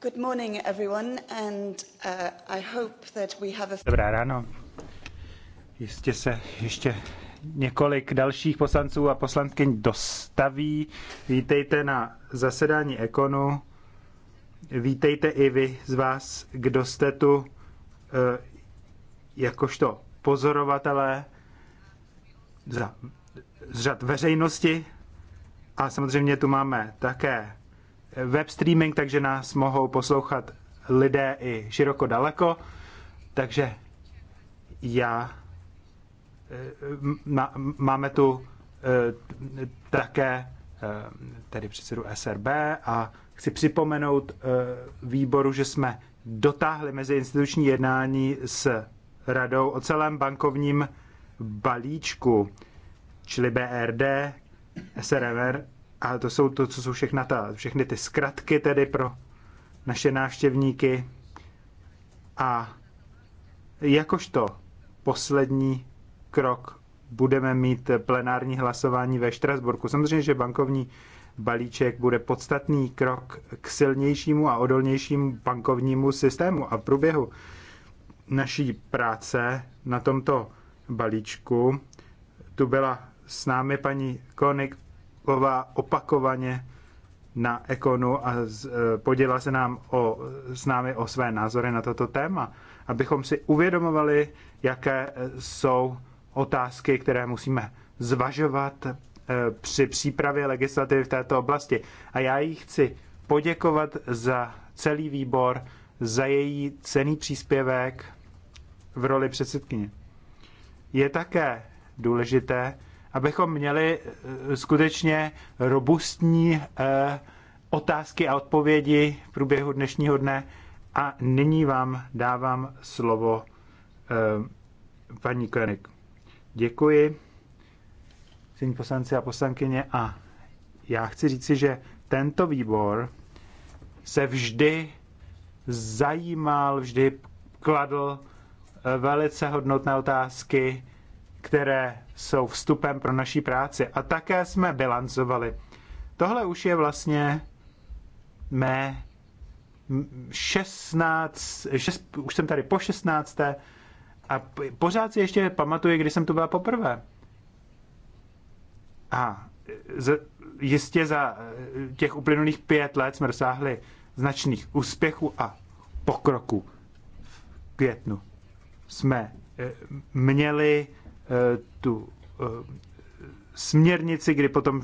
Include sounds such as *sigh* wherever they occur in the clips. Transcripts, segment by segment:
Good morning, everyone, and uh, I hope that we have a... Dobré ráno. Jistě se ještě několik dalších poslanců a poslankyň dostaví. Vítejte na zasedání Ekonu. Vítejte i vy z vás, kdo jste tu eh, jakožto pozorovatelé za, z řad veřejnosti. A samozřejmě tu máme také web streaming, takže nás mohou poslouchat lidé i široko daleko. Takže já eh, máme tu eh, také eh, tedy předsedu SRB a chci připomenout výboru, že jsme dotáhli mezi instituční jednání s radou o celém bankovním balíčku, čili BRD, SRMR a to jsou to, co jsou všechna ta, všechny ty zkratky tedy pro naše návštěvníky. A jakožto poslední krok budeme mít plenární hlasování ve Štrasburku. Samozřejmě, že bankovní balíček bude podstatný krok k silnějšímu a odolnějšímu bankovnímu systému. A v průběhu naší práce na tomto balíčku tu byla s námi paní Konik chová opakovaně na Ekonu a e, podělila se nám o, s námi o své názory na toto téma, abychom si uvědomovali, jaké jsou otázky, které musíme zvažovat e, při přípravě legislativy v této oblasti. A já jí chci poděkovat za celý výbor, za její cený příspěvek v roli předsedkyně. Je také důležité, abychom měli eh, skutečně robustní eh, otázky a odpovědi v průběhu dnešního dne. A nyní vám dávám slovo eh, paní Koenig. Děkuji, paní poslanci a poslankyně. A já chci říci, že tento výbor se vždy zajímal, vždy kladl velice hodnotné otázky které jsou vstupem pro naší práci. A také jsme bilancovali. Tohle už je vlastně mé 16, 6, už jsem tady po 16. A pořád si ještě pamatuju, kdy jsem tu byla poprvé. A jistě za těch uplynulých pět let jsme dosáhli značných úspěchů a pokroku. V květnu jsme e, měli Eh, tu eh, směrnici, kdy potom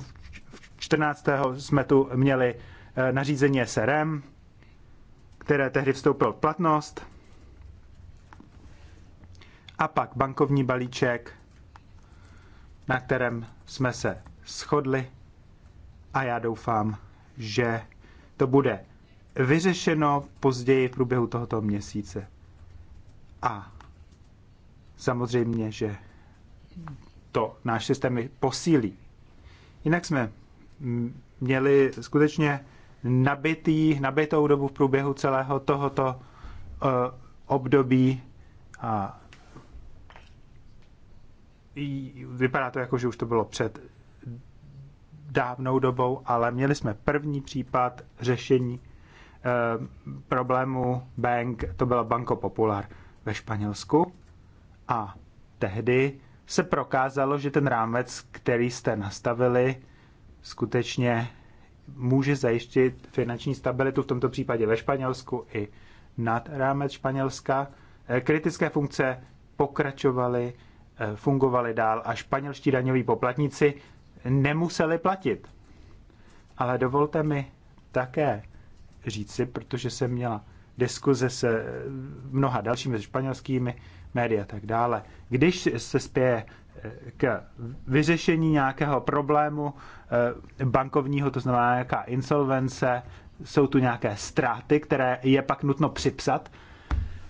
14. jsme tu měli eh, nařízení SRM, které tehdy vstoupilo v platnost. A pak bankovní balíček, na kterém jsme se shodli. A já doufám, že to bude vyřešeno později v průběhu tohoto měsíce. A samozřejmě, že to náš systém posílí. Jinak jsme měli skutečně nabitý, nabitou dobu v průběhu celého tohoto uh, období a vypadá to jako, že už to bylo před dávnou dobou, ale měli jsme první případ řešení eh, problému bank, to byla Banco Popular ve Španělsku a tehdy se prokázalo, že ten rámec, který jste nastavili, skutečně může zajištit finanční stabilitu, v tomto případě ve Španělsku i nad rámec Španělska. Eh, kritické funkce pokračovaly, eh, fungovaly dál a španělští daňoví poplatníci nemuseli platit. Ale dovolte mi také říci, protože jsem měla diskuze se eh, mnoha dalšími španělskými média a tak dále. Když se spěje eh, k vyřešení nějakého problému eh, bankovního, to znamená nějaká insolvence, jsou tu nějaké ztráty, které je pak nutno připsat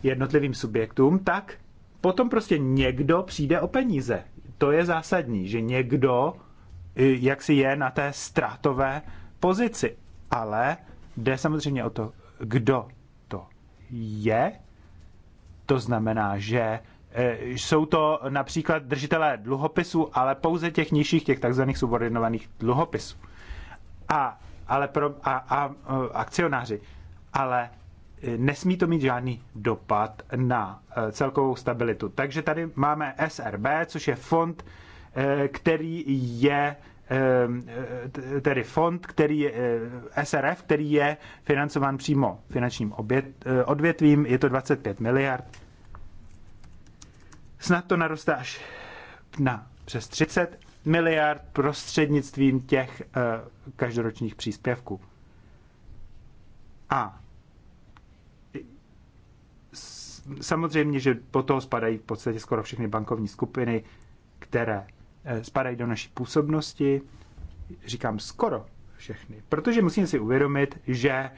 jednotlivým subjektům, tak potom prostě někdo přijde o peníze. To je zásadní, že někdo eh, jak si je na té ztrátové pozici. Ale jde samozřejmě o to, kdo to je to znamená, že e, jsou to například držitelé dluhopisů, ale pouze těch nižších, těch takzvaných subordinovaných dluhopisů. A, ale pro, a, a, e, akcionáři. Ale e, nesmí to mít žádný dopad na celkovou stabilitu. Takže tady máme SRB, což je fond, který je Ehm, tedy fond, který je, eh, SRF, který je financován přímo finančním obět, eh, odvětvím, je to 25 miliard. Snad to narostá až na přes 30 miliard prostřednictvím těch eh, každoročních příspěvků. A samozřejmě, že po toho spadají v podstatě skoro všechny bankovní skupiny, které Eh, spadají do naší působnosti, říkám skoro všechny, protože musíme si uvědomit, že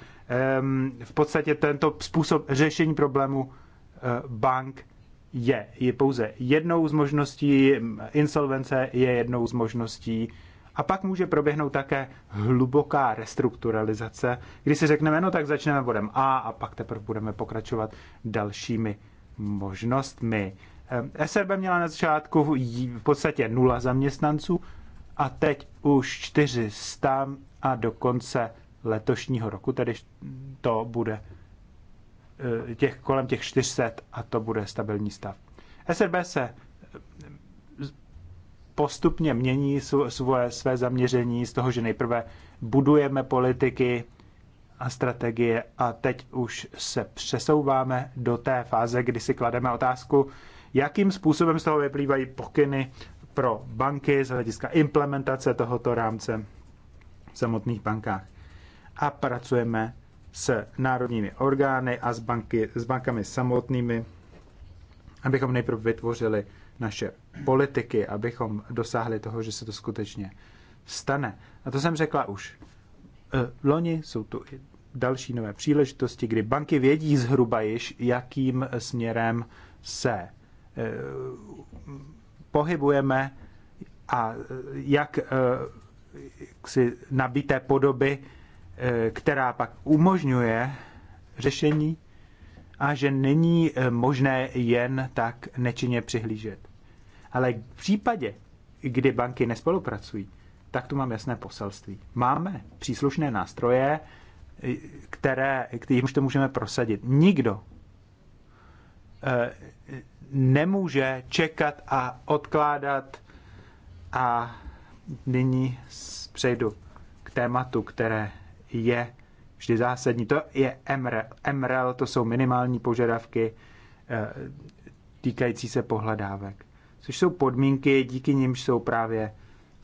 v podstatě tento způsob řešení problému eh, bank je, je pouze jednou z možností, insolvence je jednou z možností, a pak může proběhnout také hluboká restrukturalizace, kdy si řekneme, no tak začneme bodem A a pak teprve budeme pokračovat dalšími možnostmi. Eh, SRB měla na začátku v podstatě nula zaměstnanců a teď už 400 a do konce letošního roku, tedy to bude eh, těch, kolem těch 400 a to bude stabilní stav. SRB se eh, postupně mění svoje, své zaměření z toho, že nejprve budujeme politiky a strategie a teď už se přesouváme do té fáze, kdy si klademe otázku, jakým způsobem z toho vyplývají pokyny pro banky z hlediska implementace tohoto rámce v samotných bankách. A pracujeme s národními orgány a s, banky, s bankami samotnými, abychom nejprve vytvořili naše politiky, abychom dosáhli toho, že se to skutečně stane. A to jsem řekla už. E, loni jsou tu i další nové příležitosti, kdy banky vědí zhruba již, jakým směrem se Eh, pohybujeme a eh, jak eh, si nabité podoby, která pak umožňuje řešení a že není možné jen tak nečinně přihlížet. Ale v případě, kdy banky nespolupracují, tak tu mám jasné poselství. Máme příslušné nástroje, které, kterým to můžeme prosadit. Nikdo nemůže čekat a odkládat. A nyní přejdu k tématu, které je vždy zásadní. To je MRL. MRL to jsou minimální požadavky eh, týkající se pohledávek, což jsou podmínky, díky nimž jsou právě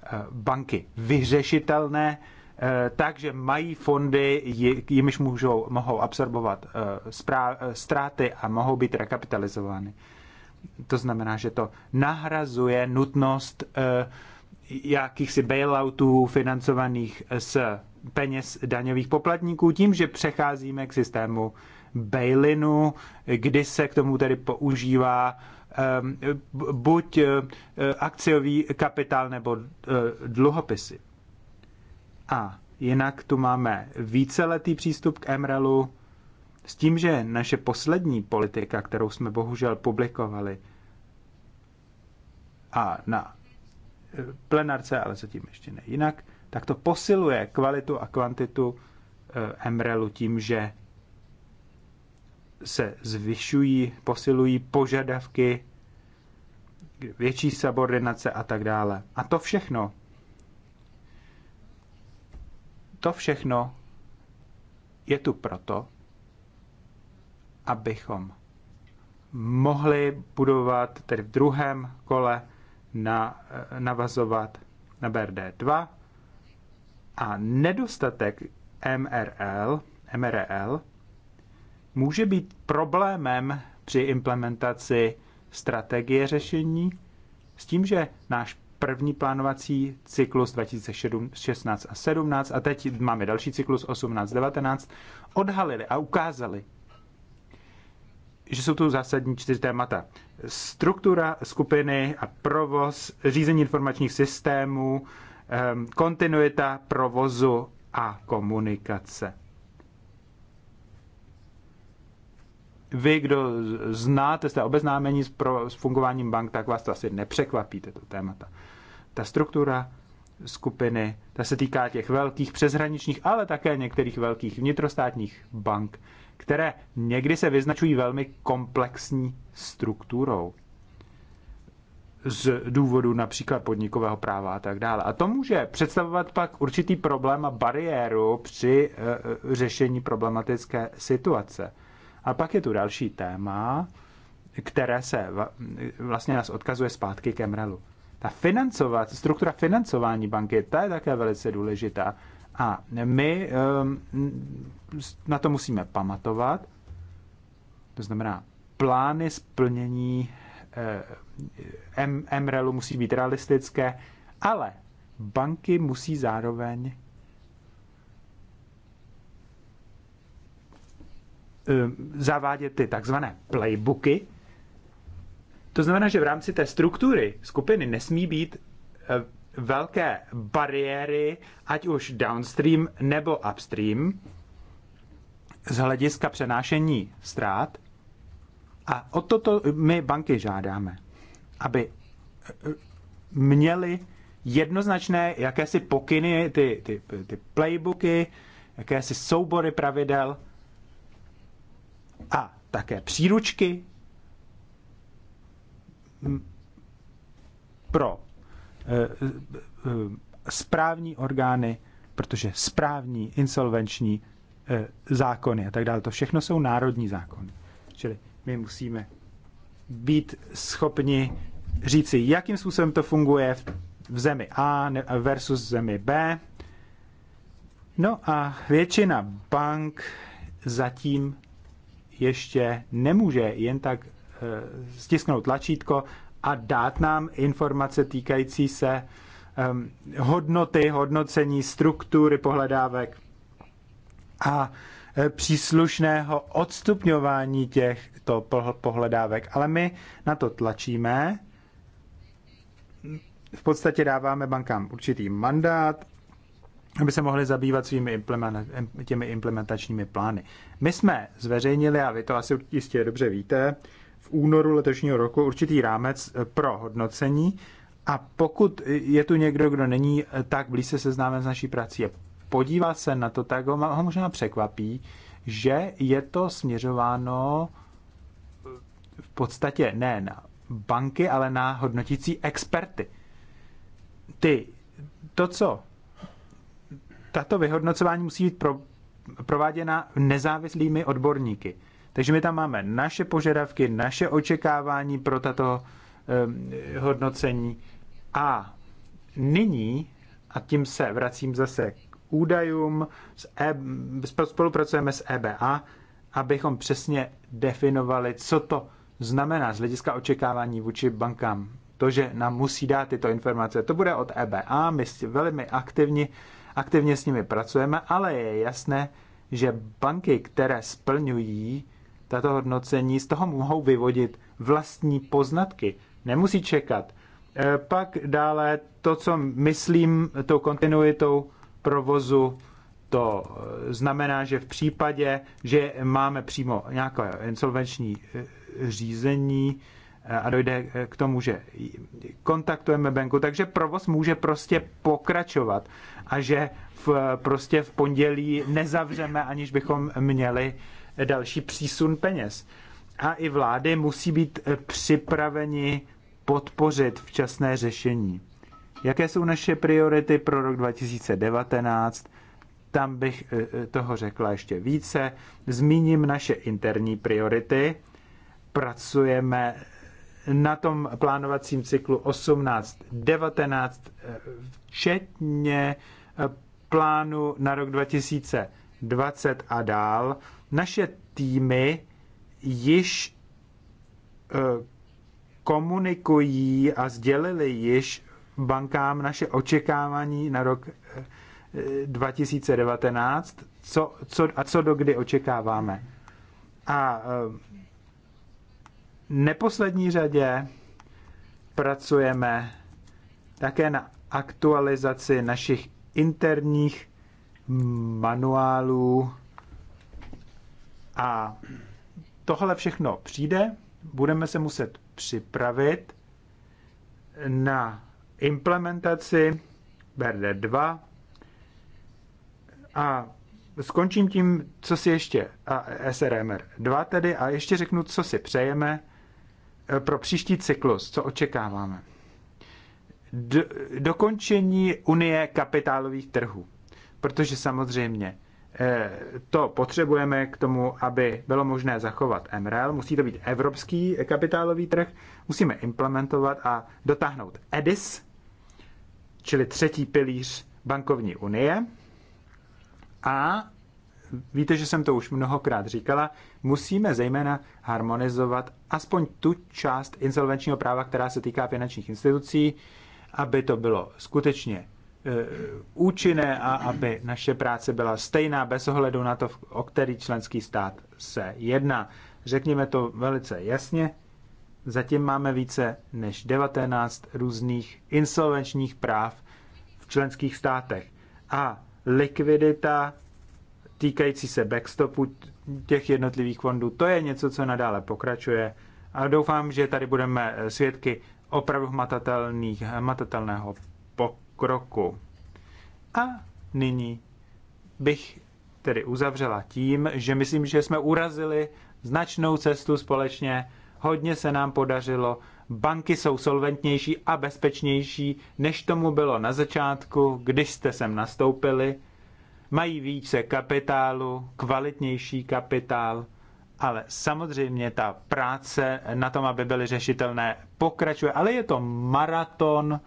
eh, banky vyřešitelné, eh, takže mají fondy, jimiž můžou, mohou absorbovat ztráty a mohou být rekapitalizovány. To znamená, že to nahrazuje nutnost eh, jakýchsi bailoutů financovaných z peněz daňových poplatníků tím, že přecházíme k systému bailinu, kdy se k tomu tedy používá ehm, buď eh, akciový kapitál nebo eh, dluhopisy. A jinak tu máme víceletý přístup k MRELu, s tím, že naše poslední politika, kterou jsme bohužel publikovali, a na eh, plenarce, ale zatím ještě ne jinak, tak to posiluje kvalitu a kvantitu eh, MRELu tím, že se zvyšují, posilují požadavky, větší subordinace a tak dále. A to všechno, to všechno je tu proto, abychom mohli budovat, tedy v druhém kole, na, eh, navazovat na BRD2 a nedostatek MRL, MRL může být problémem při implementaci strategie řešení s tím, že náš první plánovací cyklus 2016 a 17 a teď máme další cyklus 18-19, odhalili a ukázali, že jsou tu zásadní čtyři témata. Struktura skupiny a provoz, řízení informačních systémů, ehm, kontinuita provozu a komunikace. Vy, kdo znáte, jste obeznámení s, pro, s fungováním bank, tak vás to asi nepřekvapí, tyto témata. Ta struktura skupiny, ta se týká těch velkých přeshraničních, ale také některých velkých vnitrostátních bank které někdy se vyznačují velmi komplexní strukturou z důvodu například podnikového práva a tak dále. A to může představovat pak určitý problém a bariéru při e, e, řešení problematické situace. A pak je tu další téma, které se vlastně nás odkazuje zpátky k MRELu. Ta financovat, struktura financování banky, ta je také velice důležitá. A my ehm, na to musíme pamatovat, to znamená, plány splnění eh, MRELu musí být realistické, ale banky musí zároveň eh, zavádět ty takzvané playbooky. To znamená, že v rámci té struktury skupiny nesmí být eh, velké bariéry, ať už downstream nebo upstream, z hlediska přenášení ztrát. A o toto my banky žádáme, aby eh, měli jednoznačné jakési pokyny, ty, ty, ty playbooky, jakési soubory pravidel a také příručky pro Eh, správní orgány, protože správní, insolvenční eh, zákony a tak dále, to všechno jsou národní zákony. Čili my musíme být schopni říci, jakým způsobem to funguje v zemi A versus zemi B. No a většina bank zatím ještě nemůže jen tak eh, stisknout tlačítko a dát nám informace týkající se um, hodnoty, hodnocení, struktury pohledávek a eh, příslušného odstupňování těchto pohledávek. Ale my na to tlačíme. V podstatě dáváme bankám určitý mandát, aby se mohli zabývat svými těmi implementačními plány. My jsme zveřejnili, a vy to asi jistě dobře víte, únoru letošního roku určitý rámec eh, pro hodnocení a pokud je tu někdo, kdo není eh, tak blízce seznámen s naší prací a podívá se na to, tak ho, ho možná překvapí, že je to směřováno eh, v podstatě ne na banky, ale na hodnotící experty. Ty, to co, tato vyhodnocování musí být pro, prováděna nezávislými odborníky. Takže my tam máme naše požadavky, naše očekávání pro tato eh, hodnocení a nyní, a tím se vracím zase k údajům, s e, spolupracujeme s EBA, abychom přesně definovali, co to znamená z hlediska očekávání vůči bankám. To, že nám musí dát tyto informace, to bude od EBA, my jsme velmi aktivně, aktivně s nimi pracujeme, ale je jasné, že banky, které splňují tato hodnocení, z toho mohou vyvodit vlastní poznatky. Nemusí čekat. E, pak dále to, co myslím tou kontinuitou provozu, to e, znamená, že v případě, že máme přímo nějaké insolvenční e, řízení a dojde k tomu, že kontaktujeme banku, takže provoz může prostě pokračovat a že v, prostě v pondělí nezavřeme, aniž bychom měli další přísun peněz. A i vlády musí být připraveni podpořit včasné řešení. Jaké jsou naše priority pro rok 2019? Tam bych eh, eh, toho řekla ještě více. Zmíním naše interní priority. Pracujeme na tom plánovacím cyklu 18-19, eh, včetně plánu na rok 2020 a dál. Naše týmy již eh, komunikují a sdělili již bankám naše očekávání na rok 2019, eh, co, co, a co do kdy očekáváme. A eh, neposlední řadě pracujeme také na aktualizaci našich interních manuálů a tohle všechno přijde, budeme se muset připravit na implementaci BRD 2 a skončím tím, co si ještě, a SRMR 2 tedy, a ještě řeknu, co si přejeme eh, pro příští cyklus, co očekáváme. Do, dokončení Unie kapitálových trhů. Protože samozřejmě Eh, to potřebujeme k tomu, aby bylo možné zachovat MREL. Musí to být evropský kapitálový trh, musíme implementovat a dotáhnout EDIS, čili třetí pilíř bankovní unie. A víte, že jsem to už mnohokrát říkala, musíme zejména harmonizovat aspoň tu část insolvenčního práva, která se týká finančních institucí, aby to bylo skutečně Eh, účinné a aby naše práce byla stejná bez ohledu na to, o který členský stát se jedná. Řekněme to velice jasně. Zatím máme více než 19 různých insolvenčních práv v členských státech. A likvidita týkající se backstopu těch jednotlivých fondů, to je něco, co nadále pokračuje. A doufám, že tady budeme eh, svědky opravdu hmatatelného kroku. A nyní bych tedy uzavřela tím, že myslím, že jsme urazili značnou cestu společně, hodně se nám podařilo, banky jsou solventnější a bezpečnější, než tomu bylo na začátku, když jste sem nastoupili, mají více kapitálu, kvalitnější kapitál, ale samozřejmě ta práce na tom, aby byly řešitelné, pokračuje, ale je to maraton,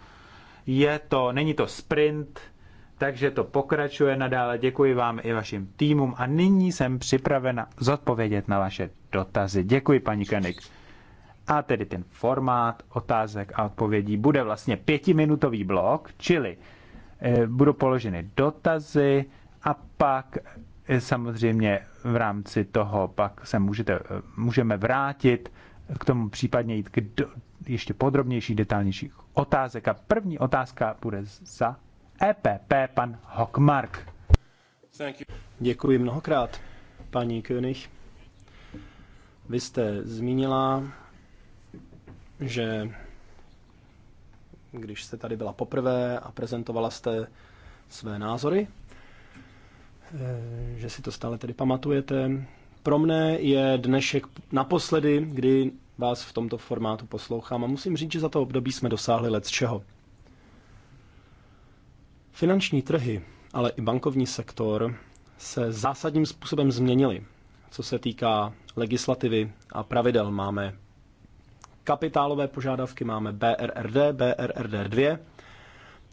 je to, není to sprint, takže to pokračuje nadále. Děkuji vám i vašim týmům a nyní jsem připravena zodpovědět na vaše dotazy. Děkuji, paní Kenik. A tedy ten formát otázek a odpovědí bude vlastně pětiminutový blok, čili eh, budou položeny dotazy a pak eh, samozřejmě v rámci toho pak se můžete, eh, můžeme vrátit k tomu případně jít k do, ještě podrobnějších, detailnějších otázek. A první otázka bude za EPP, pan Hockmark. Děkuji mnohokrát, paní König. Vy jste zmínila, že když jste tady byla poprvé a prezentovala jste své názory, eh, že si to stále tedy pamatujete. Pro mne je dnešek naposledy, kdy vás v tomto formátu poslouchám a musím říct, že za to období jsme dosáhli let čeho. Finanční trhy, ale i bankovní sektor se zásadním způsobem změnily. Co se týká legislativy a pravidel, máme kapitálové požádavky, máme BRRD, BRRD2,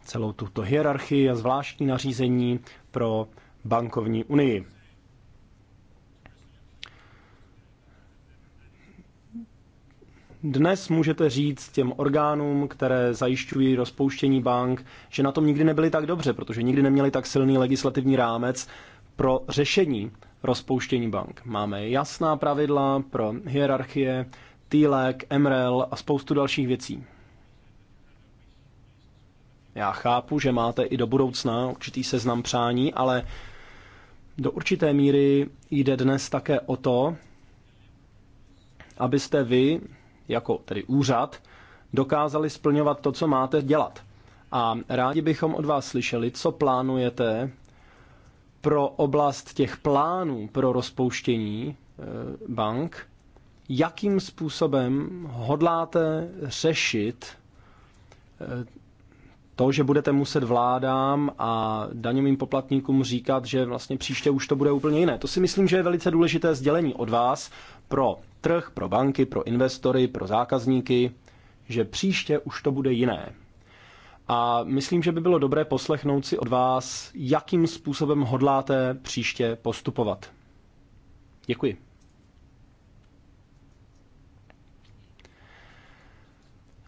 celou tuto hierarchii a zvláštní nařízení pro bankovní unii. dnes můžete říct těm orgánům, které zajišťují rozpouštění bank, že na tom nikdy nebyli tak dobře, protože nikdy neměli tak silný legislativní rámec pro řešení rozpouštění bank. Máme jasná pravidla pro hierarchie, TLAC, e MREL a spoustu dalších věcí. Já chápu, že máte i do budoucna určitý seznam přání, ale do určité míry jde dnes také o to, abyste vy jako tedy úřad dokázali splňovat to, co máte dělat. A rádi bychom od vás slyšeli, co plánujete pro oblast těch plánů pro rozpouštění eh, bank, jakým způsobem hodláte řešit eh, to, že budete muset vládám a daňovým poplatníkům říkat, že vlastně příště už to bude úplně jiné. To si myslím, že je velice důležité sdělení od vás pro trh, pro banky, pro investory, pro zákazníky, že příště už to bude jiné. A myslím, že by bylo dobré poslechnout si od vás, jakým způsobem hodláte příště postupovat. Děkuji.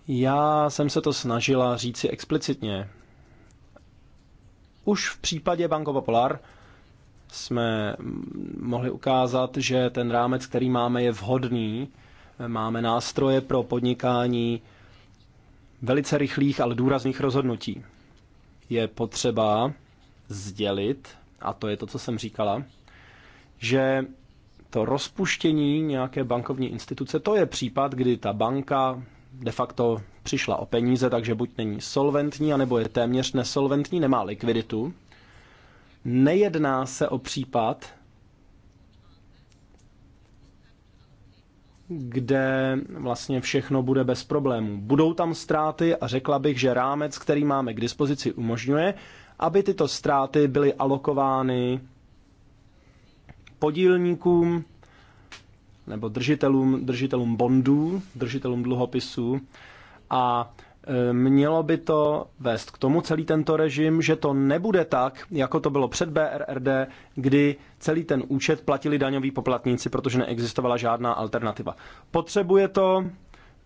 Já jsem se to snažila říci explicitně. Už v případě Bankova Polar jsme mohli ukázat, že ten rámec, který máme, je vhodný. Máme nástroje pro podnikání velice rychlých, ale důrazných rozhodnutí. Je potřeba sdělit, a to je to, co jsem říkala, že to rozpuštění nějaké bankovní instituce, to je případ, kdy ta banka de facto přišla o peníze, takže buď není solventní, anebo je téměř nesolventní, nemá likviditu, Nejedná se o případ, kde vlastně všechno bude bez problémů. Budou tam ztráty a řekla bych, že rámec, který máme k dispozici, umožňuje, aby tyto ztráty byly alokovány podílníkům nebo držitelům, držitelům bondů, držitelům dluhopisů a Eh, mělo by to vést k tomu celý tento režim, že to nebude tak, jako to bylo před BRRD, kdy celý ten účet platili daňoví poplatníci, protože neexistovala žádná alternativa. Potřebuje to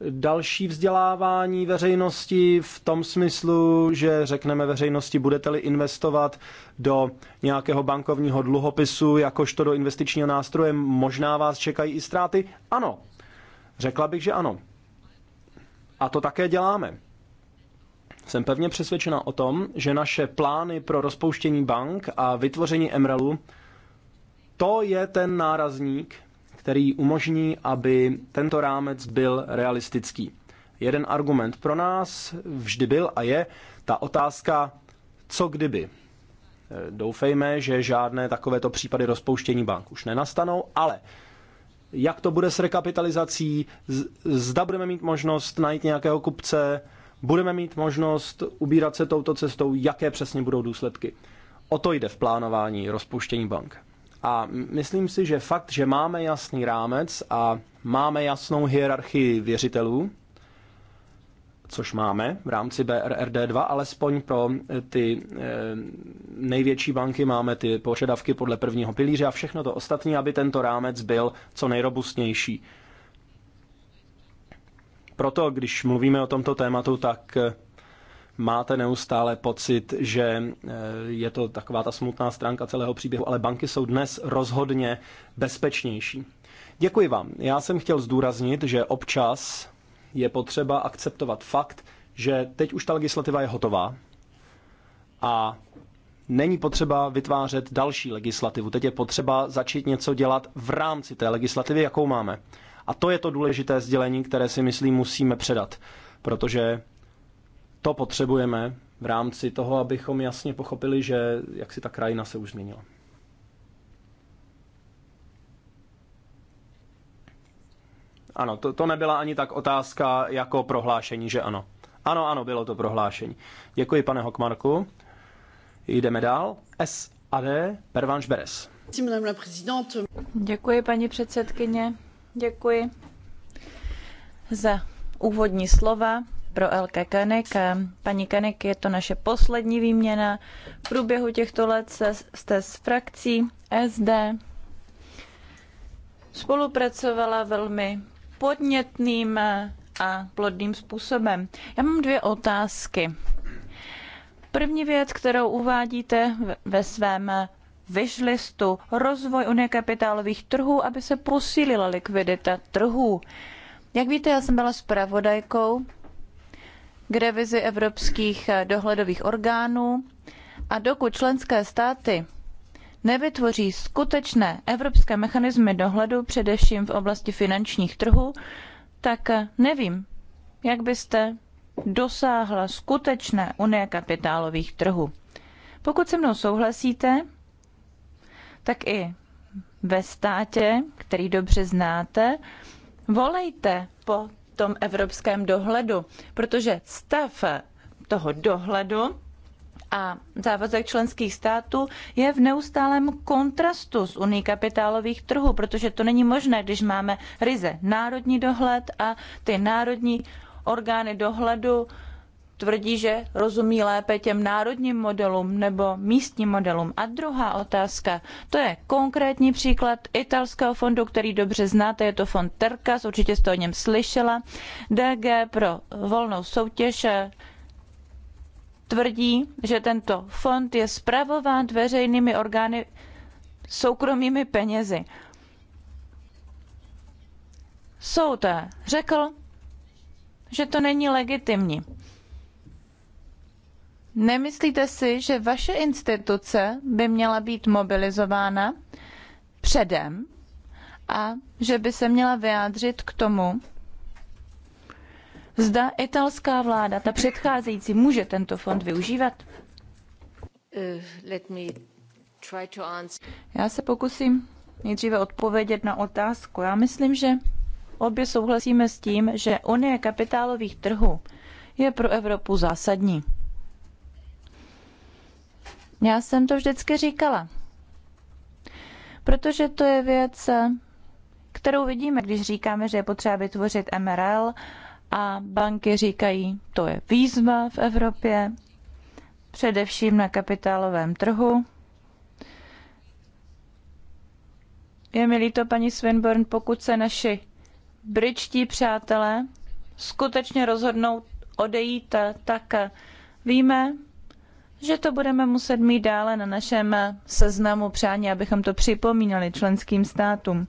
další vzdělávání veřejnosti v tom smyslu, že řekneme veřejnosti, budete-li investovat do nějakého bankovního dluhopisu, jakožto do investičního nástroje, možná vás čekají i ztráty? Ano. Řekla bych, že ano. A to také děláme. Jsem pevně přesvědčena o tom, že naše plány pro rozpouštění bank a vytvoření Emrelu, to je ten nárazník, který umožní, aby tento rámec byl realistický. Jeden argument pro nás vždy byl a je ta otázka, co kdyby. Doufejme, že žádné takovéto případy rozpouštění bank už nenastanou, ale jak to bude s rekapitalizací, zda budeme mít možnost najít nějakého kupce, budeme mít možnost ubírat se touto cestou, jaké přesně budou důsledky. O to jde v plánování rozpuštění bank. A myslím si, že fakt, že máme jasný rámec a máme jasnou hierarchii věřitelů, což máme v rámci BRRD2, alespoň pro eh, ty eh, největší banky máme ty požadavky podle prvního pilíře a všechno to ostatní, aby tento rámec byl co nejrobustnější. Proto, když mluvíme o tomto tématu, tak eh, máte neustále pocit, že eh, je to taková ta smutná stránka celého příběhu, ale banky jsou dnes rozhodně bezpečnější. Děkuji vám. Já jsem chtěl zdůraznit, že občas je potřeba akceptovat fakt, že teď už ta legislativa je hotová a není potřeba vytvářet další legislativu. Teď je potřeba začít něco dělat v rámci té legislativy, jakou máme. A to je to důležité sdělení, které si myslím musíme předat, protože to potřebujeme v rámci toho, abychom jasně pochopili, že jak si ta krajina se už změnila. Ano, to, to nebyla ani tak otázka jako prohlášení, že ano. Ano, ano, bylo to prohlášení. Děkuji, pane Hokmarku. Jdeme dál. S a D, Pervanš Beres. Děkuji, paní předsedkyně. Děkuji za úvodní slova pro Elke Kanek. Paní Kanek, je to naše poslední výměna. V průběhu těchto let se, jste s frakcí SD spolupracovala velmi podnětným a plodným způsobem. Já mám dvě otázky. První věc, kterou uvádíte ve svém wishlistu rozvoj unie kapitálových trhů, aby se posílila likvidita trhů. Jak víte, já jsem byla zpravodajkou k revizi evropských eh, dohledových orgánů a dokud členské státy nevytvoří skutečné evropské mechanismy dohledu, především v oblasti finančních trhů, tak eh, nevím, jak byste dosáhla skutečné unie kapitálových trhů. Pokud se mnou souhlasíte, tak i ve státě, který dobře znáte, volejte po tom evropském dohledu, protože stav toho dohledu a závazek členských států je v neustálém kontrastu s unii kapitálových trhů, protože to není možné, když máme ryze národní dohled a ty národní orgány dohledu tvrdí, že rozumí lépe těm národním modelům nebo místním modelům. A druhá otázka, to je konkrétní příklad italského fondu, který dobře znáte, je to fond Tercas. určitě jste o něm slyšela. DG pro volnou soutěž eh, tvrdí, že tento fond je spravován veřejnými orgány soukromými penězi. Soud eh, řekl, že to není legitimní. Nemyslíte si, že vaše instituce by měla být mobilizována předem a že by se měla vyjádřit k tomu, zda italská vláda, ta předcházející, může tento fond využívat? Já se pokusím nejdříve odpovědět na otázku. Já myslím, že obě souhlasíme s tím, že Unie kapitálových trhů je pro Evropu zásadní. Já jsem to vždycky říkala. Protože to je věc, kterou vidíme, když říkáme, že je potřeba vytvořit MRL a banky říkají, to je výzva v Evropě, především na kapitálovém trhu. Je mi líto, paní Swinburne, pokud se naši bričtí přátelé skutečně rozhodnou odejít, tak víme, že to budeme muset mít dále na našem seznamu přání, abychom to připomínali členským státům.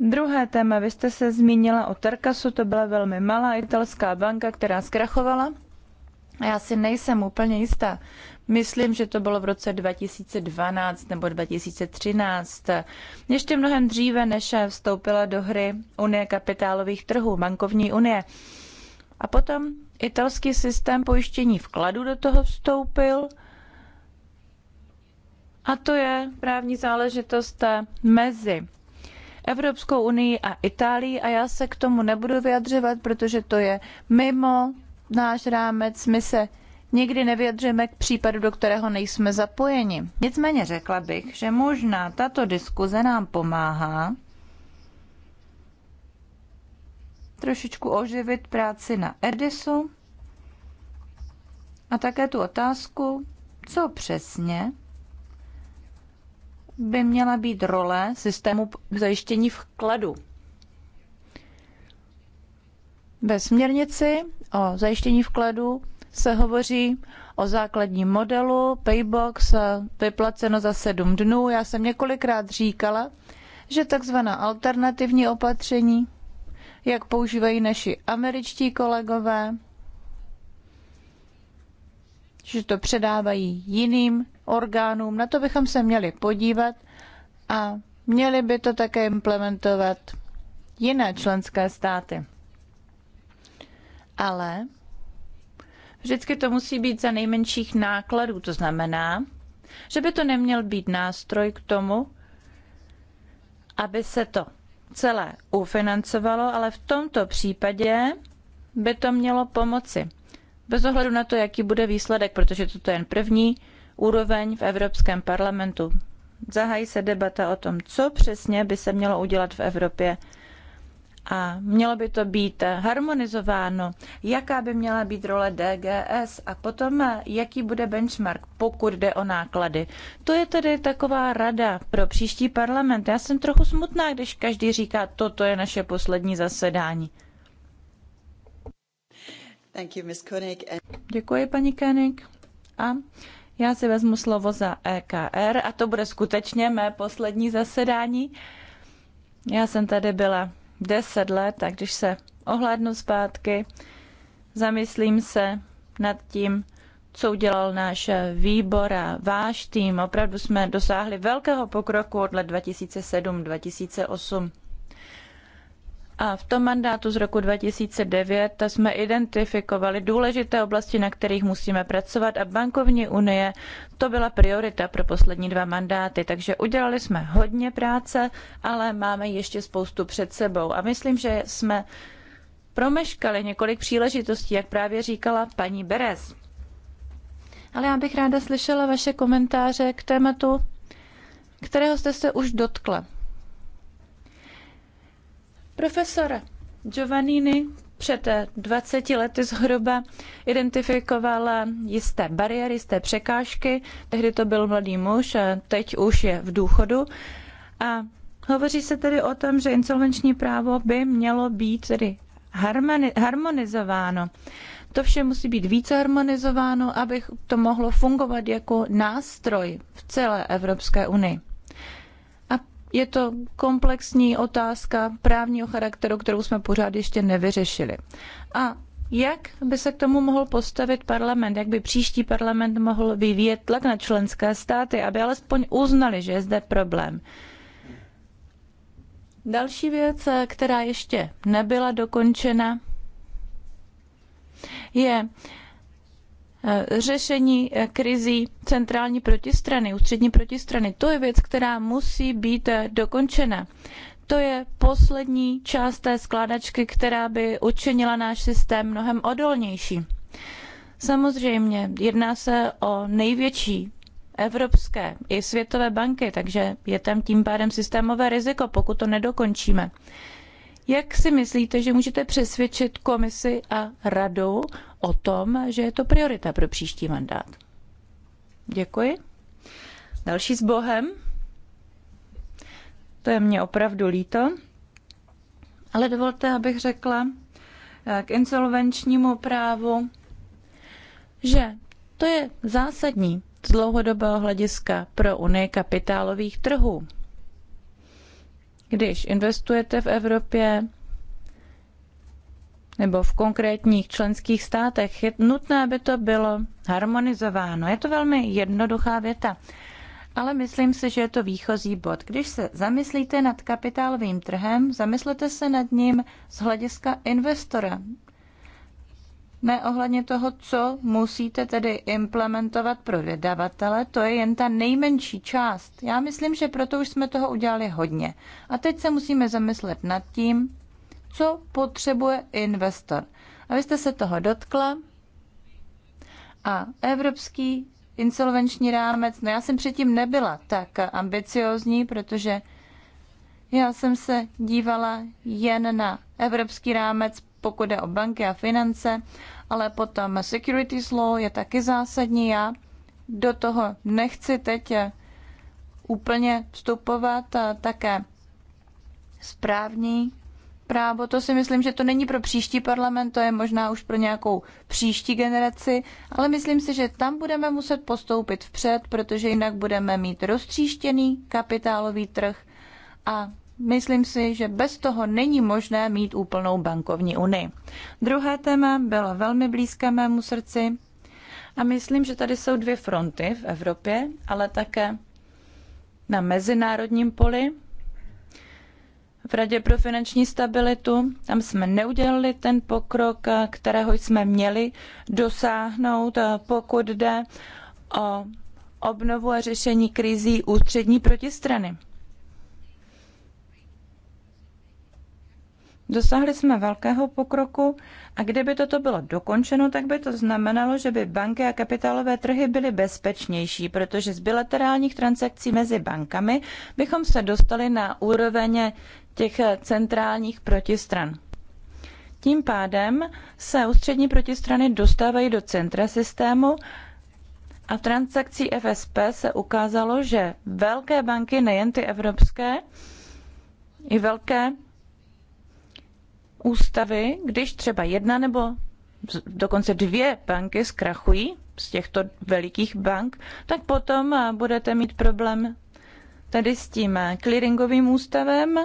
Druhé téma, vy jste se zmínila o Terkasu, to byla velmi malá italská banka, která zkrachovala. A já si nejsem úplně jistá. Myslím, že to bylo v roce 2012 nebo 2013. Ještě mnohem dříve, než vstoupila do hry Unie kapitálových trhů, bankovní unie. A potom italský systém pojištění vkladu do toho vstoupil. A to je právní záležitost eh, mezi Evropskou unii a Itálií a já se k tomu nebudu vyjadřovat, protože to je mimo náš rámec. My se nikdy nevyjadřujeme k případu, do kterého nejsme zapojeni. Nicméně řekla bych, že možná tato diskuze nám pomáhá trošičku oživit práci na Edisu a také tu otázku, co přesně by měla být role systému zajištění vkladu. Ve směrnici o zajištění vkladu se hovoří o základním modelu Paybox vyplaceno za sedm dnů. Já jsem několikrát říkala, že takzvaná alternativní opatření jak používají naši američtí kolegové, že to předávají jiným orgánům. Na to bychom se měli podívat a měli by to také implementovat jiné členské státy. Ale vždycky to musí být za nejmenších nákladů. To znamená, že by to neměl být nástroj k tomu, aby se to celé ufinancovalo, ale v tomto případě by to mělo pomoci. Bez ohledu na to, jaký bude výsledek, protože toto je jen první úroveň v Evropském parlamentu. Zahájí se debata o tom, co přesně by se mělo udělat v Evropě a mělo by to být harmonizováno, jaká by měla být role DGS a potom jaký bude benchmark, pokud jde o náklady. To je tedy taková rada pro příští parlament. Já jsem trochu smutná, když každý říká, toto je naše poslední zasedání. Thank you, Ms. Koenig. Děkuji, paní Koenig. A já si vezmu slovo za EKR a to bude skutečně mé poslední zasedání. Já jsem tady byla deset let a když se ohlédnu zpátky, zamyslím se nad tím, co udělal náš výbor a váš tým. Opravdu jsme dosáhli velkého pokroku od let 2007-2008. A v tom mandátu z roku 2009 jsme identifikovali důležité oblasti, na kterých musíme pracovat a bankovní unie to byla priorita pro poslední dva mandáty, takže udělali jsme hodně práce, ale máme ještě spoustu před sebou a myslím, že jsme promeškali několik příležitostí, jak právě říkala paní Beres. Ale já bych ráda slyšela vaše komentáře k tématu, kterého jste se už dotkla. Profesor Giovannini před 20 lety zhruba identifikoval jisté bariéry, jisté překážky. Tehdy to byl mladý muž, teď už je v důchodu. A hovoří se tedy o tom, že insolvenční právo by mělo být tedy harmonizováno. To vše musí být více harmonizováno, aby to mohlo fungovat jako nástroj v celé Evropské unii. Je to komplexní otázka právního charakteru, kterou jsme pořád ještě nevyřešili. A jak by se k tomu mohl postavit parlament? Jak by příští parlament mohl vyvíjet tlak na členské státy, aby alespoň uznali, že je zde problém? Další věc, která ještě nebyla dokončena, je Eh, řešení eh, krizí centrální protistrany, ústřední protistrany. To je věc, která musí být eh, dokončena. To je poslední část té skládačky, která by učinila náš systém mnohem odolnější. Samozřejmě, jedná se o největší evropské i světové banky, takže je tam tím pádem systémové riziko, pokud to nedokončíme. Jak si myslíte, že můžete přesvědčit komisi a radu o tom, že je to priorita pro příští mandát. Děkuji. Další s Bohem. To je mě opravdu líto. Ale dovolte, abych řekla eh, k insolvenčnímu právu, že to je zásadní z dlouhodobého hlediska pro Unii kapitálových trhů. Když investujete v Evropě, nebo v konkrétních členských státech. Je nutné, aby to bylo harmonizováno. Je to velmi jednoduchá věta, ale myslím si, že je to výchozí bod. Když se zamyslíte nad kapitálovým trhem, zamyslete se nad ním z hlediska investora. Ne ohledně toho, co musíte tedy implementovat pro vydavatele, to je jen ta nejmenší část. Já myslím, že proto už jsme toho udělali hodně. A teď se musíme zamyslet nad tím, co potřebuje investor. A vy jste se toho dotkla a evropský insolvenční rámec, no já jsem předtím nebyla tak ambiciozní, protože já jsem se dívala jen na evropský rámec, pokud je o banky a finance, ale potom securities law je taky zásadní. Já do toho nechci teď úplně vstupovat a také správní právo, to si myslím, že to není pro příští parlament, to je možná už pro nějakou příští generaci, ale myslím si, že tam budeme muset postoupit vpřed, protože jinak budeme mít roztříštěný kapitálový trh a myslím si, že bez toho není možné mít úplnou bankovní unii. Druhé téma bylo velmi blízké mému srdci a myslím, že tady jsou dvě fronty v Evropě, ale také na mezinárodním poli, v Radě pro finanční stabilitu. Tam jsme neudělali ten pokrok, kterého jsme měli dosáhnout, pokud jde o obnovu a řešení krizí ústřední protistrany. Dosáhli jsme velkého pokroku a kdyby toto bylo dokončeno, tak by to znamenalo, že by banky a kapitálové trhy byly bezpečnější, protože z bilaterálních transakcí mezi bankami bychom se dostali na úroveň těch centrálních protistran. Tím pádem se ústřední protistrany dostávají do centra systému a v transakcí FSP se ukázalo, že velké banky, nejen ty evropské, i velké ústavy, když třeba jedna nebo dokonce dvě banky zkrachují z těchto velikých bank, tak potom eh, budete mít problém tady s tím eh, clearingovým ústavem,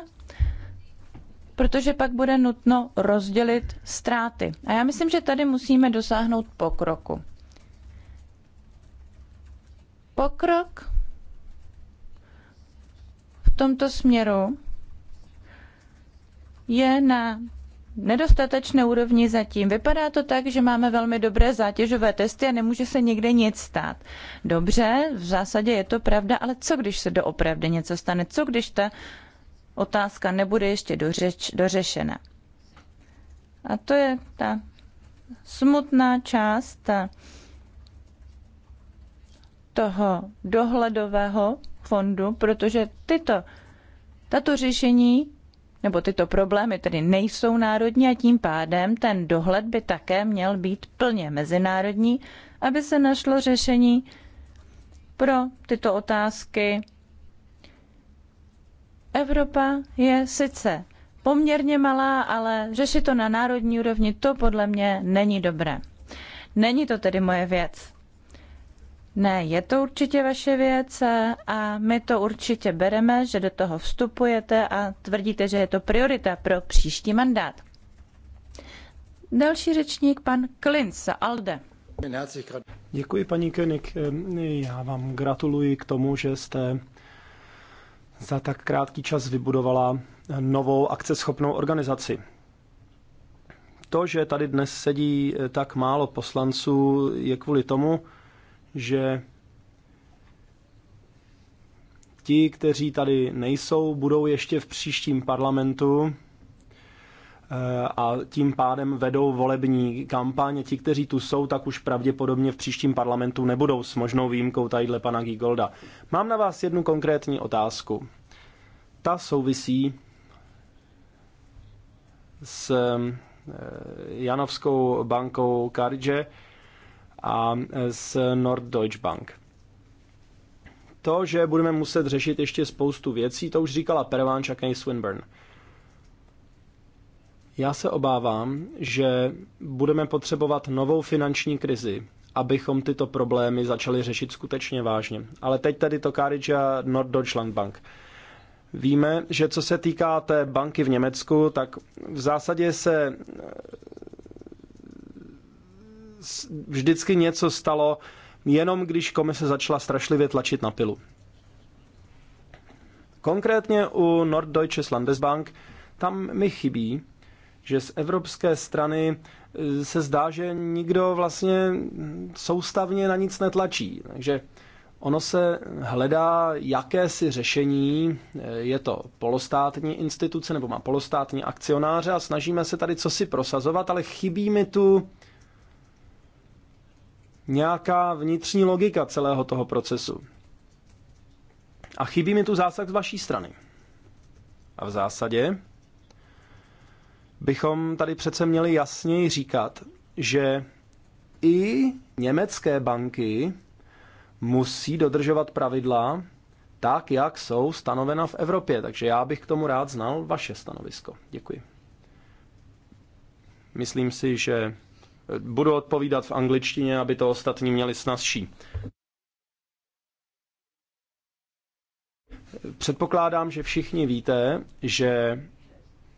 protože pak bude nutno rozdělit ztráty. A já myslím, že tady musíme dosáhnout pokroku. Pokrok v tomto směru je na nedostatečné úrovni zatím. Vypadá to tak, že máme velmi dobré zátěžové testy a nemůže se nikde nic stát. Dobře, v zásadě je to pravda, ale co když se doopravdy něco stane? Co když ta otázka nebude ještě dořeč, dořešena? A to je ta smutná část toho dohledového fondu, protože tyto, tato řešení nebo tyto problémy tedy nejsou národní a tím pádem ten dohled by také měl být plně mezinárodní, aby se našlo řešení pro tyto otázky. Evropa je sice poměrně malá, ale řešit to na národní úrovni, to podle mě není dobré. Není to tedy moje věc. Ne, je to určitě vaše věc a my to určitě bereme, že do toho vstupujete a tvrdíte, že je to priorita pro příští mandát. Další řečník, pan Klinc, Alde. Děkuji, paní Kenik. Já vám gratuluji k tomu, že jste za tak krátký čas vybudovala novou akceschopnou organizaci. To, že tady dnes sedí tak málo poslanců, je kvůli tomu, že ti, kteří tady nejsou, budou ještě v příštím parlamentu eh, a tím pádem vedou volební kampaně, Ti, kteří tu jsou, tak už pravděpodobně v příštím parlamentu nebudou s možnou výjimkou tadyhle pana Gigolda. Mám na vás jednu konkrétní otázku. Ta souvisí s eh, Janovskou bankou Karže a e, s Norddeutsche Bank. To, že budeme muset řešit ještě spoustu věcí, to už říkala Pervánč a Kenny Swinburne. Já se obávám, že budeme potřebovat novou finanční krizi, abychom tyto problémy začali řešit skutečně vážně. Ale teď tady to Carriage a Norddeutschland Bank. Víme, že co se týká té banky v Německu, tak v zásadě se vždycky něco stalo, jenom když komise začala strašlivě tlačit na pilu. Konkrétně u Norddeutsche Landesbank tam mi chybí, že z evropské strany eh, se zdá, že nikdo vlastně soustavně na nic netlačí. Takže ono se hledá jakési řešení, eh, je to polostátní instituce nebo má polostátní akcionáře a snažíme se tady cosi prosazovat, ale chybí mi tu nějaká vnitřní logika celého toho procesu. A chybí mi tu zásah z vaší strany. A v zásadě bychom tady přece měli jasněji říkat, že i německé banky musí dodržovat pravidla tak, jak jsou stanovena v Evropě. Takže já bych k tomu rád znal vaše stanovisko. Děkuji. Myslím si, že Budu odpovídat v angličtině, aby to ostatní měli snazší. Předpokládám, že všichni víte, že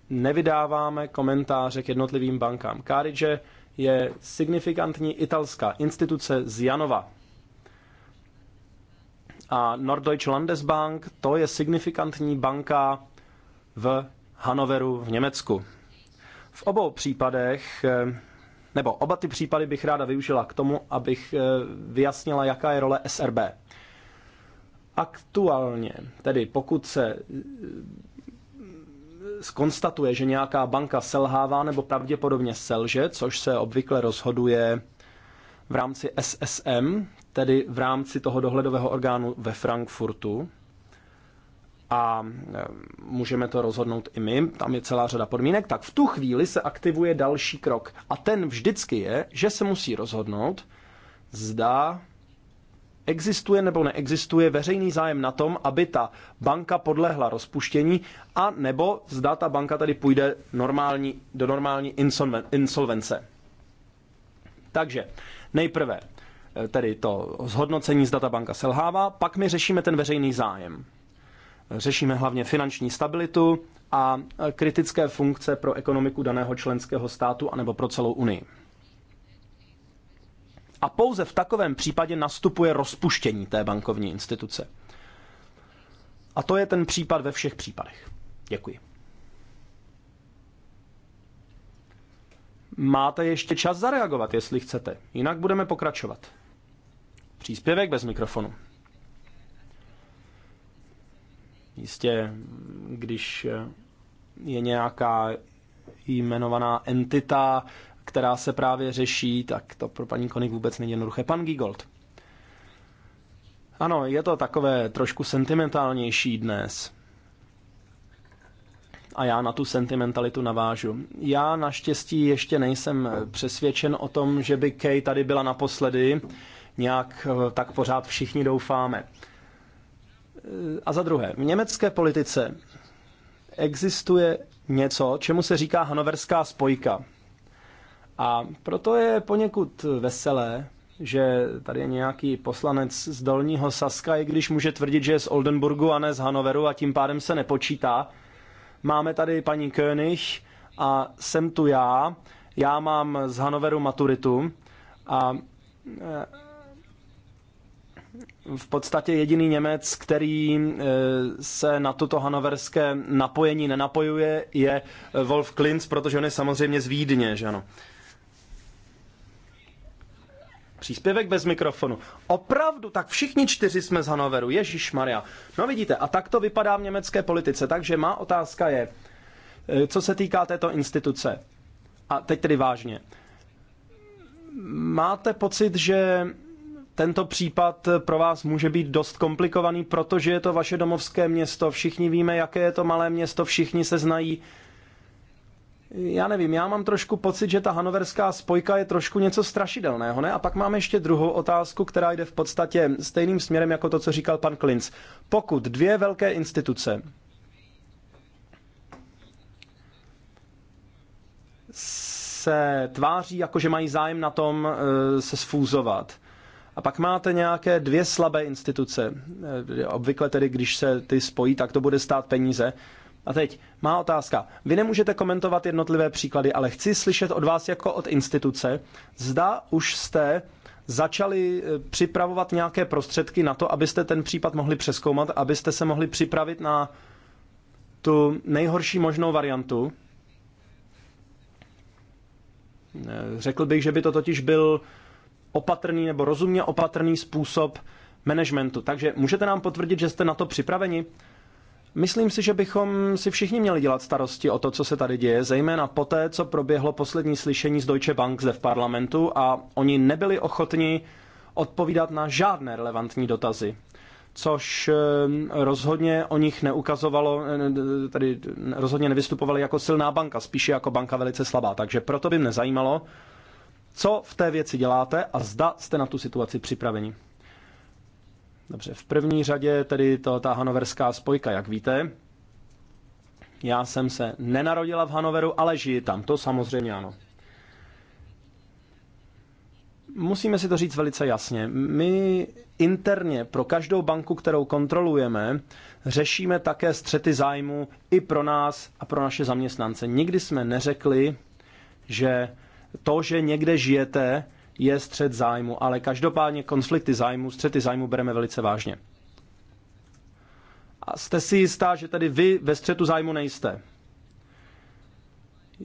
nevydáváme komentáře k jednotlivým bankám. Carige je signifikantní italská instituce z Janova. A Norddeutsche Landesbank to je signifikantní banka v Hanoveru v Německu. V obou případech eh, nebo oba ty případy bych ráda využila k tomu, abych eh, vyjasnila, jaká je role SRB. Aktuálně, tedy pokud se eh, skonstatuje, že nějaká banka selhává nebo pravděpodobně selže, což se obvykle rozhoduje v rámci SSM, tedy v rámci toho dohledového orgánu ve Frankfurtu, a eh, můžeme to rozhodnout i my, tam je celá řada podmínek, tak v tu chvíli se aktivuje další krok. A ten vždycky je, že se musí rozhodnout, zda existuje nebo neexistuje veřejný zájem na tom, aby ta banka podlehla rozpuštění, a nebo zda ta banka tady půjde normální, do normální insolvence. Takže nejprve eh, tedy to zhodnocení, zda ta banka selhává, pak my řešíme ten veřejný zájem. Řešíme hlavně finanční stabilitu a kritické funkce pro ekonomiku daného členského státu anebo pro celou Unii. A pouze v takovém případě nastupuje rozpuštění té bankovní instituce. A to je ten případ ve všech případech. Děkuji. Máte ještě čas zareagovat, jestli chcete. Jinak budeme pokračovat. Příspěvek bez mikrofonu. Jistě, když je nějaká jmenovaná entita, která se právě řeší, tak to pro paní Konik vůbec není jednoduché. Pan Gigold. Ano, je to takové trošku sentimentálnější dnes. A já na tu sentimentalitu navážu. Já naštěstí ještě nejsem přesvědčen o tom, že by Kay tady byla naposledy. Nějak eh, tak pořád všichni doufáme. Eh, a za druhé, v německé politice existuje něco, čemu se říká hanoverská spojka. A proto je poněkud veselé, že tady je nějaký poslanec z Dolního Saska, i když může tvrdit, že je z Oldenburgu a ne z Hanoveru a tím pádem se nepočítá. Máme tady paní König a jsem tu já. Já mám z Hanoveru maturitu a eh, v podstatě jediný Němec, který eh, se na toto hanoverské napojení nenapojuje, je eh, Wolf Klinz, protože on je samozřejmě z Vídně, že ano. Příspěvek bez mikrofonu. Opravdu, tak všichni čtyři jsme z Hanoveru, Ježíš Maria. No vidíte, a tak to vypadá v německé politice. Takže má otázka je, eh, co se týká této instituce. A teď tedy vážně. Máte pocit, že tento případ pro vás může být dost komplikovaný, protože je to vaše domovské město, všichni víme, jaké je to malé město, všichni se znají. Já nevím, já mám trošku pocit, že ta hanoverská spojka je trošku něco strašidelného, ne? A pak máme ještě druhou otázku, která jde v podstatě stejným směrem jako to, co říkal pan Klinc. Pokud dvě velké instituce se tváří, jako že mají zájem na tom eh, se sfúzovat, a pak máte nějaké dvě slabé instituce. Eh, obvykle tedy, když se ty spojí, tak to bude stát peníze. A teď má otázka. Vy nemůžete komentovat jednotlivé příklady, ale chci slyšet od vás jako od instituce, zda už jste začali eh, připravovat nějaké prostředky na to, abyste ten případ mohli přeskoumat, abyste se mohli připravit na tu nejhorší možnou variantu. Eh, řekl bych, že by to totiž byl opatrný nebo rozumně opatrný způsob managementu. Takže můžete nám potvrdit, že jste na to připraveni? Myslím si, že bychom si všichni měli dělat starosti o to, co se tady děje, zejména poté, co proběhlo poslední slyšení z Deutsche Bank zde v parlamentu a oni nebyli ochotni odpovídat na žádné relevantní dotazy. Což ehm, rozhodně o nich neukazovalo, eh, tady rozhodně nevystupovali jako silná banka, spíše jako banka velice slabá. Takže proto by mě zajímalo, co v té věci děláte a zda jste na tu situaci připraveni. Dobře, v první řadě tedy to, ta hanoverská spojka, jak víte. Já jsem se nenarodila v Hanoveru, ale žiji tam, to samozřejmě ano. Musíme si to říct velice jasně. My interně pro každou banku, kterou kontrolujeme, řešíme také střety zájmu i pro nás a pro naše zaměstnance. Nikdy jsme neřekli, že to, že někde žijete, je střed zájmu, ale každopádně konflikty zájmu, střety zájmu bereme velice vážně. A jste si jistá, že tady vy ve střetu zájmu nejste?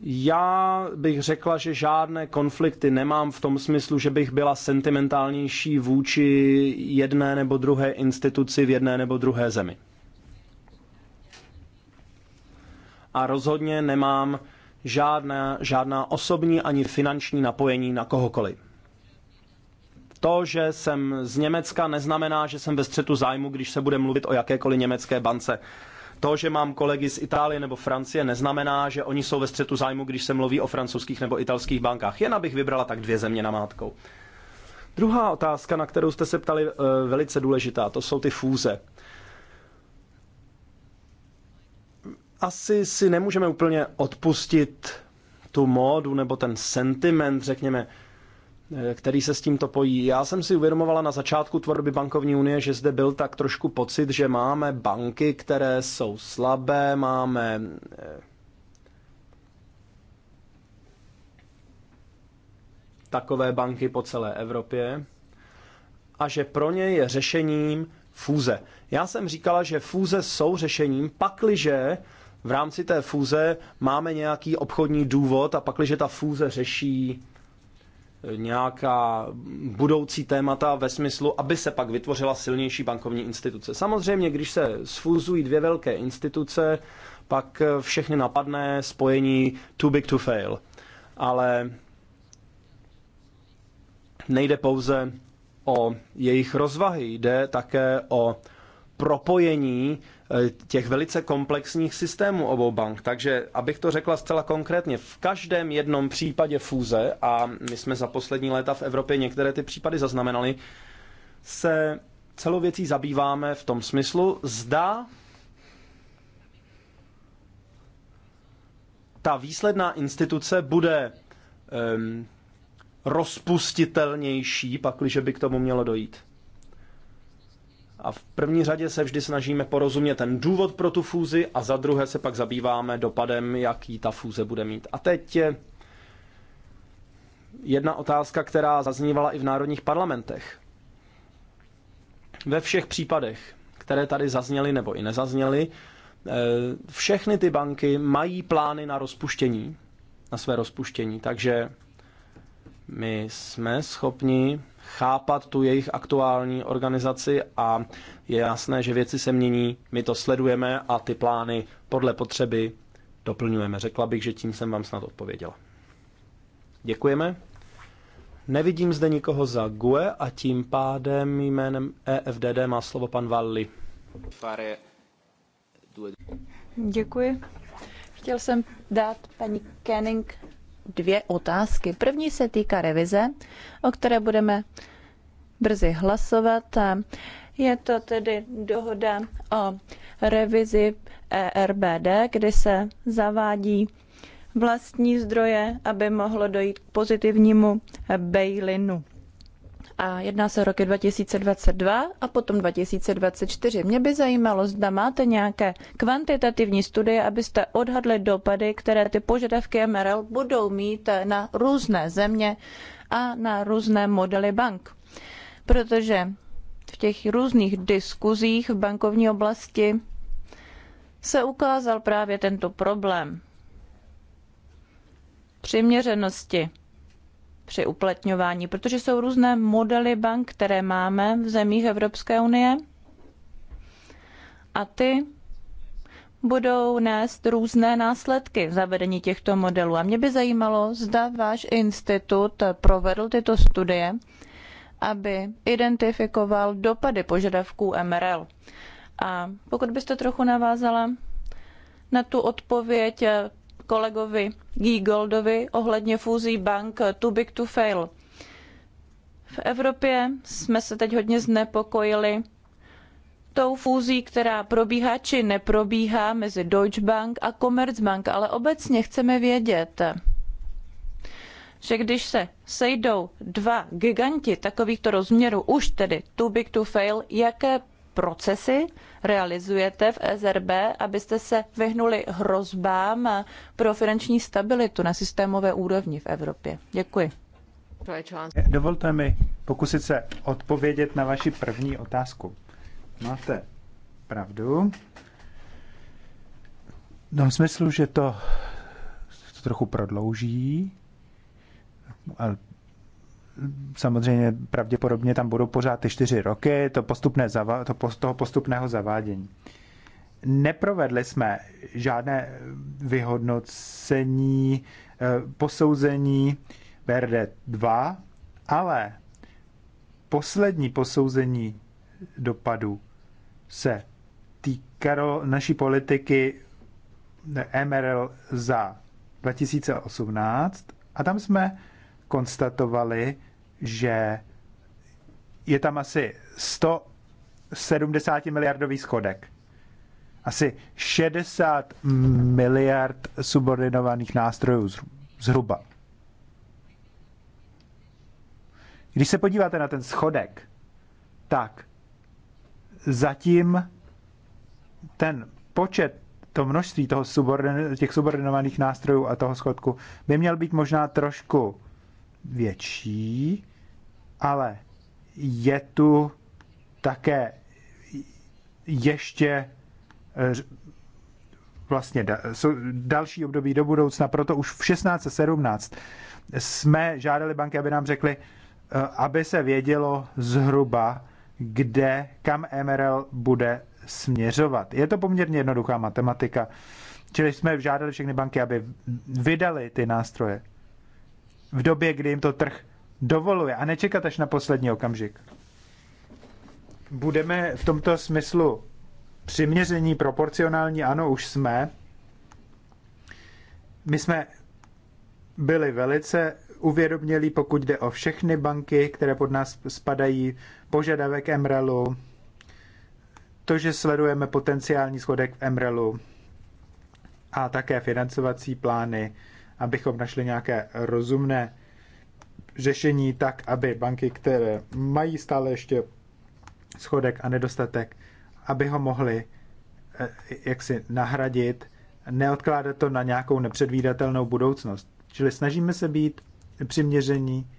Já bych řekla, že žádné konflikty nemám v tom smyslu, že bych byla sentimentálnější vůči jedné nebo druhé instituci v jedné nebo druhé zemi. A rozhodně nemám žádná, žádná osobní ani finanční napojení na kohokoliv. To, že jsem z Německa, neznamená, že jsem ve střetu zájmu, když se bude mluvit o jakékoliv německé bance. To, že mám kolegy z Itálie nebo Francie, neznamená, že oni jsou ve střetu zájmu, když se mluví o francouzských nebo italských bankách. Jen abych vybrala tak dvě země na mátkou. Druhá otázka, na kterou jste se ptali, e, velice důležitá, to jsou ty fúze. asi si nemůžeme úplně odpustit tu módu nebo ten sentiment, řekněme, eh, který se s tímto pojí. Já jsem si uvědomovala na začátku tvorby bankovní unie, že zde byl tak trošku pocit, že máme banky, které jsou slabé, máme eh, takové banky po celé Evropě a že pro ně je řešením fúze. Já jsem říkala, že fúze jsou řešením, pakliže v rámci té fúze máme nějaký obchodní důvod a pak, když ta fúze řeší e, nějaká budoucí témata ve smyslu, aby se pak vytvořila silnější bankovní instituce. Samozřejmě, když se sfúzují dvě velké instituce, pak e, všechny napadne spojení too big to fail. Ale nejde pouze o jejich rozvahy, jde také o propojení Eh, těch velice komplexních systémů obou bank. Takže, abych to řekla zcela konkrétně, v každém jednom případě fúze, a my jsme za poslední léta v Evropě některé ty případy zaznamenali, se celou věcí zabýváme v tom smyslu, zda ta výsledná instituce bude um, rozpustitelnější, pakliže by k tomu mělo dojít a v první řadě se vždy snažíme porozumět ten důvod pro tu fúzi a za druhé se pak zabýváme dopadem, jaký ta fúze bude mít. A teď je jedna otázka, která zaznívala i v národních parlamentech. Ve všech případech, které tady zazněly nebo i nezazněly, eh, všechny ty banky mají plány na rozpuštění, na své rozpuštění, takže my jsme schopni chápat tu jejich aktuální organizaci a je jasné, že věci se mění, my to sledujeme a ty plány podle potřeby doplňujeme. Řekla bych, že tím jsem vám snad odpověděla. Děkujeme. Nevidím zde nikoho za GUE a tím pádem jménem EFDD má slovo pan Valli. Děkuji. Chtěl jsem dát paní Kenning dvě otázky. První se týká revize, o které budeme brzy hlasovat. Je to tedy dohoda o revizi ERBD, kdy se zavádí vlastní zdroje, aby mohlo dojít k pozitivnímu bailinu a jedná se o roky 2022 a potom 2024. Mě by zajímalo, zda máte nějaké kvantitativní studie, abyste odhadli dopady, které ty požadavky MRL budou mít na různé země a na různé modely bank. Protože v těch různých diskuzích v bankovní oblasti se ukázal právě tento problém přiměřenosti při uplatňování, protože jsou různé modely bank, které máme v zemích Evropské unie a ty budou nést různé následky zavedení těchto modelů. A mě by zajímalo, zda váš institut provedl tyto studie, aby identifikoval dopady požadavků MRL. A pokud byste trochu navázala na tu odpověď kolegovi Giegoldovi ohledně fúzí bank too big to fail. V Evropě jsme se teď hodně znepokojili tou fúzí, která probíhá či neprobíhá mezi Deutsche Bank a Commerzbank, ale obecně chceme vědět, že když se sejdou dva giganti takovýchto rozměrů, už tedy too big to fail, jaké procesy realizujete v EZB, abyste se vyhnuli hrozbám pro finanční stabilitu na systémové úrovni v Evropě? Děkuji. Dovolte mi pokusit se odpovědět na vaši první otázku. Máte pravdu. V tom smyslu, že to, to trochu prodlouží, ale samozřejmě pravděpodobně tam budou pořád ty čtyři roky to postupné, to post, toho postupného zavádění. Neprovedli jsme žádné vyhodnocení, eh, posouzení BRD 2, ale poslední posouzení dopadu se týkalo naší politiky MRL za 2018 a tam jsme konstatovali, že je tam asi 170 miliardový schodek. Asi 60 miliard subordinovaných nástrojů zhruba. Když se podíváte na ten schodek, tak zatím ten počet, to množství toho subordin, těch subordinovaných nástrojů a toho schodku by měl být možná trošku větší, ale je tu také ještě eh, vlastně další období do budoucna, proto už v 1617 jsme žádali banky, aby nám řekli, eh, aby se vědělo zhruba, kde, kam MRL bude směřovat. Je to poměrně jednoduchá matematika, čili jsme žádali všechny banky, aby vydali ty nástroje v době, kdy jim to trh dovoluje a nečekat až na poslední okamžik. Budeme v tomto smyslu přiměření, proporcionální, ano, už jsme. My jsme byli velice uvědomělí, pokud jde o všechny banky, které pod nás spadají, požadavek MRELu, to, že sledujeme potenciální schodek v MRELu a také financovací plány, abychom našli nějaké rozumné řešení tak, aby banky, které mají stále ještě schodek a nedostatek, aby ho mohly eh, jaksi nahradit, neodkládat to na nějakou nepředvídatelnou budoucnost. Čili snažíme se být přiměření.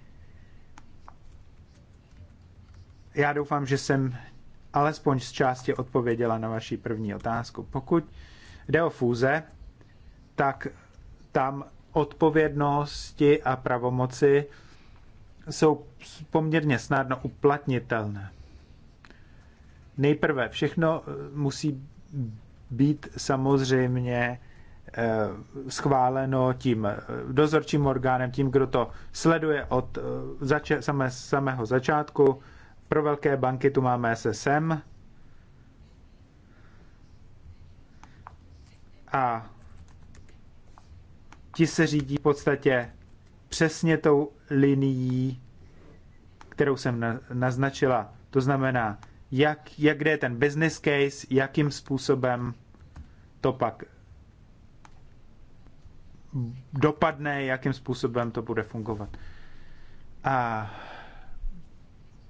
Já doufám, že jsem alespoň z části odpověděla na vaši první otázku. Pokud jde o fůze, tak tam odpovědnosti a pravomoci jsou poměrně snadno uplatnitelné. Nejprve všechno eh, musí být samozřejmě eh, schváleno tím eh, dozorčím orgánem, tím, kdo to sleduje od zača- samého začátku. Pro velké banky tu máme SSM. A ti se řídí v podstatě přesně tou linií, kterou jsem naznačila. To znamená, jak, jak kde je ten business case, jakým způsobem to pak dopadne, jakým způsobem to bude fungovat. A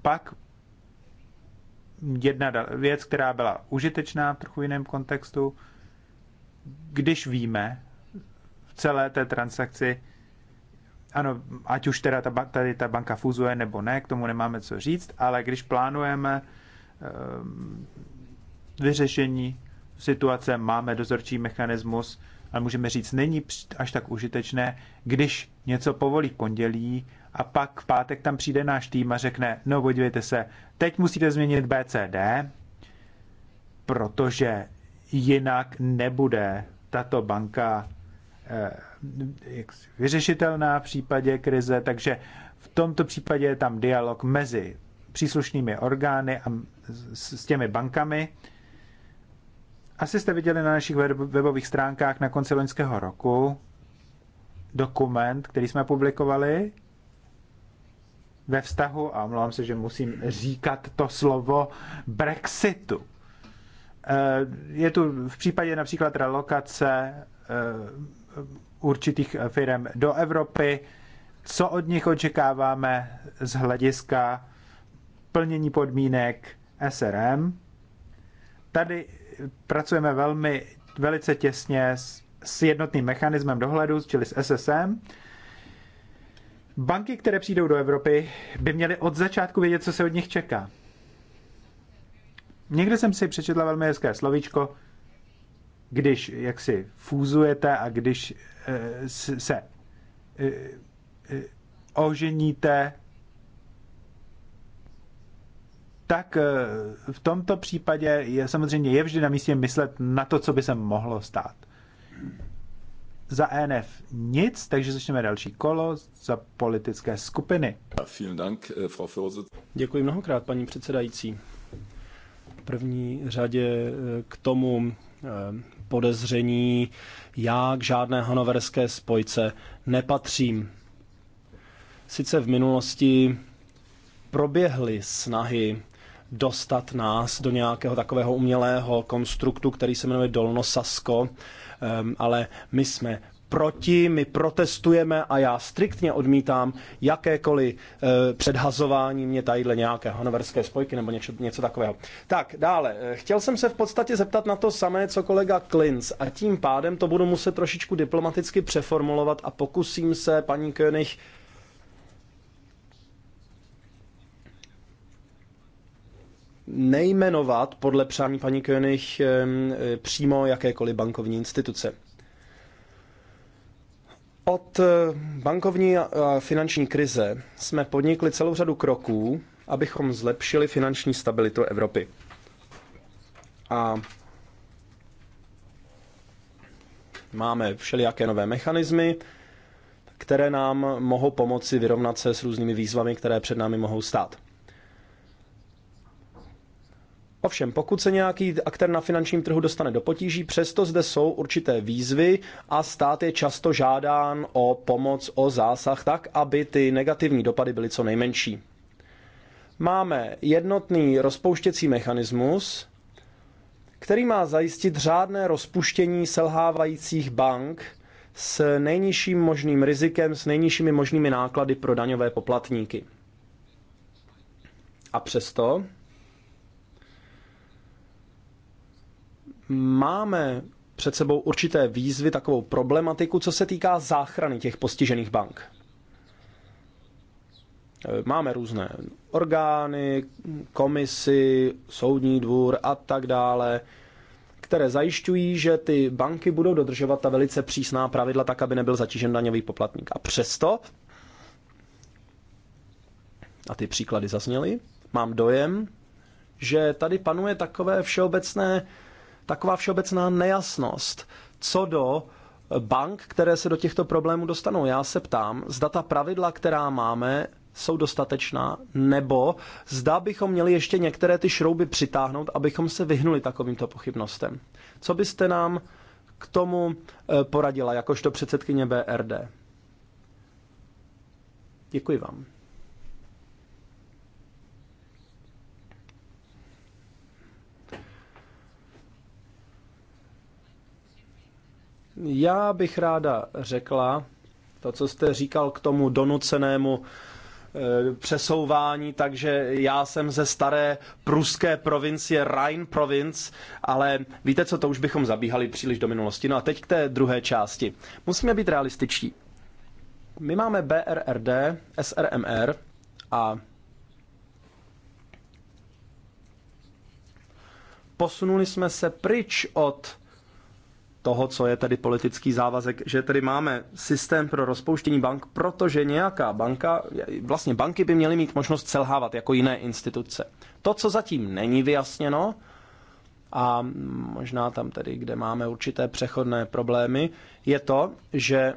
pak jedna věc, která byla užitečná v trochu jiném kontextu, když víme, celé té transakci. Ano, ať už teda ta, tady ta banka fuzuje nebo ne, k tomu nemáme co říct, ale když plánujeme ehm, vyřešení situace, máme dozorčí mechanismus, ale můžeme říct, není až tak užitečné, když něco povolí v pondělí a pak v pátek tam přijde náš tým a řekne, no podívejte se, teď musíte změnit BCD, protože jinak nebude tato banka Eh, vyřešitelná v případě krize, takže v tomto případě je tam dialog mezi příslušnými orgány a s těmi bankami. Asi jste viděli na našich webových stránkách na konci loňského roku dokument, který jsme publikovali ve vztahu, a omlouvám se, že musím říkat to slovo, Brexitu. Eh, je tu v případě například relokace eh, určitých firm do Evropy, co od nich očekáváme z hlediska plnění podmínek SRM. Tady pracujeme velmi, velice těsně s, s jednotným mechanismem dohledu, čili s SSM. Banky, které přijdou do Evropy, by měly od začátku vědět, co se od nich čeká. Někde jsem si přečetla velmi hezké slovíčko když jak si fúzujete a když eh, se eh, eh, oženíte, tak v tomto případě je samozřejmě je vždy na místě myslet na to, co by se mohlo stát. Za ENF nic, takže začneme další kolo za politické skupiny. Děkuji mnohokrát, paní předsedající první řadě eh, k tomu eh, podezření, já k žádné hanoverské spojce nepatřím. Sice v minulosti proběhly snahy dostat nás do nějakého takového umělého konstruktu, který se jmenuje Dolno Sasko, eh, ale my jsme proti, my protestujeme a já striktně odmítám jakékoliv eh, předhazování mě tadyhle nějaké hanoverské spojky nebo něco, něco takového. Tak, dále. Eh, chtěl jsem se v podstatě zeptat na to samé, co kolega Klins a tím pádem to budu muset trošičku diplomaticky přeformulovat a pokusím se, paní König, nejmenovat podle přání paní König eh, přímo jakékoliv bankovní instituce. Od eh, bankovní a finanční krize jsme podnikli celou řadu kroků, abychom zlepšili finanční stabilitu Evropy. A máme všelijaké nové mechanismy, které nám mohou pomoci vyrovnat se s různými výzvami, které před námi mohou stát. Ovšem, pokud se nějaký aktér na finančním trhu dostane do potíží, přesto zde jsou určité výzvy a stát je často žádán o pomoc, o zásah, tak, aby ty negativní dopady byly co nejmenší. Máme jednotný rozpouštěcí mechanismus, který má zajistit řádné rozpuštění selhávajících bank s nejnižším možným rizikem, s nejnižšími možnými náklady pro daňové poplatníky. A přesto máme před sebou určité výzvy, takovou problematiku, co se týká záchrany těch postižených bank. E, máme různé orgány, komisy, soudní dvůr a tak dále, které zajišťují, že ty banky budou dodržovat ta velice přísná pravidla tak, aby nebyl zatížen daňový poplatník. A přesto, a ty příklady zazněly, mám dojem, že tady panuje takové všeobecné taková všeobecná nejasnost co do eh, bank, které se do těchto problémů dostanou. Já se ptám, zda ta pravidla, která máme, jsou dostatečná, nebo zda bychom měli ještě některé ty šrouby přitáhnout, abychom se vyhnuli takovýmto pochybnostem. Co byste nám k tomu eh, poradila, jakožto předsedkyně BRD? Děkuji vám. Já bych ráda řekla to, co jste říkal k tomu donucenému eh, přesouvání, takže já jsem ze staré pruské provincie Rhein Province, ale víte co, to už bychom zabíhali příliš do minulosti. No a teď k té druhé části. Musíme být realističtí. My máme BRRD, SRMR a posunuli jsme se pryč od toho, co je tedy politický závazek, že tedy máme systém pro rozpouštění bank, protože nějaká banka, vlastně banky by měly mít možnost selhávat jako jiné instituce. To, co zatím není vyjasněno, a možná tam tedy, kde máme určité přechodné problémy, je to, že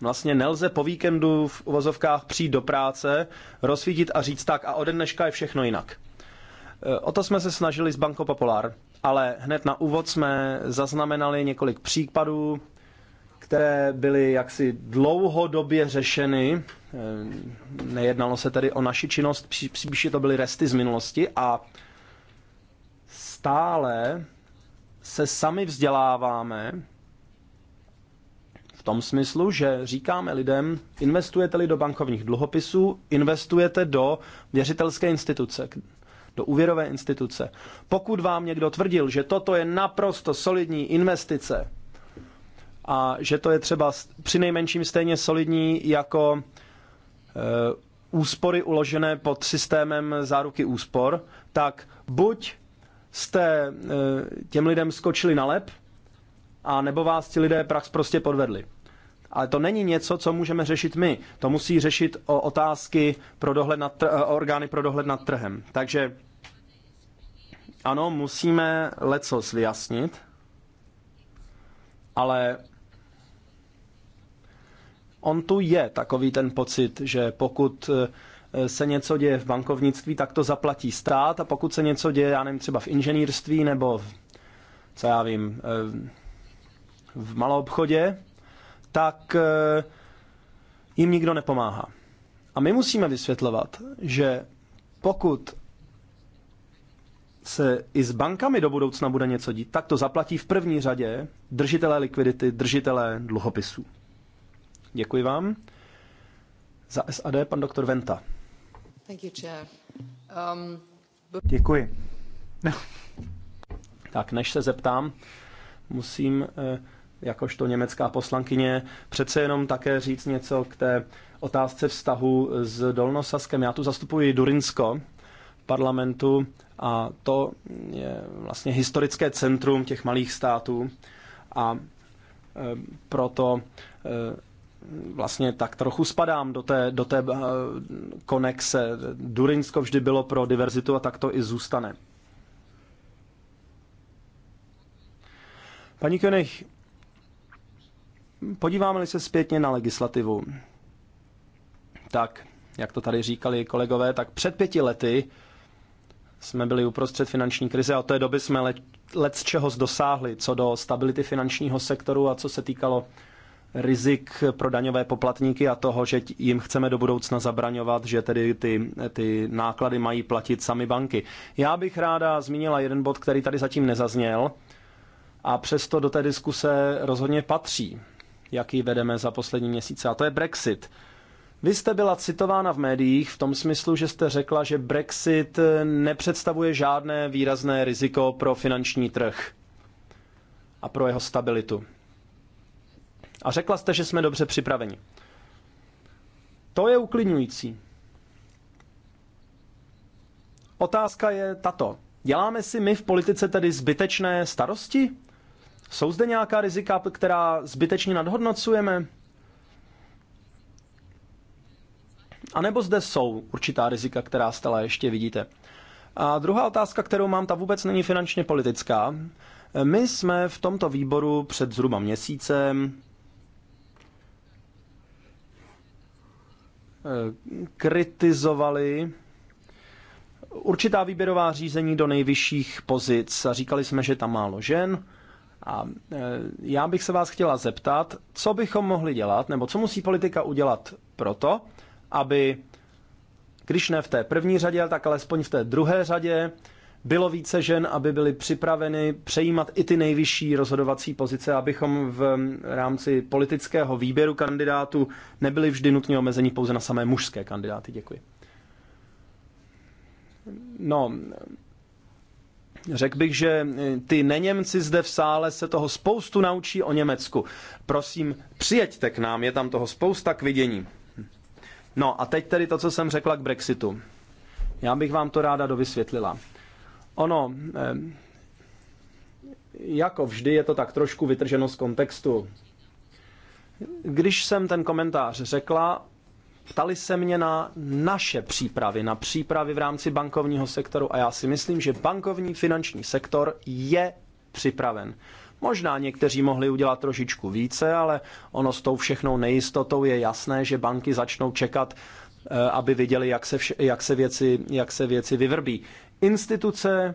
Vlastně nelze po víkendu v uvozovkách přijít do práce, rozsvítit a říct tak a ode dneška je všechno jinak. Eh, o to jsme se snažili s Banko Popular, ale hned na úvod jsme zaznamenali několik případů, které byly jaksi dlouhodobě řešeny. Eh, nejednalo se tedy o naši činnost, spíše to byly resty z minulosti a stále se sami vzděláváme v tom smyslu, že říkáme lidem, investujete-li do bankovních dluhopisů, investujete do věřitelské instituce, do úvěrové instituce. Pokud vám někdo tvrdil, že toto je naprosto solidní investice a že to je třeba při nejmenším stejně solidní jako e, úspory uložené pod systémem záruky úspor, tak buď jste e, těm lidem skočili na lep, a nebo vás ti lidé prax prostě podvedli. Ale to není něco, co můžeme řešit my. To musí řešit o otázky pro dohled nad tr- e, orgány pro dohled nad trhem. Takže ano, musíme lecos vyjasnit, ale on tu je takový ten pocit, že pokud eh, se něco děje v bankovnictví, tak to zaplatí stát a pokud se něco děje, já nevím, třeba v inženýrství nebo v, co já vím, eh, v malou obchodě, tak eh, jim nikdo nepomáhá. A my musíme vysvětlovat, že pokud se i s bankami do budoucna bude něco dít, tak to zaplatí v první řadě držitelé likvidity, držitelé dluhopisů. Děkuji vám. Za SAD pan doktor Venta. You, um, but... Děkuji. No. *laughs* Tak než se zeptám, musím eh, jakožto německá poslankyně přece jenom také říct něco k té otázce vztahu s Dolnosaskem. Já tu zastupuji Durinsko, parlamentu a to je vlastně historické centrum těch malých států a e, proto e, vlastně tak trochu spadám do té, do té e, konexe. Durinsko vždy bylo pro diverzitu a tak to i zůstane. Paní König, podíváme-li se zpětně na legislativu, tak, jak to tady říkali kolegové, tak před pěti lety jsme byli uprostřed finanční krize a od té doby jsme let, let z čeho dosáhli, co do stability finančního sektoru a co se týkalo rizik pro daňové poplatníky a toho, že jim chceme do budoucna zabraňovat, že tedy ty, ty náklady mají platit sami banky. Já bych ráda zmínila jeden bod, který tady zatím nezazněl a přesto do té diskuse rozhodně patří, jaký vedeme za poslední měsíce, a to je Brexit. Vy jste byla citována v médiích v tom smyslu, že jste řekla, že Brexit nepředstavuje žádné výrazné riziko pro finanční trh a pro jeho stabilitu. A řekla jste, že jsme dobře připraveni. To je uklidňující. Otázka je tato. Děláme si my v politice tedy zbytečné starosti? Jsou zde nějaká rizika, která zbytečně nadhodnocujeme? A nebo zde jsou určitá rizika, která stále ještě vidíte. A druhá otázka, kterou mám, ta vůbec není finančně politická. My jsme v tomto výboru před zhruba měsícem eh, kritizovali určitá výběrová řízení do nejvyšších pozic a říkali jsme, že tam málo žen. A eh, já bych se vás chtěla zeptat, co bychom mohli dělat, nebo co musí politika udělat proto, aby, když ne v té první řadě, tak alespoň v té druhé řadě, bylo více žen, aby byly připraveny přejímat i ty nejvyšší rozhodovací pozice, abychom v rámci politického výběru kandidátů nebyli vždy nutně omezeni pouze na samé mužské kandidáty. Děkuji. No, Řekl bych, že ty neněmci zde v sále se toho spoustu naučí o Německu. Prosím, přijeďte k nám, je tam toho spousta k vidění. No a teď tedy to, co jsem řekla k Brexitu. Já bych vám to ráda dovysvětlila. Ono, eh, jako vždy, je to tak trošku vytrženo z kontextu. Když jsem ten komentář řekla, ptali se mě na naše přípravy, na přípravy v rámci bankovního sektoru a já si myslím, že bankovní finanční sektor je připraven. Možná někteří mohli udělat trošičku více, ale ono s tou všechnou nejistotou je jasné, že banky začnou čekat, eh, aby viděli, jak se, vš- jak se, věci, jak se věci vyvrbí. Instituce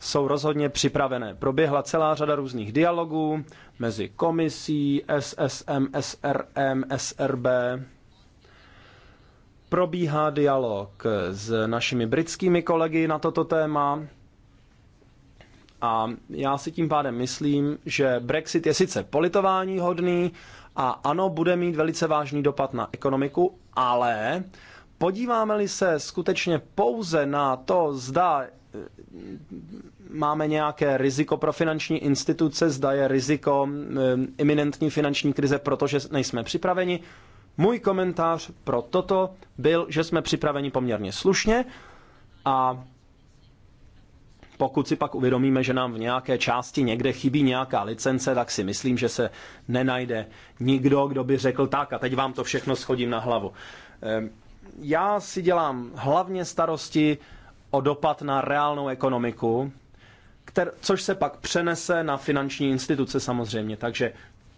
jsou rozhodně připravené. Proběhla celá řada různých dialogů mezi komisí, SSM, SRM, SRB. Probíhá dialog s našimi britskými kolegy na toto téma a já si tím pádem myslím, že Brexit je sice politování hodný a ano, bude mít velice vážný dopad na ekonomiku, ale podíváme-li se skutečně pouze na to, zda eh, máme nějaké riziko pro finanční instituce, zda je riziko eh, iminentní finanční krize, protože nejsme připraveni. Můj komentář pro toto byl, že jsme připraveni poměrně slušně a pokud si pak uvědomíme, že nám v nějaké části někde chybí nějaká licence, tak si myslím, že se nenajde nikdo, kdo by řekl tak a teď vám to všechno schodím na hlavu. Ehm, já si dělám hlavně starosti o dopad na reálnou ekonomiku, kter, což se pak přenese na finanční instituce samozřejmě. Takže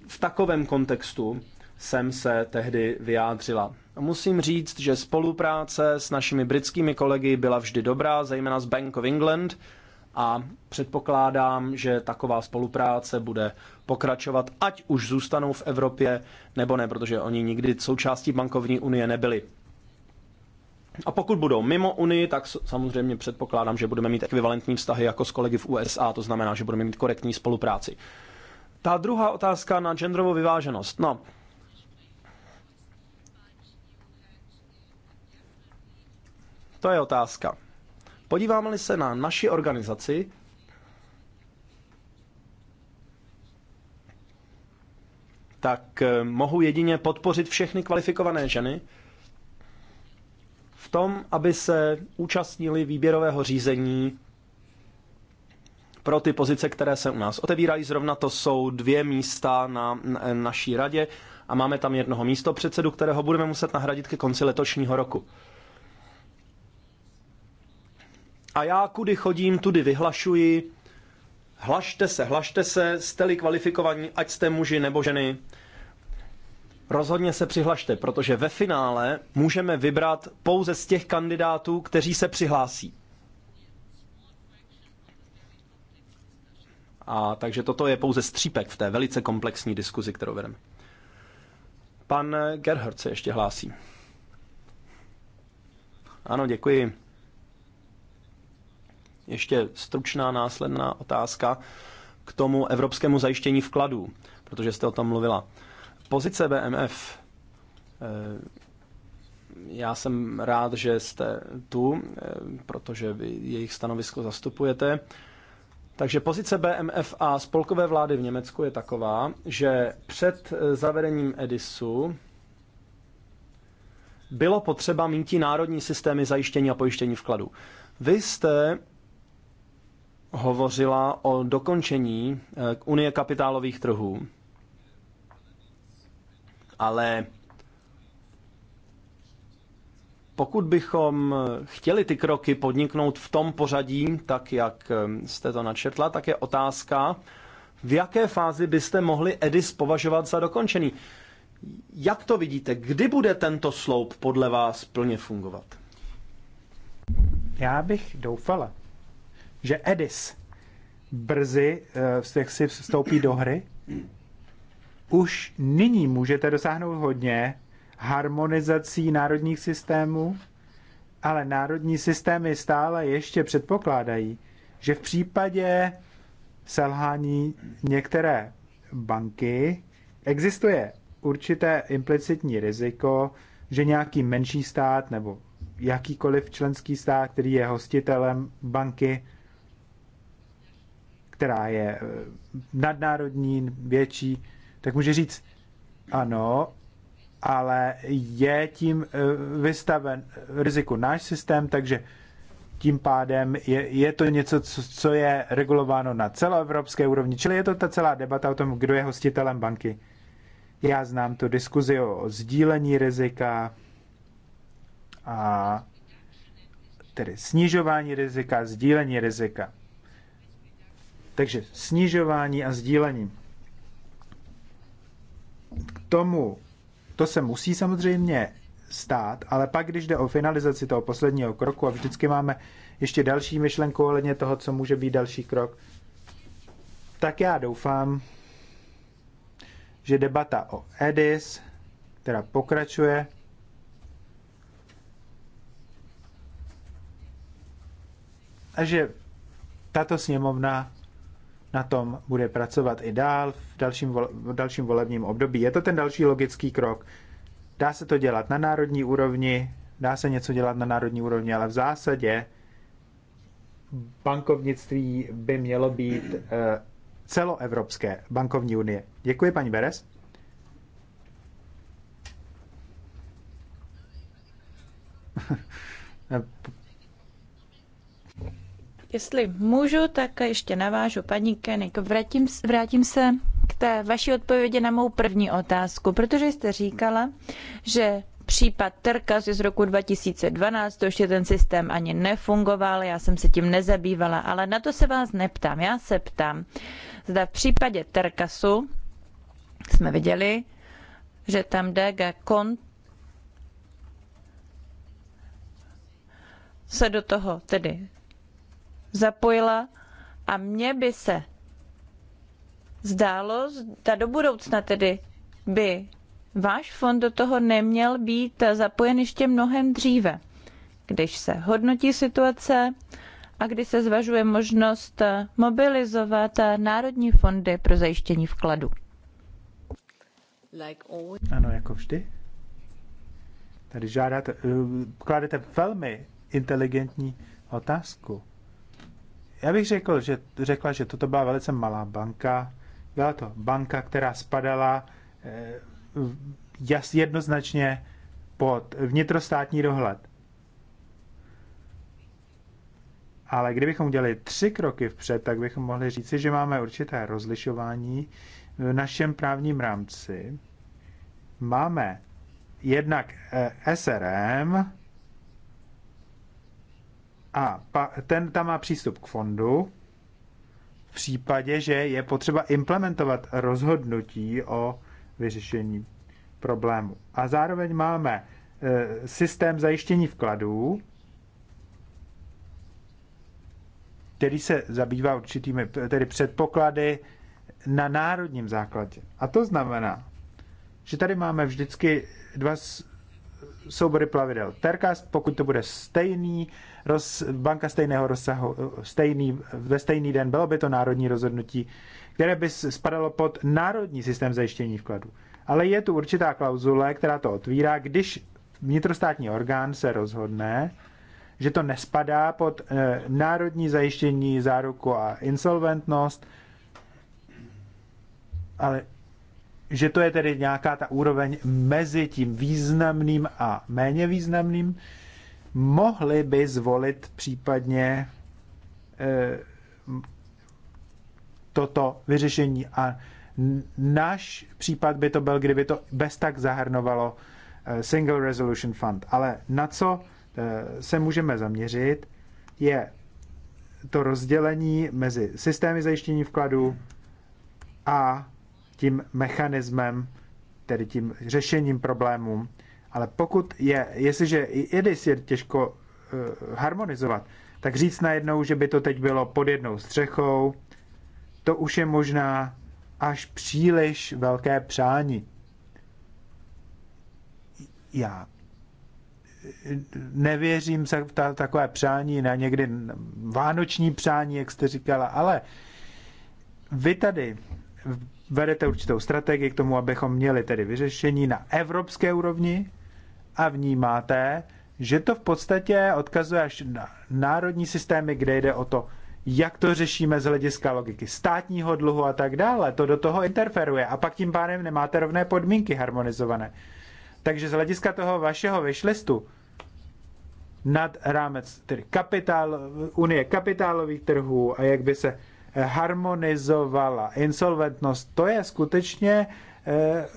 v takovém kontextu jsem se tehdy vyjádřila. Musím říct, že spolupráce s našimi britskými kolegy byla vždy dobrá, zejména s Bank of England, a předpokládám, že taková spolupráce bude pokračovat, ať už zůstanou v Evropě nebo ne, protože oni nikdy součástí bankovní unie nebyli. A pokud budou mimo Unii, tak samozřejmě předpokládám, že budeme mít ekvivalentní vztahy jako s kolegy v USA, to znamená, že budeme mít korektní spolupráci. Ta druhá otázka na genderovou vyváženost. No, to je otázka. Podíváme-li se na naši organizaci, tak eh, mohu jedině podpořit všechny kvalifikované ženy v tom, aby se účastnili výběrového řízení pro ty pozice, které se u nás otevírají. Zrovna to jsou dvě místa na eh, naší radě a máme tam jednoho místo předsedu, kterého budeme muset nahradit ke konci letošního roku. A já kudy chodím, tudy vyhlašuji. Hlašte se, hlašte se, jste-li kvalifikovaní, ať jste muži nebo ženy. Rozhodně se přihlašte, protože ve finále můžeme vybrat pouze z těch kandidátů, kteří se přihlásí. A takže toto je pouze střípek v té velice komplexní diskuzi, kterou vedeme. Pan Gerhard se ještě hlásí. Ano, děkuji. Ještě stručná následná otázka k tomu evropskému zajištění vkladů, protože jste o tom mluvila. Pozice BMF. Eh, já jsem rád, že jste tu, eh, protože vy jejich stanovisko zastupujete. Takže pozice BMF a spolkové vlády v Německu je taková, že před eh, zavedením Edisu bylo potřeba mít národní systémy zajištění a pojištění vkladů. Vy jste hovořila o dokončení eh, Unie kapitálových trhů. Ale pokud bychom chtěli ty kroky podniknout v tom pořadí, tak jak eh, jste to načetla, tak je otázka, v jaké fázi byste mohli EDIS považovat za dokončený. Jak to vidíte? Kdy bude tento sloup podle vás plně fungovat? Já bych doufala, že Edis brzy eh, jak si vstoupí do hry. Už nyní můžete dosáhnout hodně harmonizací národních systémů, ale národní systémy stále ještě předpokládají, že v případě selhání některé banky existuje určité implicitní riziko, že nějaký menší stát nebo jakýkoliv členský stát, který je hostitelem banky, která je eh, nadnárodní, větší, tak může říct ano, ale je tím eh, vystaven riziku náš systém, takže tím pádem je, je to něco, co, co je regulováno na celoevropské úrovni. Čili je to ta celá debata o tom, kdo je hostitelem banky. Já znám tu diskuzi o sdílení rizika a tedy snižování rizika, sdílení rizika. Takže snižování a sdílení. K tomu, to se musí samozřejmě stát, ale pak, když jde o finalizaci toho posledního kroku a vždycky máme ještě další myšlenku ohledně toho, co může být další krok, tak já doufám, že debata o EDIS, která pokračuje, a že tato sněmovna na tom bude pracovat i dál v dalším, v dalším volebním období. Je to ten další logický krok. Dá se to dělat na národní úrovni, dá se něco dělat na národní úrovni, ale v zásadě bankovnictví by mělo být eh, celoevropské bankovní unie. Děkuji, paní Beres. Jestli můžu, tak ještě navážu paní Kenik. Vrátím, vrátím se k té vaší odpovědi na mou první otázku, protože jste říkala, že případ Terkas je z roku 2012, to ještě ten systém ani nefungoval, já jsem se tím nezabývala, ale na to se vás neptám. Já se ptám, zda v případě Terkasu jsme viděli, že tam DG Kont se do toho tedy zapojila a mně by se zdálo, zda do budoucna tedy by váš fond do toho neměl být zapojen ještě mnohem dříve, když se hodnotí situace a kdy se zvažuje možnost mobilizovat národní fondy pro zajištění vkladu. Ano, jako vždy. Tady žádáte, eh, kladete velmi inteligentní otázku. Já bych řekl, že, řekla, že toto byla velice malá banka. Byla to banka, která spadala eh, jas, jednoznačně pod vnitrostátní dohled. Ale kdybychom udělali tři kroky vpřed, tak bychom mohli říci, že máme určité rozlišování v našem právním rámci. Máme jednak eh, SRM, a pa, ten tam má přístup k fondu v případě, že je potřeba implementovat rozhodnutí o vyřešení problému. A zároveň máme e, systém zajištění vkladů, který se zabývá určitými tedy předpoklady na národním základě. A to znamená, že tady máme vždycky dva soubory plavidel. Terkas, pokud to bude stejný, roz, banka stejného rozsahu, stejný, ve stejný den, bylo by to národní rozhodnutí, které by spadalo pod národní systém zajištění vkladů. Ale je tu určitá klauzule, která to otvírá, když vnitrostátní orgán se rozhodne, že to nespadá pod e, národní zajištění, záruku a insolventnost, ale že to je tedy nějaká ta úroveň mezi tím významným a méně významným, mohli by zvolit případně eh, toto vyřešení. A náš případ by to byl, kdyby to bez tak zahrnovalo eh, Single Resolution Fund. Ale na co eh, se můžeme zaměřit, je to rozdělení mezi systémy zajištění vkladů a tím mechanismem, tedy tím řešením problémů. Ale pokud je, jestliže i IDIS je těžko uh, harmonizovat, tak říct najednou, že by to teď bylo pod jednou střechou, to už je možná až příliš velké přání. Já eh, nevěřím se v ta, takové přání, na někdy vánoční přání, jak jste říkala, ale vy tady vedete určitou strategii k tomu, abychom měli tedy vyřešení na evropské úrovni a vnímáte, že to v podstatě odkazuje až na národní systémy, kde jde o to, jak to řešíme z hlediska logiky státního dluhu a tak dále. To do toho interferuje a pak tím pádem nemáte rovné podmínky harmonizované. Takže z hlediska toho vašeho vyšlistu nad rámec tedy kapitál, unie kapitálových trhů a jak by se harmonizovala insolventnost, to je skutečně eh, eh,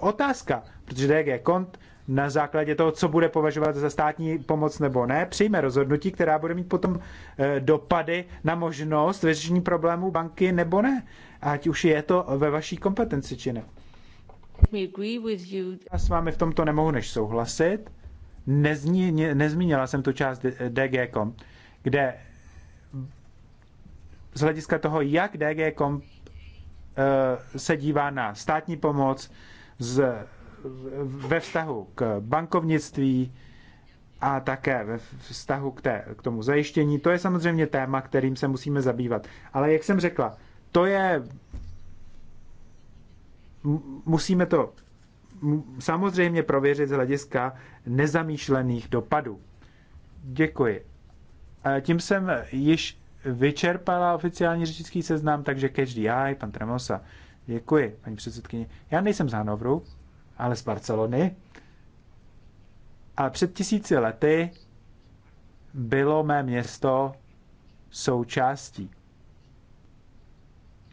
otázka, protože DG Kont na základě toho, co bude považovat za státní pomoc nebo ne, přijme rozhodnutí, která bude mít potom eh, dopady na možnost vyřešení problémů banky nebo ne. Ať už je to ve vaší kompetenci či ne. Já s vámi v tomto nemohu než souhlasit. nezmínila jsem tu část DGCOM, kde z hlediska toho, jak DG Comp eh, se dívá na státní pomoc z, ve vztahu k bankovnictví a také ve vztahu k, té, k tomu zajištění. To je samozřejmě téma, kterým se musíme zabývat. Ale jak jsem řekla, to je... Musíme to samozřejmě prověřit z hlediska nezamýšlených dopadů. Děkuji. Eh, tím jsem již vyčerpala oficiální řečnický seznam, takže každý já, pan Tremosa. Děkuji, paní předsedkyně. Já nejsem z Hanovru, ale z Barcelony. A před tisíci lety bylo mé město součástí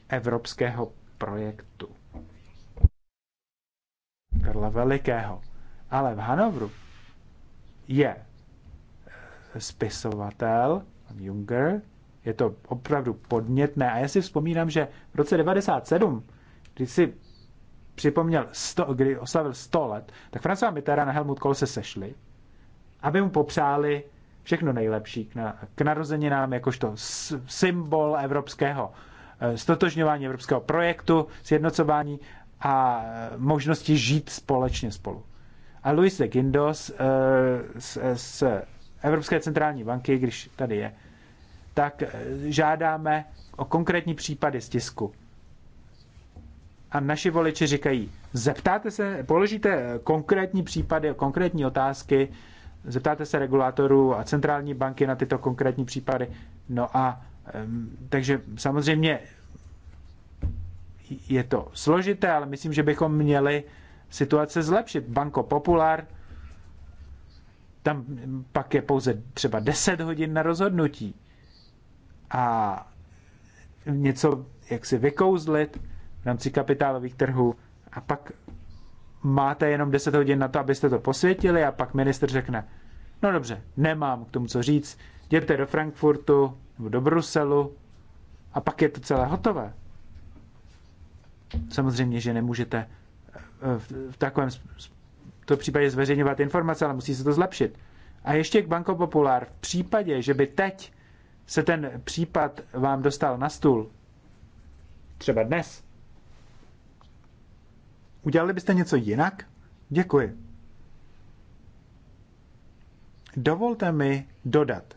evropského projektu Karla Velikého. Ale v Hanovru je spisovatel, Junger, je to opravdu podnětné. A já si vzpomínám, že v roce 97, když si připomněl, 100, kdy oslavil 100 let, tak François Mitterrand a Helmut Kohl se sešli, aby mu popřáli všechno nejlepší k, na, k narozeninám jakožto symbol evropského eh, stotožňování evropského projektu, sjednocování a eh, možnosti žít společně spolu. A Luis de Guindos eh, z, z Evropské centrální banky, když tady je, tak eh, žádáme o konkrétní případy stisku A naši voliči říkají, zeptáte se, položíte eh, konkrétní případy, konkrétní otázky, zeptáte se regulátorů a centrální banky na tyto konkrétní případy. No a takže samozřejmě je to složité, ale myslím, že bychom měli situace zlepšit. Banko Popular, tam pak je pouze třeba 10 hodin na rozhodnutí a něco jak si vykouzlit v rámci kapitálových trhů a pak máte jenom 10 hodin na to, abyste to posvětili a pak minister řekne, no dobře, nemám k tomu co říct, jděte do Frankfurtu nebo do Bruselu a pak je to celé hotové. Samozřejmě, že nemůžete eh, v takovém to případě zveřejňovat informace, ale musí se to zlepšit. A ještě k Banko Populár. V případě, že by teď se ten případ vám dostal na stůl, třeba dnes, udělali byste něco jinak? Děkuji. Dovolte mi dodat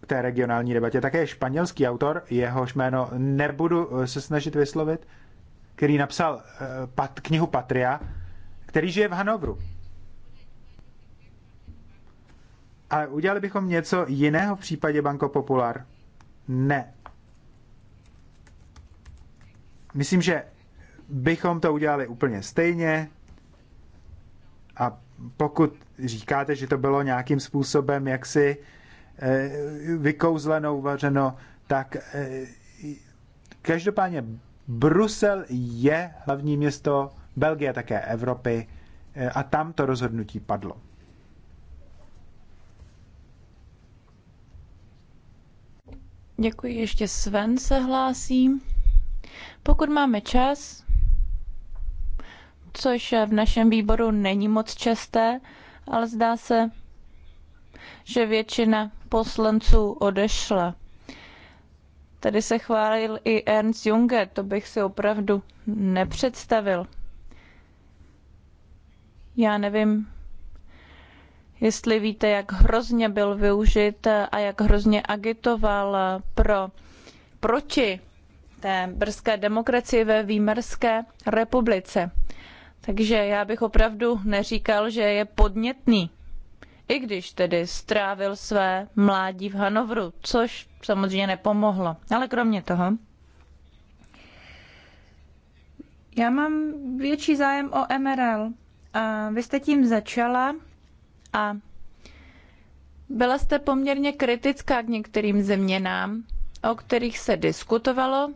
k té regionální debatě také španělský autor, jehož jméno nebudu eh, se snažit vyslovit, který napsal eh, knihu Patria, který žije v Hanovru. Ale udělali bychom něco jiného v případě Banko Popular? Ne. Myslím, že bychom to udělali úplně stejně a pokud říkáte, že to bylo nějakým způsobem jaksi eh, vykouzleno, uvařeno, tak eh, každopádně Brusel je hlavní město Belgie, také Evropy eh, a tam to rozhodnutí padlo. Děkuji, ještě Sven se hlásí. Pokud máme čas, což v našem výboru není moc časté, ale zdá se, že většina poslanců odešla. Tady se chválil i Ernst Junge, to bych si opravdu nepředstavil. Já nevím, jestli víte, jak hrozně byl využit a jak hrozně agitoval pro, proti té brzké demokracii ve Výmerské republice. Takže já bych opravdu neříkal, že je podnětný. I když tedy strávil své mládí v Hanovru, což samozřejmě nepomohlo. Ale kromě toho, já mám větší zájem o MRL. A vy jste tím začala a byla jste poměrně kritická k některým změnám, o kterých se diskutovalo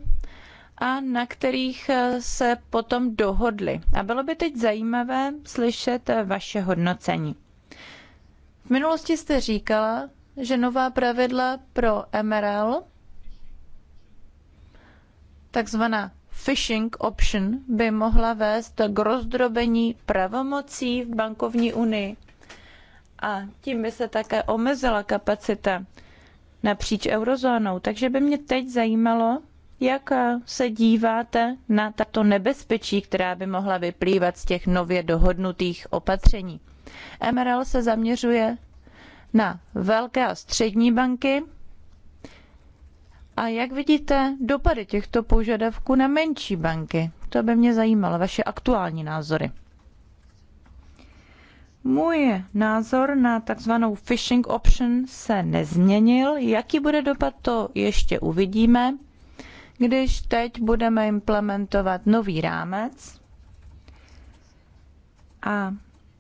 a na kterých eh, se potom dohodli. A bylo by teď zajímavé slyšet eh, vaše hodnocení. V minulosti jste říkala, že nová pravidla pro MRL, takzvaná phishing option, by mohla vést k rozdrobení pravomocí v bankovní unii a tím by se také omezila kapacita napříč eurozónou. Takže by mě teď zajímalo, jak se díváte na tato nebezpečí, která by mohla vyplývat z těch nově dohodnutých opatření. MRL se zaměřuje na velké a střední banky. A jak vidíte dopady těchto požadavků na menší banky? To by mě zajímalo, vaše aktuální názory. Můj názor na takzvanou phishing option se nezměnil. Jaký bude dopad, to ještě uvidíme, když teď budeme implementovat nový rámec. A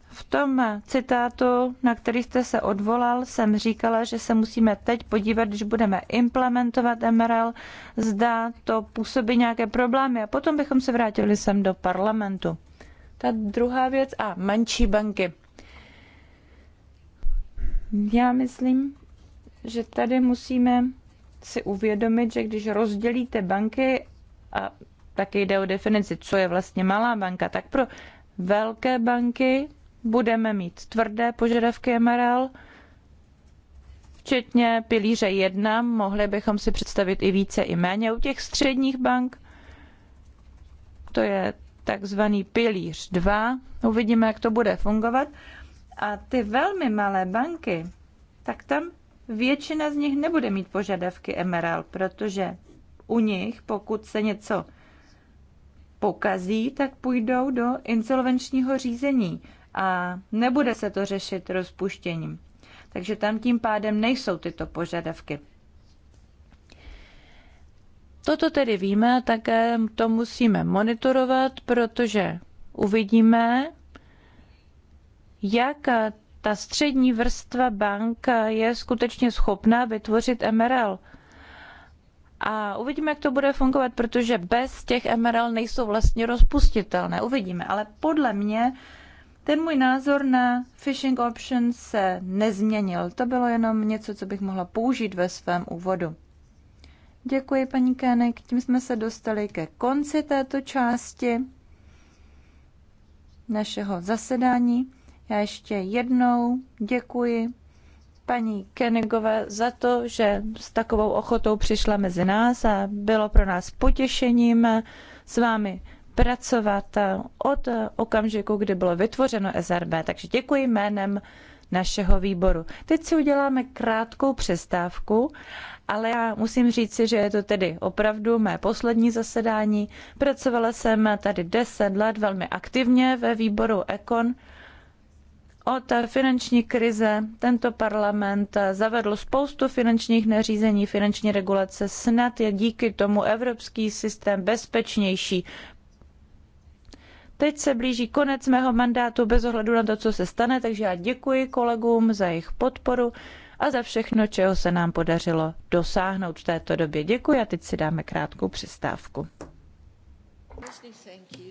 v tom citátu, na který jste se odvolal, jsem říkala, že se musíme teď podívat, když budeme implementovat MRL, zda to působí nějaké problémy a potom bychom se vrátili sem do parlamentu. Ta druhá věc a menší banky. Já myslím, že tady musíme si uvědomit, že když rozdělíte banky, a taky jde o definici, co je vlastně malá banka, tak pro velké banky budeme mít tvrdé požadavky MRL, včetně pilíře 1, mohli bychom si představit i více, i méně. U těch středních bank to je takzvaný pilíř 2. Uvidíme, jak to bude fungovat. A ty velmi malé banky, tak tam většina z nich nebude mít požadavky MRL, protože u nich, pokud se něco pokazí, tak půjdou do insolvenčního řízení a nebude se to řešit rozpuštěním. Takže tam tím pádem nejsou tyto požadavky. Toto tedy víme a také eh, to musíme monitorovat, protože uvidíme, jak eh, ta střední vrstva bank eh, je skutečně schopná vytvořit MRL. A uvidíme, jak to bude fungovat, protože bez těch MRL nejsou vlastně rozpustitelné. Uvidíme. Ale podle mě ten můj názor na phishing option se nezměnil. To bylo jenom něco, co bych mohla použít ve svém úvodu. Děkuji, paní Kének. Tím jsme se dostali ke konci této části našeho zasedání. Já ještě jednou děkuji paní Kenigové za to, že s takovou ochotou přišla mezi nás a bylo pro nás potěšením s vámi pracovat od okamžiku, kdy bylo vytvořeno SRB. Takže děkuji jménem našeho výboru. Teď si uděláme krátkou přestávku, ale já musím říci, že je to tedy opravdu mé poslední zasedání. Pracovala jsem tady 10 let velmi aktivně ve výboru Econ od finanční krize tento parlament zavedl spoustu finančních nařízení, finanční regulace. Snad je díky tomu evropský systém bezpečnější. Teď se blíží konec mého mandátu bez ohledu na to, co se stane, takže já děkuji kolegům za jejich podporu a za všechno, čeho se nám podařilo dosáhnout v této době. Děkuji a teď si dáme krátkou přestávku. Thank you.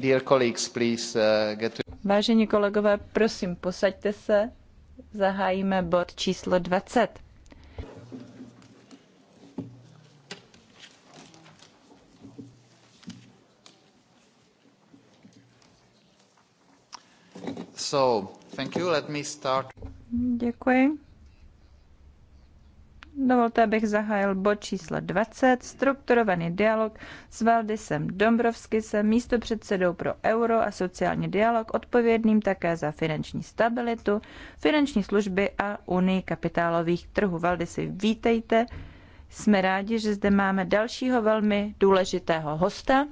Dear colleagues, please uh, get to... Vážení kolegové, prosím, posaďte se. Zahájíme bod číslo 20. Děkuji. Dovolte, abych zahájil bod číslo 20, strukturovaný dialog s Valdisem Dombrovskisem, místopředsedou pro euro a sociální dialog, odpovědným také za finanční stabilitu, finanční služby a unii kapitálových trhů. Valdisi, vítejte. Jsme rádi, že zde máme dalšího velmi důležitého hosta.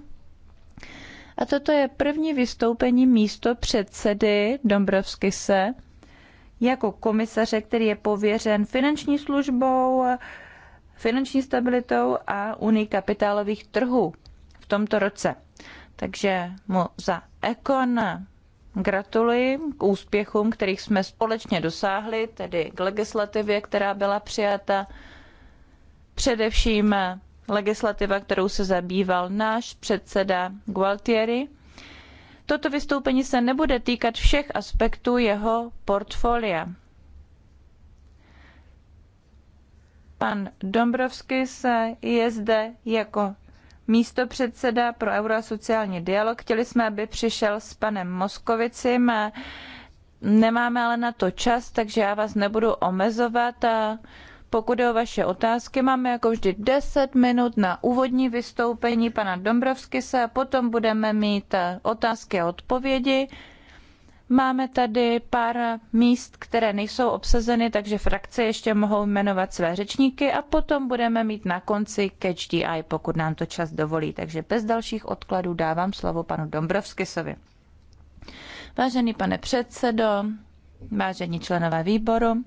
A toto je první vystoupení místo předsedy Dombrovskise jako komisaře, který je pověřen finanční službou, finanční stabilitou a unii kapitálových trhů v tomto roce. Takže mu za Ekon gratuluji k úspěchům, kterých jsme společně dosáhli, tedy k legislativě, která byla přijata, především legislativa, kterou se zabýval náš předseda Gualtieri. Toto vystoupení se nebude týkat všech aspektů jeho portfolia. Pan Dombrovský se je zde jako místo předseda pro euro a sociální dialog. Chtěli jsme, aby přišel s panem Moskovicím. Nemáme ale na to čas, takže já vás nebudu omezovat a pokud je o vaše otázky, máme jako vždy 10 minut na úvodní vystoupení pana Dombrovskise a potom budeme mít eh, otázky a odpovědi. Máme tady pár míst, které nejsou obsazeny, takže frakce ještě mohou jmenovat své řečníky a potom budeme mít na konci catch DI, pokud nám to čas dovolí. Takže bez dalších odkladů dávám slovo panu Dombrovskisovi. Vážený pane předsedo, vážení členové výboru,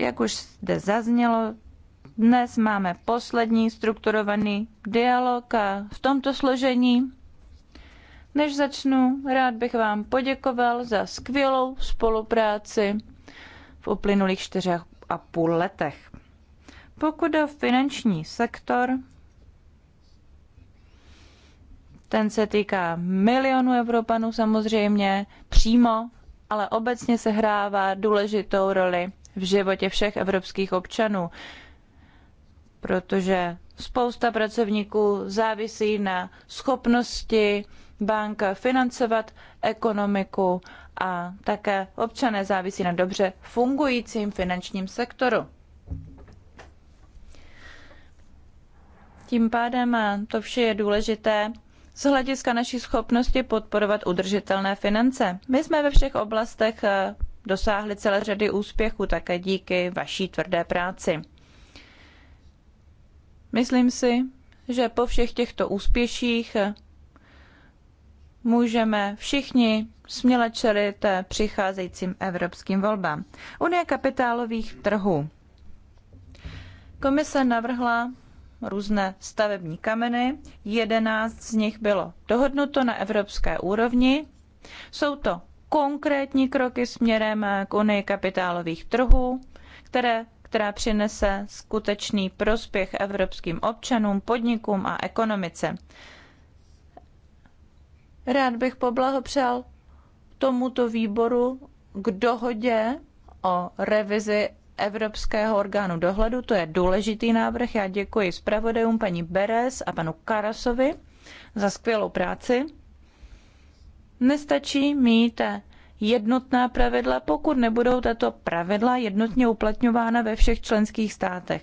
jak už zde zaznělo, dnes máme poslední strukturovaný dialog a v tomto složení. Než začnu, rád bych vám poděkoval za skvělou spolupráci v uplynulých čtyřech a půl letech. Pokud o finanční sektor, ten se týká milionů Evropanů samozřejmě přímo, ale obecně se hrává důležitou roli v životě všech evropských občanů, protože spousta pracovníků závisí na schopnosti bank financovat ekonomiku a také občané závisí na dobře fungujícím finančním sektoru. Tím pádem to vše je důležité z hlediska naší schopnosti podporovat udržitelné finance. My jsme ve všech oblastech dosáhli celé řady úspěchů také díky vaší tvrdé práci. Myslím si, že po všech těchto úspěších můžeme všichni směle čelit přicházejícím evropským volbám. Unie kapitálových trhů. Komise navrhla různé stavební kameny, jedenáct z nich bylo dohodnuto na evropské úrovni. Jsou to konkrétní kroky směrem k unii kapitálových trhů, které, která přinese skutečný prospěch evropským občanům, podnikům a ekonomice. Rád bych poblahopřál tomuto výboru k dohodě o revizi Evropského orgánu dohledu. To je důležitý návrh. Já děkuji zpravodajům paní Beres a panu Karasovi za skvělou práci. Nestačí mít jednotná pravidla, pokud nebudou tato pravidla jednotně uplatňována ve všech členských státech.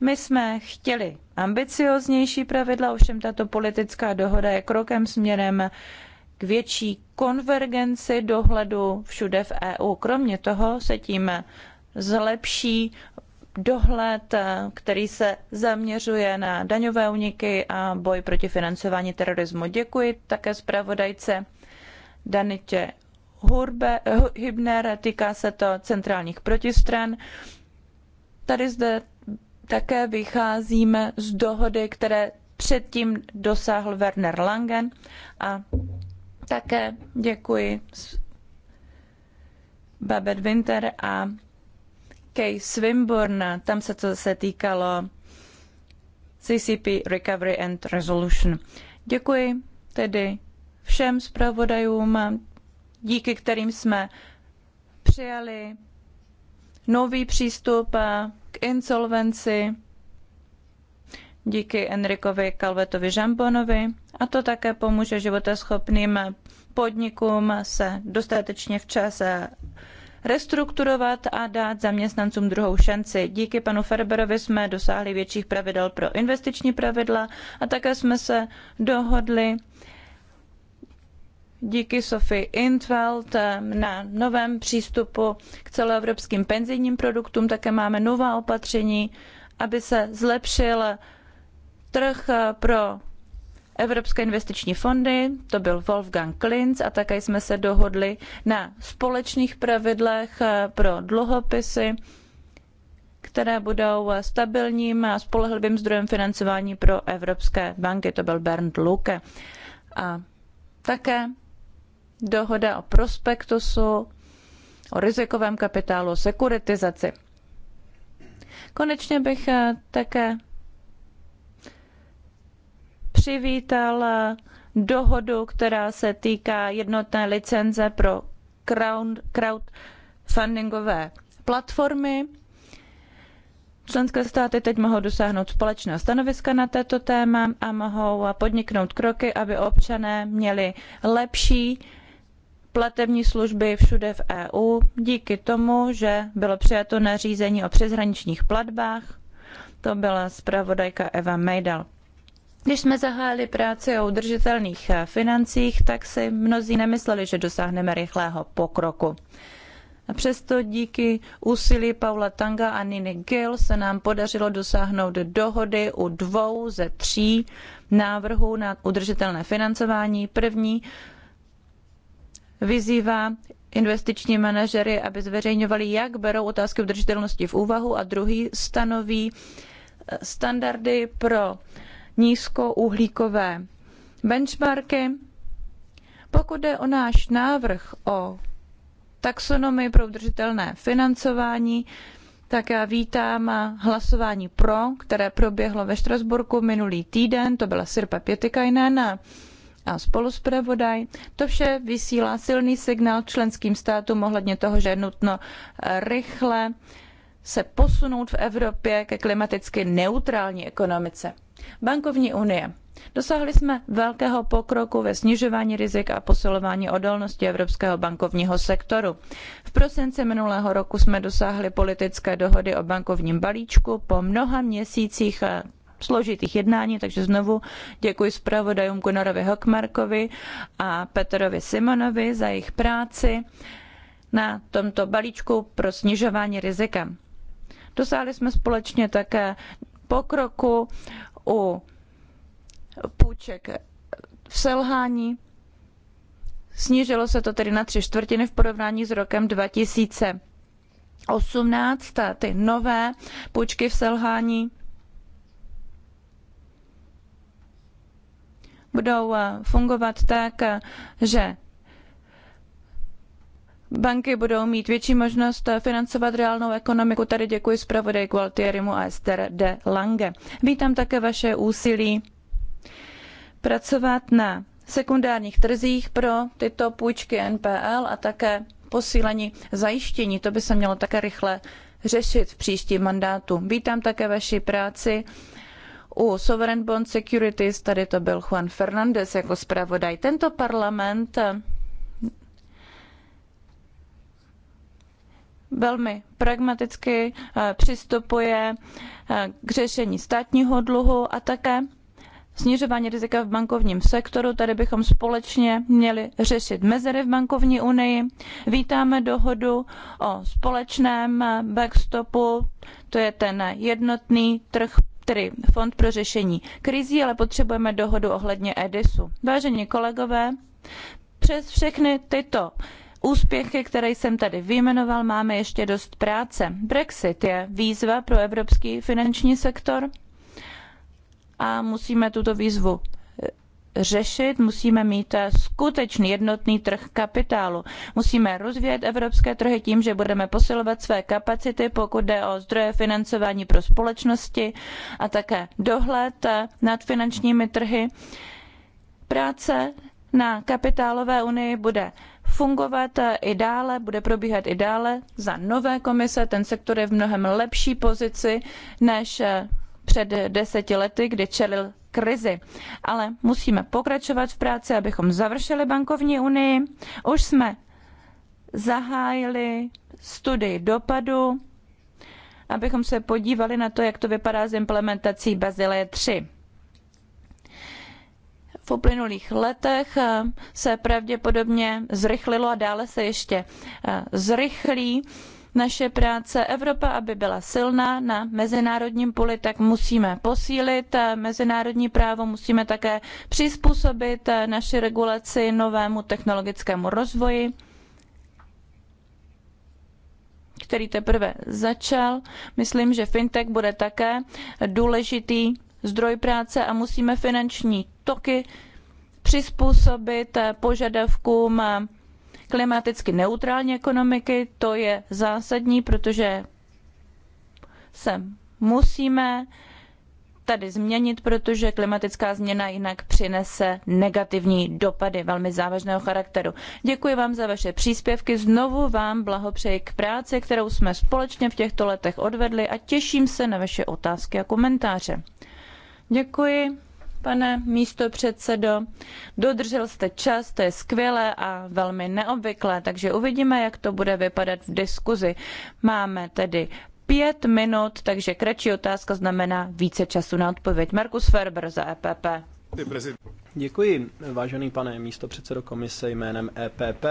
My jsme chtěli ambicioznější pravidla, ovšem tato politická dohoda je krokem směrem k větší konvergenci dohledu všude v EU. Kromě toho se tím zlepší dohled, který se zaměřuje na daňové úniky a boj proti financování terorismu. Děkuji také zpravodajce Danitě Hurbe, hibner týká se to centrálních protistran. Tady zde také vycházíme z dohody, které předtím dosáhl Werner Langen a také děkuji Babet Winter a Kay Swinburne. Tam se to zase týkalo CCP Recovery and Resolution. Děkuji tedy všem zpravodajům, díky kterým jsme přijali nový přístup k insolvenci, díky Enrikovi Kalvetovi Žamponovi a to také pomůže životaschopným podnikům se dostatečně včas restrukturovat a dát zaměstnancům druhou šanci. Díky panu Ferberovi jsme dosáhli větších pravidel pro investiční pravidla a také jsme se dohodli díky Sophie Intveld eh, na novém přístupu k celoevropským penzijním produktům. Také máme nová opatření, aby se zlepšil trh eh, pro Evropské investiční fondy, to byl Wolfgang Klinz a také jsme se dohodli na společných pravidlech eh, pro dluhopisy, které budou stabilním a spolehlivým zdrojem financování pro evropské banky, to byl Bernd Luke. A také dohoda o prospektusu, o rizikovém kapitálu, o sekuritizaci. Konečně bych eh, také přivítal eh, dohodu, která se týká jednotné licenze pro crowdfundingové platformy. Členské státy teď mohou dosáhnout společného stanoviska na této téma a mohou podniknout kroky, aby občané měli lepší platební služby všude v EU díky tomu, že bylo přijato nařízení o přeshraničních platbách. To byla zpravodajka Eva Mejdal. Když jsme zahájili práci o udržitelných eh, financích, tak si mnozí nemysleli, že dosáhneme rychlého pokroku. A přesto díky úsilí Paula Tanga a Niny Gill se nám podařilo dosáhnout dohody u dvou ze tří návrhů na udržitelné financování. První vyzývá investiční manažery, aby zveřejňovali, jak berou otázky udržitelnosti v úvahu a druhý stanoví eh, standardy pro nízkouhlíkové benchmarky. Pokud jde o náš návrh o taxonomii pro udržitelné financování, tak já vítám hlasování pro, které proběhlo ve Štrasburku minulý týden, to byla Sirpa Pětikajnéna a spoluspravodaj. To vše vysílá silný signál členským státům ohledně toho, že je nutno rychle se posunout v Evropě ke klimaticky neutrální ekonomice. Bankovní unie. Dosáhli jsme velkého pokroku ve snižování rizik a posilování odolnosti evropského bankovního sektoru. V prosinci minulého roku jsme dosáhli politické dohody o bankovním balíčku po mnoha měsících složitých jednání, takže znovu děkuji zpravodajům Gunnarovi Hokmarkovi a Petrovi Simonovi za jejich práci na tomto balíčku pro snižování rizika. Dosáhli jsme společně také pokroku u půjček v selhání. Snížilo se to tedy na tři čtvrtiny v porovnání s rokem 2018. Ty nové půjčky v selhání budou eh, fungovat tak, eh, že banky budou mít větší možnost eh, financovat reálnou ekonomiku. Tady děkuji zpravodaj Gualtierimu a Esther de Lange. Vítám také vaše úsilí pracovat na sekundárních trzích pro tyto půjčky NPL a také posílení zajištění. To by se mělo také rychle řešit v příštím mandátu. Vítám také vaši práci u Sovereign Bond Securities tady to byl Juan Fernandez jako zpravodaj. Tento parlament eh, velmi pragmaticky eh, přistupuje eh, k řešení státního dluhu a také snižování rizika v bankovním sektoru. Tady bychom společně měli řešit mezery v bankovní unii. Vítáme dohodu o společném backstopu, to je ten jednotný trh tedy Fond pro řešení krizí, ale potřebujeme dohodu ohledně Edisu. Vážení kolegové, přes všechny tyto úspěchy, které jsem tady vyjmenoval, máme ještě dost práce. Brexit je výzva pro evropský finanční sektor a musíme tuto výzvu řešit, musíme mít skutečný jednotný trh kapitálu. Musíme rozvíjet evropské trhy tím, že budeme posilovat své kapacity, pokud jde o zdroje financování pro společnosti a také dohled nad finančními trhy. Práce na kapitálové unii bude fungovat i dále, bude probíhat i dále za nové komise. Ten sektor je v mnohem lepší pozici než před deseti lety, kdy čelil krizi. Ale musíme pokračovat v práci, abychom završili bankovní unii. Už jsme zahájili studii dopadu, abychom se podívali na to, jak to vypadá s implementací Bazileje 3. V uplynulých letech eh, se pravděpodobně zrychlilo a dále se ještě eh, zrychlí naše práce. Evropa, aby byla silná na mezinárodním poli, tak musíme posílit eh, mezinárodní právo, musíme také přizpůsobit eh, naši regulaci novému technologickému rozvoji který teprve začal. Myslím, že fintech bude také důležitý zdroj práce a musíme finanční toky přizpůsobit eh, požadavkům klimaticky neutrální ekonomiky. To je zásadní, protože se musíme tady změnit, protože klimatická změna jinak přinese negativní dopady velmi závažného charakteru. Děkuji vám za vaše příspěvky, znovu vám blahopřeji k práci, kterou jsme společně v těchto letech odvedli a těším se na vaše otázky a komentáře. Děkuji pane místo předsedo. Dodržel jste čas, to je skvělé a velmi neobvyklé, takže uvidíme, jak to bude vypadat v diskuzi. Máme tedy pět minut, takže kratší otázka znamená více času na odpověď. Markus Ferber za EPP. Děkuji, vážený pane místo předsedo komise jménem EPP.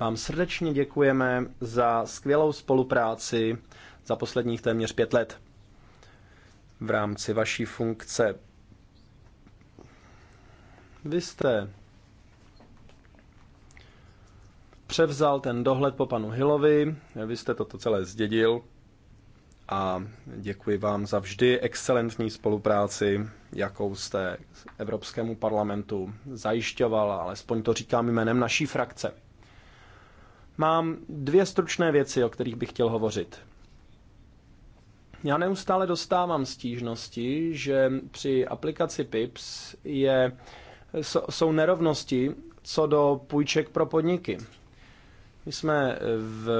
Vám srdečně děkujeme za skvělou spolupráci za posledních téměř pět let. V rámci vaší funkce vy jste převzal ten dohled po panu Hillovi, vy jste toto celé zdědil a děkuji vám za vždy excelentní spolupráci, jakou jste Evropskému parlamentu zajišťoval, alespoň to říkám jménem naší frakce. Mám dvě stručné věci, o kterých bych chtěl hovořit. Já neustále dostávám stížnosti, že při aplikaci PIPS je jsou nerovnosti co do půjček pro podniky. My jsme eh, v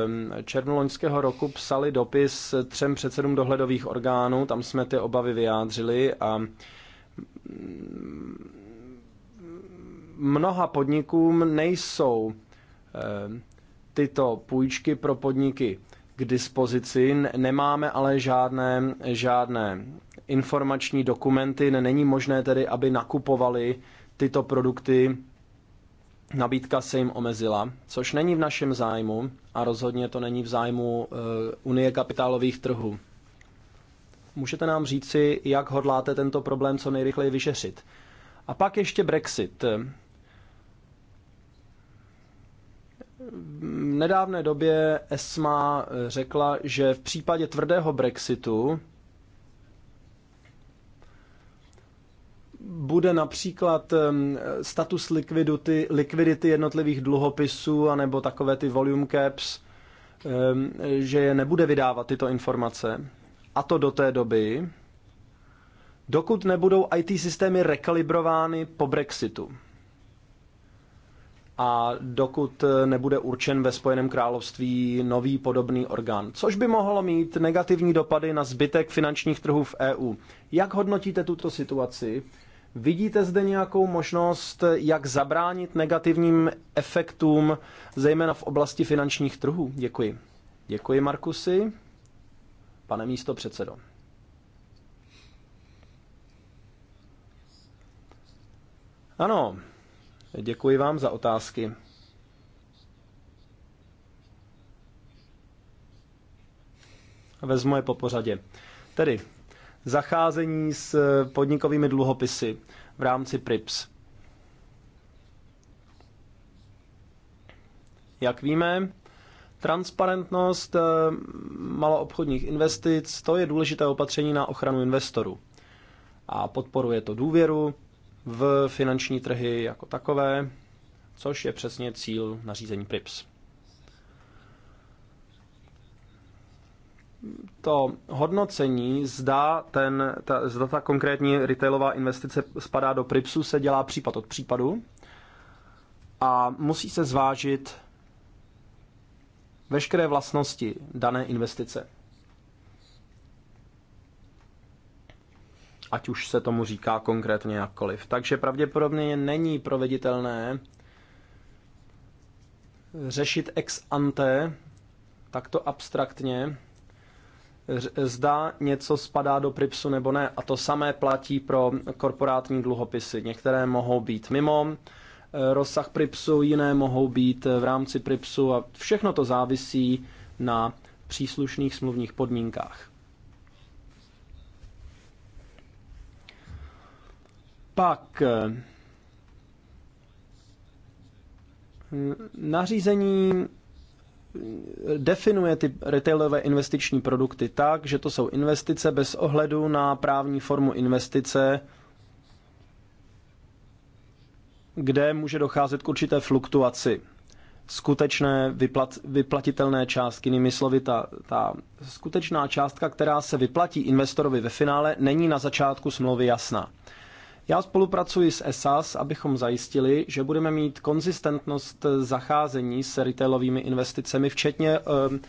červnu loňského roku psali dopis třem předsedům dohledových orgánů, tam jsme ty obavy vyjádřili a mnoha podnikům nejsou eh, tyto půjčky pro podniky k dispozici, nemáme ale žádné, žádné informační dokumenty, není možné tedy, aby nakupovali tyto produkty, nabídka se jim omezila, což není v našem zájmu a rozhodně to není v zájmu eh, Unie kapitálových trhů. Můžete nám říci, jak hodláte tento problém co nejrychleji vyšeřit? A pak ještě Brexit. V nedávné době ESMA eh, řekla, že v případě tvrdého Brexitu bude například status likvidity, likvidity jednotlivých dluhopisů anebo takové ty volume caps, že je nebude vydávat tyto informace. A to do té doby, dokud nebudou IT systémy rekalibrovány po Brexitu. A dokud eh, nebude určen ve Spojeném království nový podobný orgán, což by mohlo mít negativní dopady na zbytek finančních trhů v EU. Jak hodnotíte tuto situaci? Vidíte zde nějakou možnost, jak zabránit negativním efektům, zejména v oblasti finančních trhů? Děkuji. Děkuji, Markusy. Pane místo předsedo. Ano, děkuji vám za otázky. Vezmu je po pořadě. Tedy zacházení s eh, podnikovými dluhopisy v rámci PRIPS. Jak víme, transparentnost eh, maloobchodních investic, to je důležité opatření na ochranu investorů. A podporuje to důvěru v finanční trhy jako takové, což je přesně cíl nařízení PRIPS. to hodnocení, zda, ten, ta, zda ta konkrétní retailová investice spadá do PRIPSu, se dělá případ od případu a musí se zvážit veškeré vlastnosti dané investice. Ať už se tomu říká konkrétně jakkoliv. Takže pravděpodobně není proveditelné řešit ex ante takto abstraktně zda něco spadá do PRIPSu nebo ne. A to samé platí pro korporátní dluhopisy. Některé mohou být mimo e, rozsah PRIPSu, jiné mohou být v rámci PRIPSu a všechno to závisí na příslušných smluvních podmínkách. Pak e, nařízení definuje ty retailové investiční produkty tak, že to jsou investice bez ohledu na právní formu investice, kde může docházet k určité fluktuaci skutečné vyplat, vyplatitelné částky. Jinými slovy, ta, ta skutečná částka, která se vyplatí investorovi ve finále, není na začátku smlouvy jasná. Já spolupracuji s ESAS, abychom zajistili, že budeme mít konzistentnost zacházení s retailovými investicemi, včetně ehm,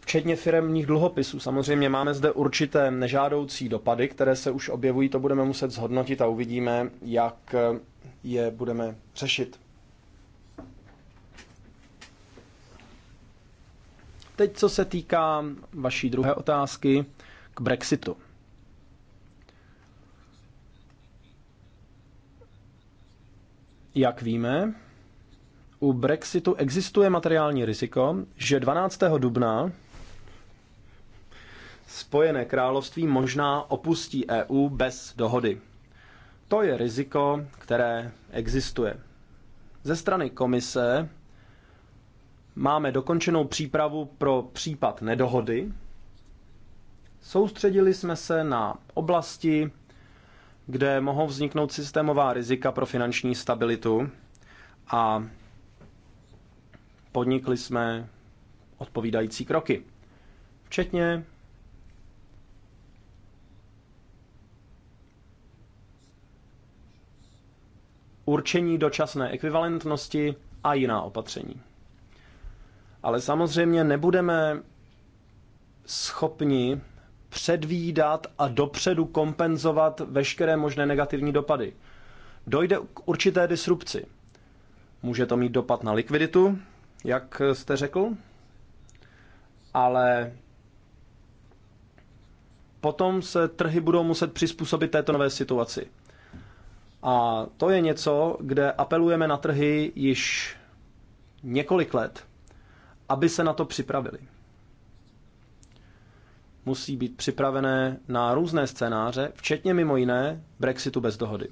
včetně firemních dluhopisů. Samozřejmě máme zde určité nežádoucí dopady, které se už objevují, to budeme muset zhodnotit a uvidíme, jak eh, je budeme řešit. Teď, co se týká vaší druhé otázky k Brexitu. Jak víme, u Brexitu existuje materiální riziko, že 12. dubna Spojené království možná opustí EU bez dohody. To je riziko, které existuje. Ze strany komise máme dokončenou přípravu pro případ nedohody. Soustředili jsme se na oblasti, kde mohou vzniknout systémová rizika pro finanční stabilitu a podnikli jsme odpovídající kroky. Včetně určení dočasné ekvivalentnosti a jiná opatření. Ale samozřejmě nebudeme schopni předvídat a dopředu kompenzovat veškeré možné negativní dopady. Dojde k určité disrupci. Může to mít dopad na likviditu, jak jste řekl, ale potom se trhy budou muset přizpůsobit této nové situaci. A to je něco, kde apelujeme na trhy již několik let, aby se na to připravili musí být připravené na různé scénáře, včetně mimo jiné Brexitu bez dohody.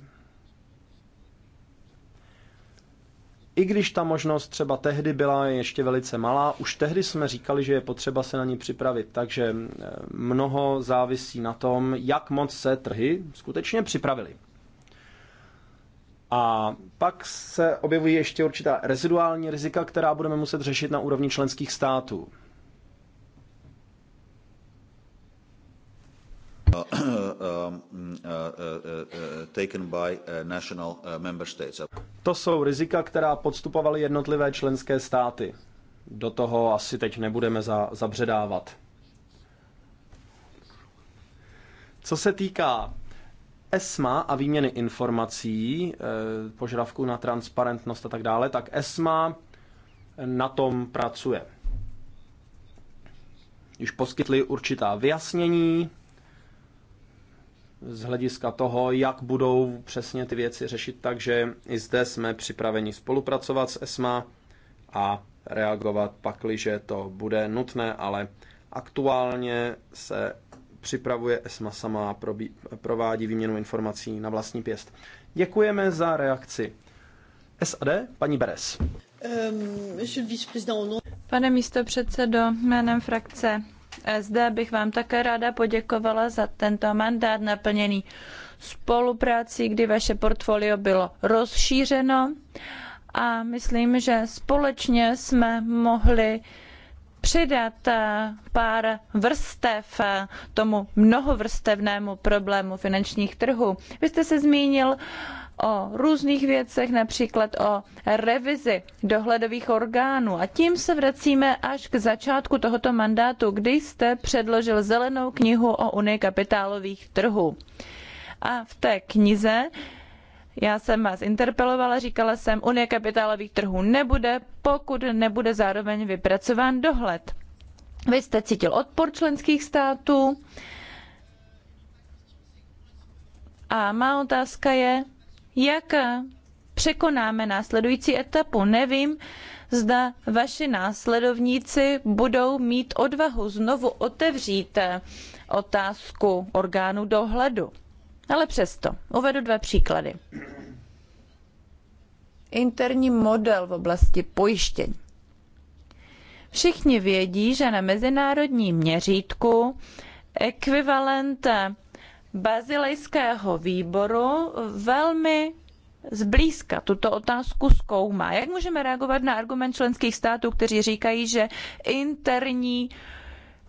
I když ta možnost třeba tehdy byla ještě velice malá, už tehdy jsme říkali, že je potřeba se na ní připravit. Takže eh, mnoho závisí na tom, jak moc se trhy skutečně připravily. A pak se objevují ještě určitá reziduální rizika, která budeme muset řešit na úrovni členských států. To jsou rizika, která podstupovaly jednotlivé členské státy. Do toho asi teď nebudeme za, zabředávat. Co se týká ESMA a výměny informací, eh, požadavků na transparentnost a tak dále, tak ESMA na tom pracuje. Již poskytli určitá vyjasnění, z hlediska toho, jak budou přesně ty věci řešit, takže i zde jsme připraveni spolupracovat s ESMA a reagovat pakliže to bude nutné, ale aktuálně se připravuje ESMA sama, a provádí výměnu informací na vlastní pěst. Děkujeme za reakci. SAD, paní Beres. Ehm, Pane místo předsedo, jménem frakce SD bych vám také ráda poděkovala za tento mandát naplněný spoluprácí, kdy vaše portfolio bylo rozšířeno a myslím, že společně jsme mohli přidat eh, pár vrstev eh, tomu mnohovrstevnému problému finančních trhů. Vy jste se zmínil uh, o různých věcech, například o revizi dohledových orgánů. A tím se vracíme až k začátku tohoto mandátu, kdy jste předložil zelenou knihu o Unii kapitálových trhů. A v té knize já jsem vás interpelovala, říkala jsem, Unie kapitálových trhů nebude, pokud nebude zároveň vypracován dohled. Vy jste cítil odpor členských států. A má otázka je, jak překonáme následující etapu. Nevím, zda vaši následovníci budou mít odvahu znovu otevřít otázku orgánu dohledu. Ale přesto, uvedu dva příklady. Interní model v oblasti pojištění. Všichni vědí, že na mezinárodním měřítku ekvivalent bazilejského výboru velmi zblízka tuto otázku zkoumá. Jak můžeme reagovat na argument členských států, kteří říkají, že interní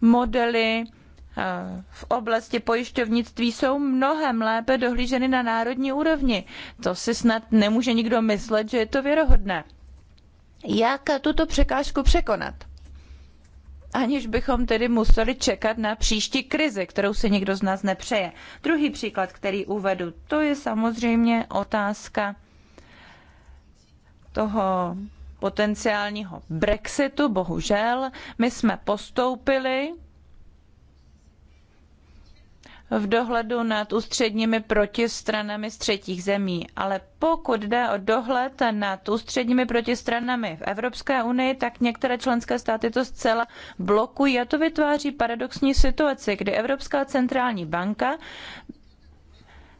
modely eh, v oblasti pojišťovnictví jsou mnohem lépe dohlíženy na národní úrovni. To si snad nemůže nikdo myslet, že je to věrohodné. Jak tuto překážku překonat? aniž bychom tedy museli čekat na příští krizi, kterou si nikdo z nás nepřeje. Druhý příklad, který uvedu, to je samozřejmě otázka toho potenciálního Brexitu. Bohužel, my jsme postoupili v dohledu nad ústředními protistranami z třetích zemí. Ale pokud jde o dohled nad ústředními protistranami v Evropské unii, tak některé členské státy to zcela blokují a to vytváří paradoxní situaci, kdy Evropská centrální banka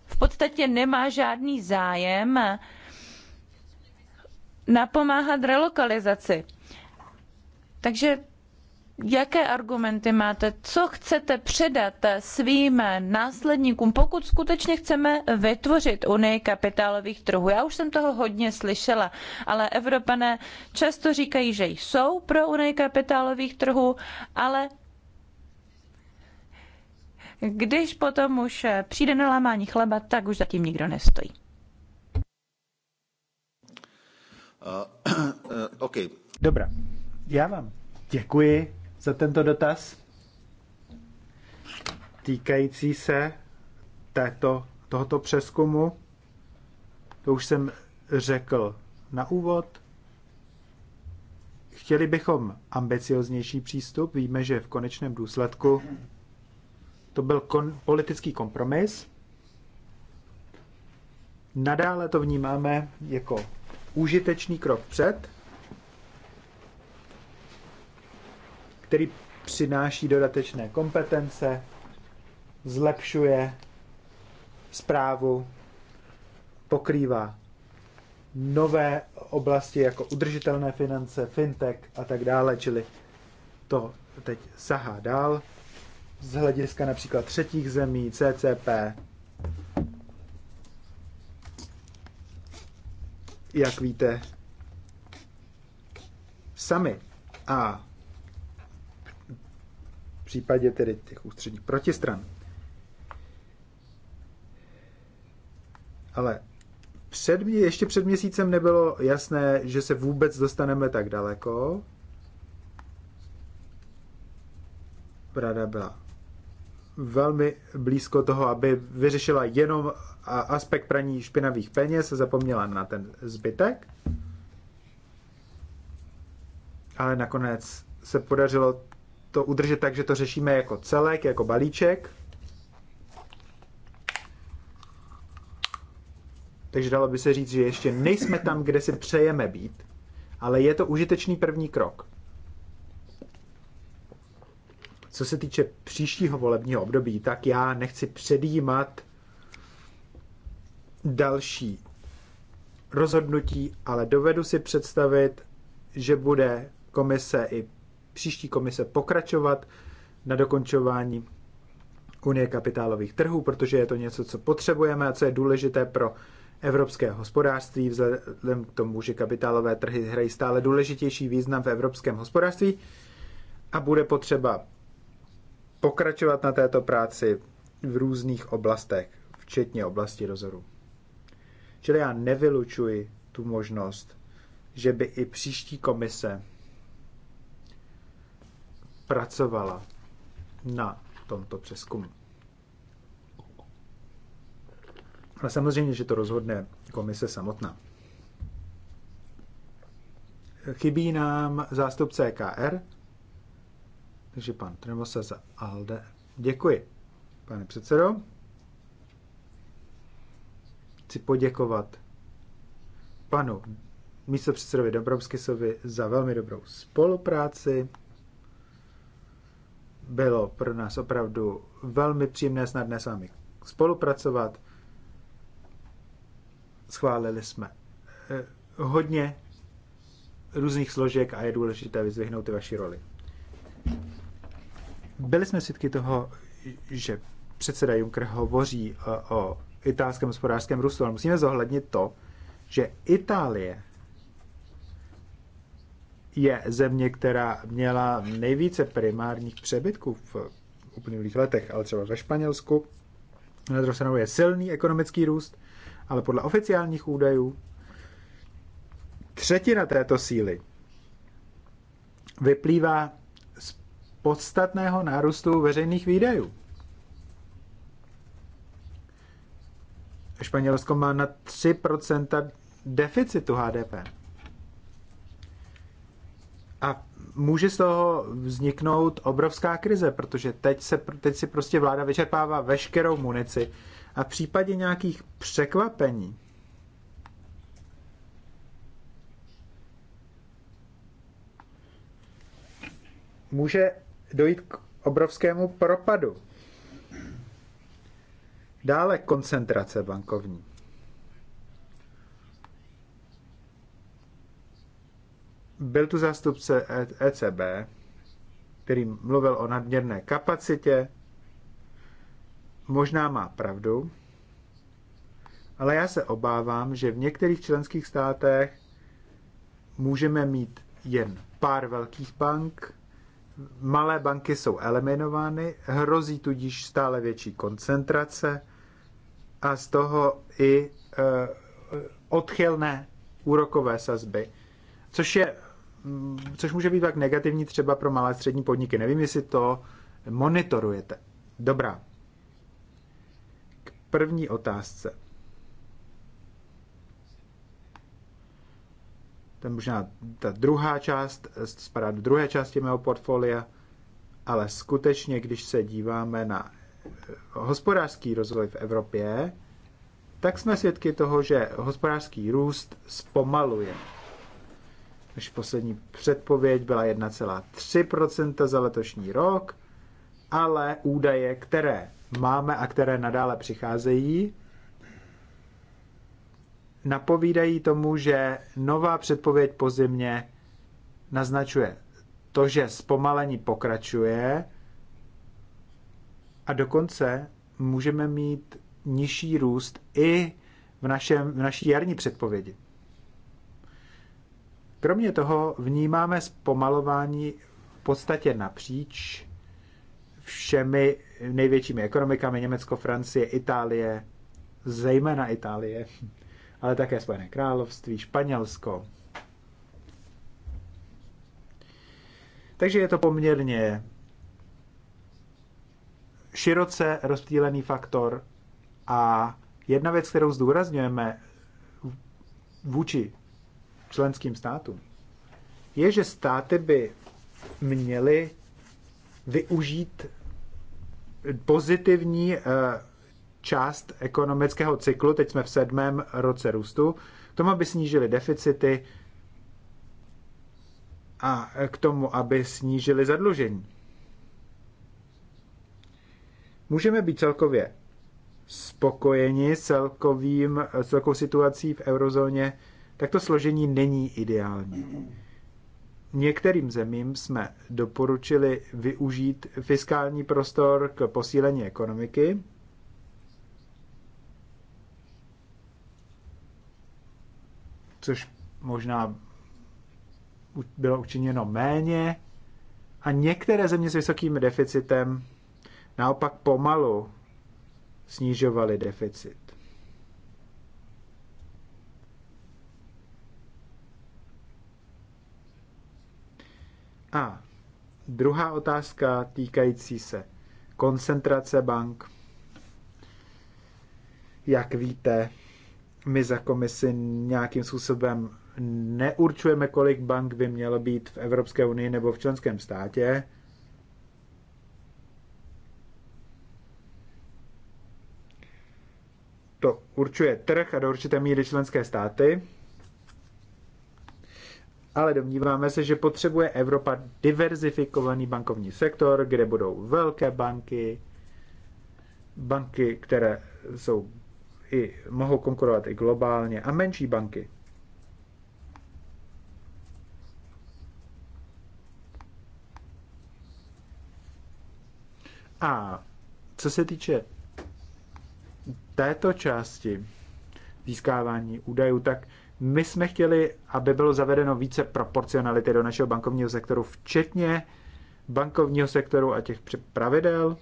v podstatě nemá žádný zájem napomáhat relokalizaci. Takže jaké argumenty máte, co chcete předat svým následníkům, pokud skutečně chceme vytvořit unii kapitálových trhů. Já už jsem toho hodně slyšela, ale Evropané často říkají, že jsou pro unii kapitálových trhů, ale když potom už přijde na lámání chleba, tak už zatím nikdo nestojí. Uh, *clears throat* uh, okay. Dobrá, já vám děkuji za tento dotaz týkající se této, tohoto přeskumu. To už jsem řekl na úvod. Chtěli bychom ambicioznější přístup. Víme, že v konečném důsledku to byl kon- politický kompromis. Nadále to vnímáme jako užitečný krok před, který přináší dodatečné kompetence, zlepšuje zprávu, pokrývá nové oblasti jako udržitelné finance, fintech a tak dále, čili to teď sahá dál z hlediska například třetích zemí, CCP, jak víte, sami. A případě tedy těch ústředních protistran. Ale před, ještě před měsícem nebylo jasné, že se vůbec dostaneme tak daleko. Rada byla velmi blízko toho, aby vyřešila jenom aspekt praní špinavých peněz a zapomněla na ten zbytek. Ale nakonec se podařilo to udržet tak, že to řešíme jako celek, jako balíček. Takže dalo by se říct, že ještě nejsme tam, kde si přejeme být, ale je to užitečný první krok. Co se týče příštího volebního období, tak já nechci předjímat další rozhodnutí, ale dovedu si představit, že bude komise i příští komise pokračovat na dokončování Unie kapitálových trhů, protože je to něco, co potřebujeme a co je důležité pro evropské hospodářství, vzhledem k tomu, že kapitálové trhy hrají stále důležitější význam v evropském hospodářství a bude potřeba pokračovat na této práci v různých oblastech, včetně oblasti dozoru. Čili já nevylučuji tu možnost, že by i příští komise pracovala na tomto přeskumu. Ale samozřejmě, že to rozhodne komise samotná. Chybí nám zástupce e K.R. takže pan Tremosa za ALDE. Děkuji, pane předsedo. Chci poděkovat panu místopředsedovi Dobrovskisovi za velmi dobrou spolupráci bylo pro nás opravdu velmi příjemné snadné s vámi spolupracovat. Schválili jsme eh, hodně různých složek a je důležité vyzvihnout ty vaši roli. Byli jsme svědky toho, že předseda Juncker hovoří eh, o italském hospodářském růstu, ale musíme zohlednit to, že Itálie je země, která měla nejvíce primárních přebytků v uplynulých letech, ale třeba ve Španělsku. Na druhou stranu je silný ekonomický růst, ale podle oficiálních údajů třetina této síly vyplývá z podstatného nárůstu veřejných výdajů. Španělsko má na 3% deficitu HDP. A může z toho vzniknout obrovská krize, protože teď, se, teď si prostě vláda vyčerpává veškerou munici a v případě nějakých překvapení může dojít k obrovskému propadu. Dále koncentrace bankovní. Byl tu zástupce ECB, e který mluvil o nadměrné kapacitě. Možná má pravdu, ale já se obávám, že v některých členských státech můžeme mít jen pár velkých bank, malé banky jsou eliminovány, hrozí tudíž stále větší koncentrace a z toho i e, odchylné úrokové sazby, což je Mm, což může být pak negativní třeba pro malé střední podniky. Nevím, jestli to monitorujete. Dobrá. K první otázce. Ten možná ta druhá část spadá do druhé části mého portfolia, ale skutečně, když se díváme na eh, hospodářský rozvoj v Evropě, tak jsme svědky toho, že hospodářský růst zpomaluje naše poslední předpověď byla 1,3% za letošní rok, ale údaje, které máme a které nadále přicházejí, napovídají tomu, že nová předpověď po zimě naznačuje to, že zpomalení pokračuje a dokonce můžeme mít nižší růst i v, našem, v naší jarní předpovědi. Kromě toho vnímáme zpomalování v podstatě napříč všemi největšími ekonomikami Německo, Francie, Itálie, zejména Itálie, ale také Spojené království, Španělsko. Takže je to poměrně široce rozptýlený faktor a jedna věc, kterou zdůrazňujeme vůči členským státům, je, že státy by měly využít pozitivní eh, část ekonomického cyklu, teď jsme v sedmém roce růstu, k tomu, aby snížili deficity a k tomu, aby snížili zadlužení. Můžeme být celkově spokojeni s celkovým, celkovou situací v eurozóně, tak to složení není ideální. Některým zemím jsme doporučili využít fiskální prostor k posílení ekonomiky. Což možná bylo učiněno méně. A některé země s vysokým deficitem naopak pomalu snižovaly deficit. A druhá otázka týkající se koncentrace bank. Jak víte, my za komisi nějakým způsobem neurčujeme, kolik bank by mělo být v Evropské unii nebo v členském státě. To určuje trh a do určité míry členské státy ale domníváme se, že potřebuje Evropa diverzifikovaný bankovní sektor, kde budou velké banky, banky, které jsou i, mohou konkurovat i globálně, a menší banky. A co se týče této části získávání údajů, tak my jsme chtěli, aby bylo zavedeno více proporcionality do našeho bankovního sektoru, včetně bankovního sektoru a těch pravidel,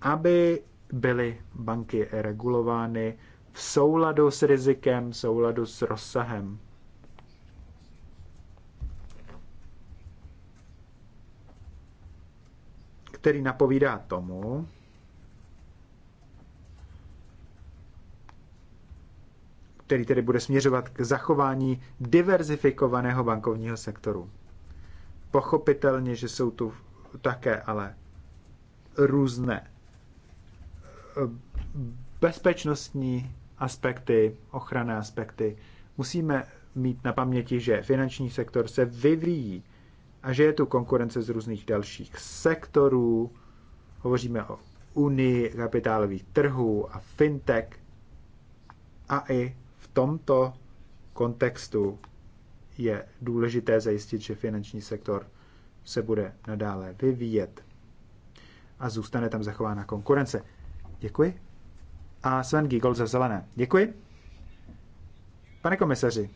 aby byly banky regulovány v souladu s rizikem, v souladu s rozsahem. který napovídá tomu, který tedy bude směřovat k zachování diverzifikovaného bankovního sektoru. Pochopitelně, že jsou tu také ale různé eh, bezpečnostní aspekty, ochranné aspekty. Musíme mít na paměti, že finanční sektor se vyvíjí a že je tu konkurence z různých dalších sektorů. Hovoříme o unii kapitálových trhů a fintech a i tomto kontextu je důležité zajistit, že finanční sektor se bude nadále vyvíjet a zůstane tam zachována konkurence. Děkuji. A Sven Giegel za zelené. Děkuji. Pane komisaři,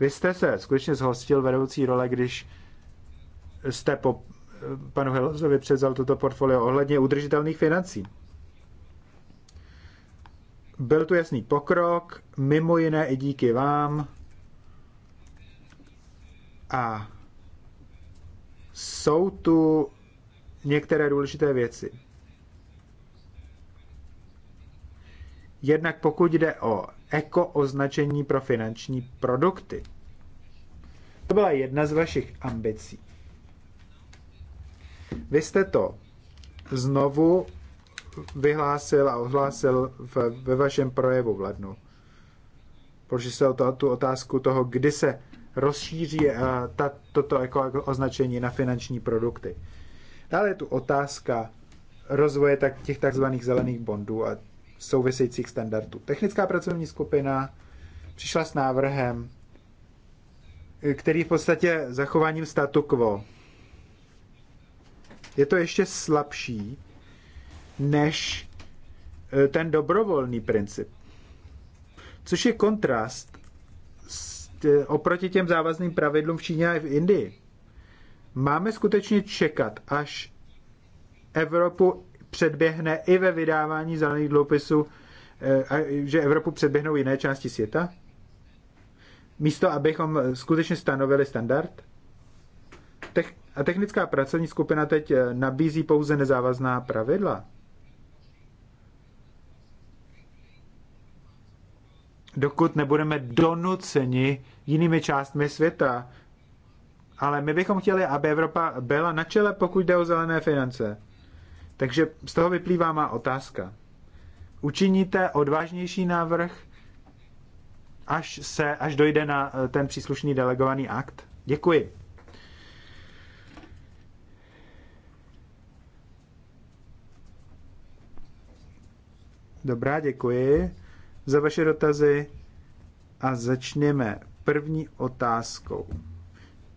vy jste se skutečně zhostil vedoucí role, když jste po panu Helzovi převzal toto portfolio ohledně udržitelných financí. Byl tu jasný pokrok, mimo jiné i díky vám. A jsou tu některé důležité věci. Jednak pokud jde o eko označení pro finanční produkty. To byla jedna z vašich ambicí. Vy jste to znovu vyhlásil a ohlásil v, ve vašem projevu v lednu. Položil se to, tu otázku toho, kdy se rozšíří uh, ta, toto jako označení na finanční produkty. Dále je tu otázka rozvoje tak, těch takzvaných zelených bondů a souvisejících standardů. Technická pracovní skupina přišla s návrhem, který v podstatě zachováním statu quo. Je to ještě slabší než eh, ten dobrovolný princip. Což je kontrast s eh, oproti těm závazným pravidlům v Číně a v Indii. Máme skutečně čekat, až Evropu předběhne i ve vydávání zelených dloupisů, eh, že Evropu předběhnou jiné části světa? Místo, abychom skutečně stanovili standard? a technická pracovní skupina teď nabízí pouze nezávazná pravidla. dokud nebudeme donuceni jinými částmi světa. Ale my bychom chtěli, aby Evropa byla na čele, pokud jde o zelené finance. Takže z toho vyplývá má otázka. Učiníte odvážnější návrh, až, se, až dojde na eh, ten příslušný delegovaný akt? Děkuji. Dobrá, děkuji za vaše dotazy a začněme první otázkou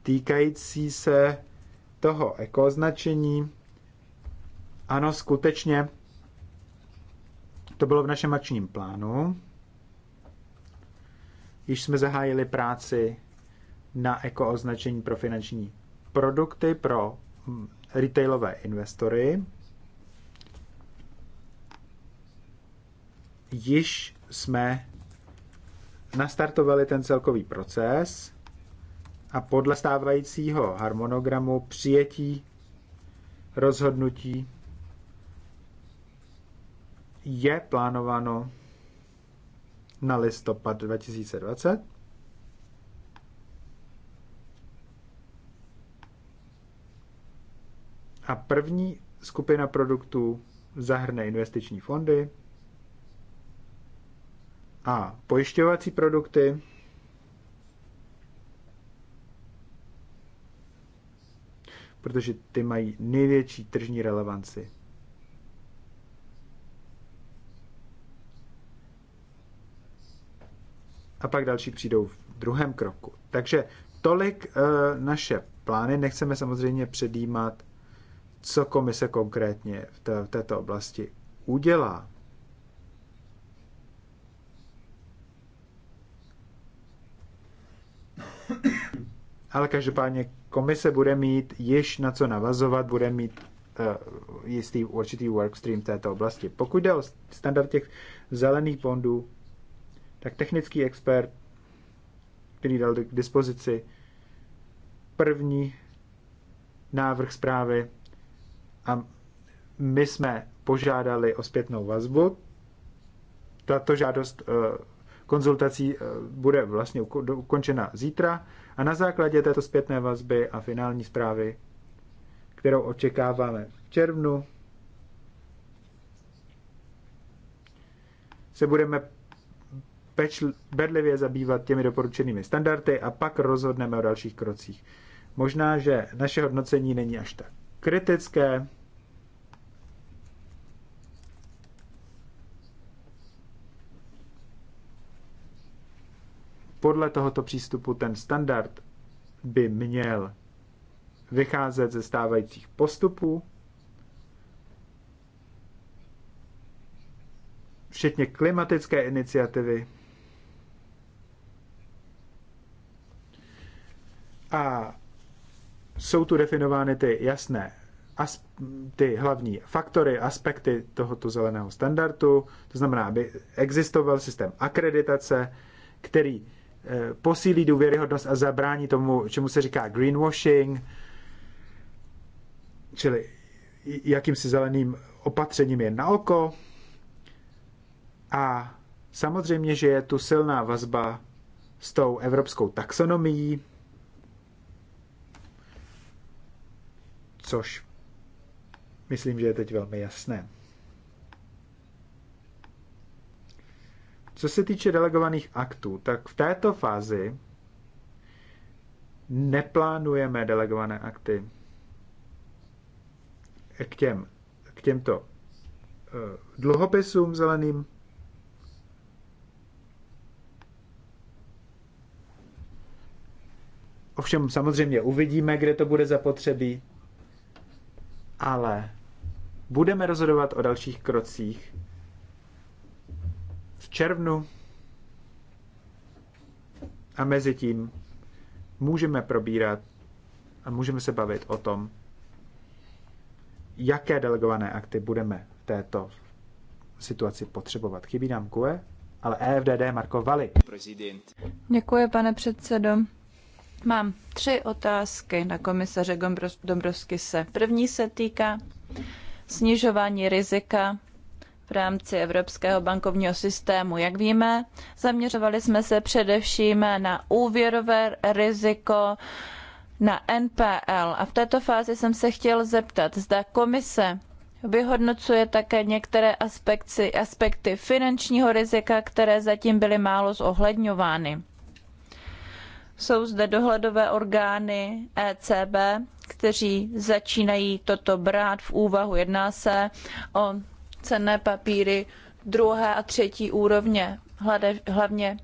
týkající se toho ekoznačení. Ano, skutečně, to bylo v našem akčním plánu. Již jsme zahájili práci na ekooznačení pro finanční produkty pro hm, retailové investory. Již jsme nastartovali ten celkový proces a podle stávajícího harmonogramu přijetí rozhodnutí je plánováno na listopad 2020. A první skupina produktů zahrne investiční fondy, a pojišťovací produkty protože ty mají největší tržní relevanci. A pak další přijdou v druhém kroku. Takže tolik e, naše plány. Nechceme samozřejmě předjímat, co komise konkrétně v, v této oblasti udělá. Ale každopádně komise bude mít již na co navazovat, bude mít uh, jistý určitý workstream této oblasti. Pokud jde o standard těch zelených fondů, tak technický expert, který dal k dispozici první návrh zprávy a my jsme požádali o zpětnou vazbu. Tato žádost eh, konzultací eh, bude vlastně ukončena zítra a na základě této zpětné vazby a finální zprávy, kterou očekáváme v červnu, se budeme bedlivě zabývat těmi doporučenými standardy a pak rozhodneme o dalších krocích. Možná, že naše hodnocení není až tak kritické, Podle tohoto přístupu ten standard by měl vycházet ze stávajících postupů, včetně klimatické iniciativy a jsou tu definovány ty jasné ty hlavní faktory, aspekty tohoto zeleného standardu, to znamená, aby existoval systém akreditace, který Eh, posílí důvěryhodnost a zabrání tomu, čemu se říká greenwashing, čili jakýmsi zeleným opatřením je na oko. A samozřejmě, že je tu silná vazba s tou evropskou taxonomií, což myslím, že je teď velmi jasné. Co se týče delegovaných aktů, tak v této fázi neplánujeme delegované akty k, těm, k těmto eh, dluhopisům zeleným. Ovšem samozřejmě uvidíme, kde to bude zapotřebí, ale budeme rozhodovat o dalších krocích červnu a mezi tím můžeme probírat a můžeme se bavit o tom, jaké delegované akty budeme v této situaci potřebovat. Chybí nám QE, ale EFDD Marko Vali. Děkuji, pane předsedo. Mám tři otázky na komisaře Dombrovskise. První se týká snižování rizika v rámci Evropského bankovního systému. Jak víme, zaměřovali jsme se především na úvěrové riziko, na NPL. A v této fázi jsem se chtěl zeptat, zda komise vyhodnocuje také některé aspekty, aspekty finančního rizika, které zatím byly málo zohledňovány. Jsou zde dohledové orgány ECB, kteří začínají toto brát v úvahu. Jedná se o cenné papíry druhé a třetí úrovně, hlavně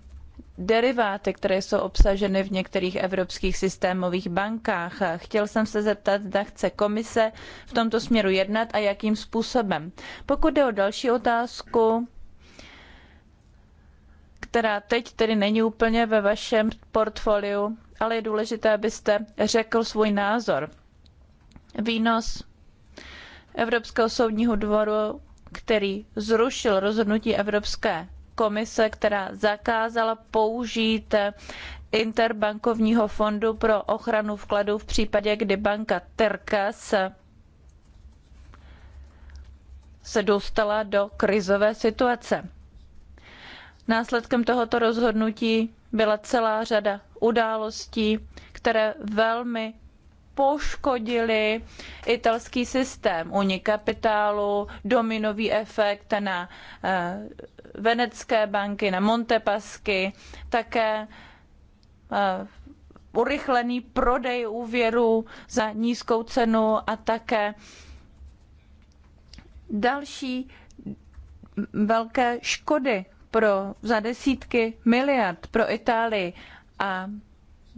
deriváty, které jsou obsaženy v některých evropských systémových bankách. Chtěl jsem se zeptat, zda chce komise v tomto směru jednat a jakým způsobem. Pokud jde o další otázku, která teď tedy není úplně ve vašem portfoliu, ale je důležité, abyste řekl svůj názor. Výnos Evropského soudního dvoru který zrušil rozhodnutí Evropské komise, která zakázala použít interbankovního fondu pro ochranu vkladů v případě, kdy banka Terkas se dostala do krizové situace. Následkem tohoto rozhodnutí byla celá řada událostí, které velmi poškodili italský systém, unik kapitálu, dominový efekt na eh, venecké banky, na Montepasky, také eh, urychlený prodej úvěru za nízkou cenu a také další velké škody pro za desítky miliard pro Itálii a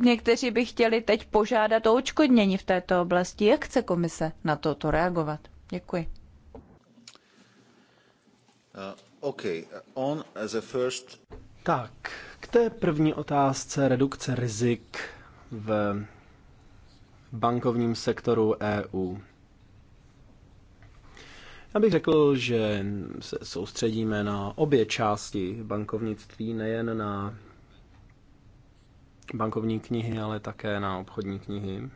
Někteří by chtěli teď požádat o očkodnění v této oblasti. Jak chce komise na toto reagovat? Děkuji. Uh, okay. On the first... Tak, k té první otázce redukce rizik v bankovním sektoru EU. Já bych řekl, že se soustředíme na obě části bankovnictví, nejen na bankovní knihy, ale také na obchodní knihy.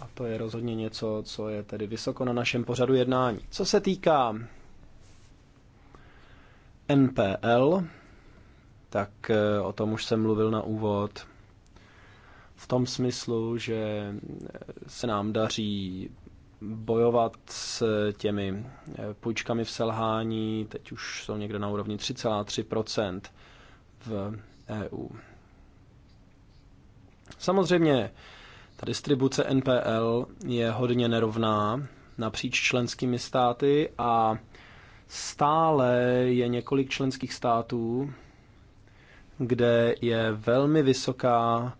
A to je rozhodně něco, co je tedy vysoko na našem pořadu jednání. Co se týká NPL, tak eh, o tom už jsem mluvil na úvod. V tom smyslu, že eh, se nám daří bojovat s těmi eh, půjčkami v selhání, teď už jsou někde na úrovni 3,3% v EU. Samozřejmě ta distribuce NPL je hodně nerovná napříč členskými státy a stále je několik členských států, kde je velmi vysoká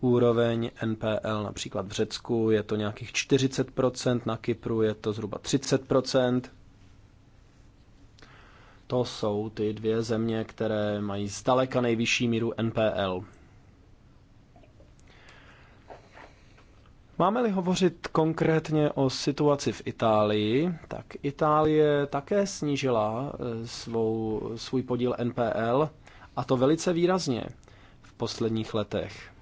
úroveň NPL, například v Řecku je to nějakých 40%, na Kypru je to zhruba 30%, to jsou ty dvě země, které mají zdaleka nejvyšší míru NPL. Máme-li hovořit konkrétně o situaci v Itálii, tak Itálie také snížila eh, svou, svůj podíl NPL a to velice výrazně v posledních letech.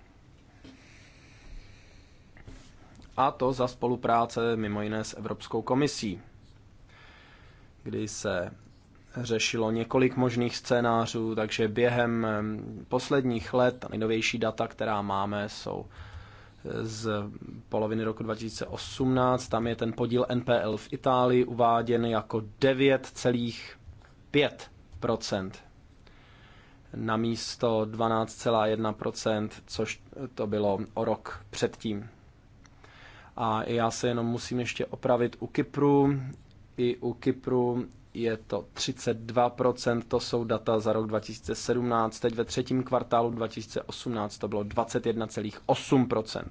A to za spolupráce mimo jiné s Evropskou komisí, kdy se řešilo několik možných scénářů, takže během posledních let nejnovější data, která máme, jsou e, z poloviny roku 2018. Tam je ten podíl NPL v Itálii uváděn jako 9,5 na místo 12,1 což to bylo o rok předtím. A já se jenom musím ještě opravit u Kypru. I u Kypru je to 32%, to jsou data za rok 2017, teď ve třetím kvartálu 2018 to bylo 21,8%,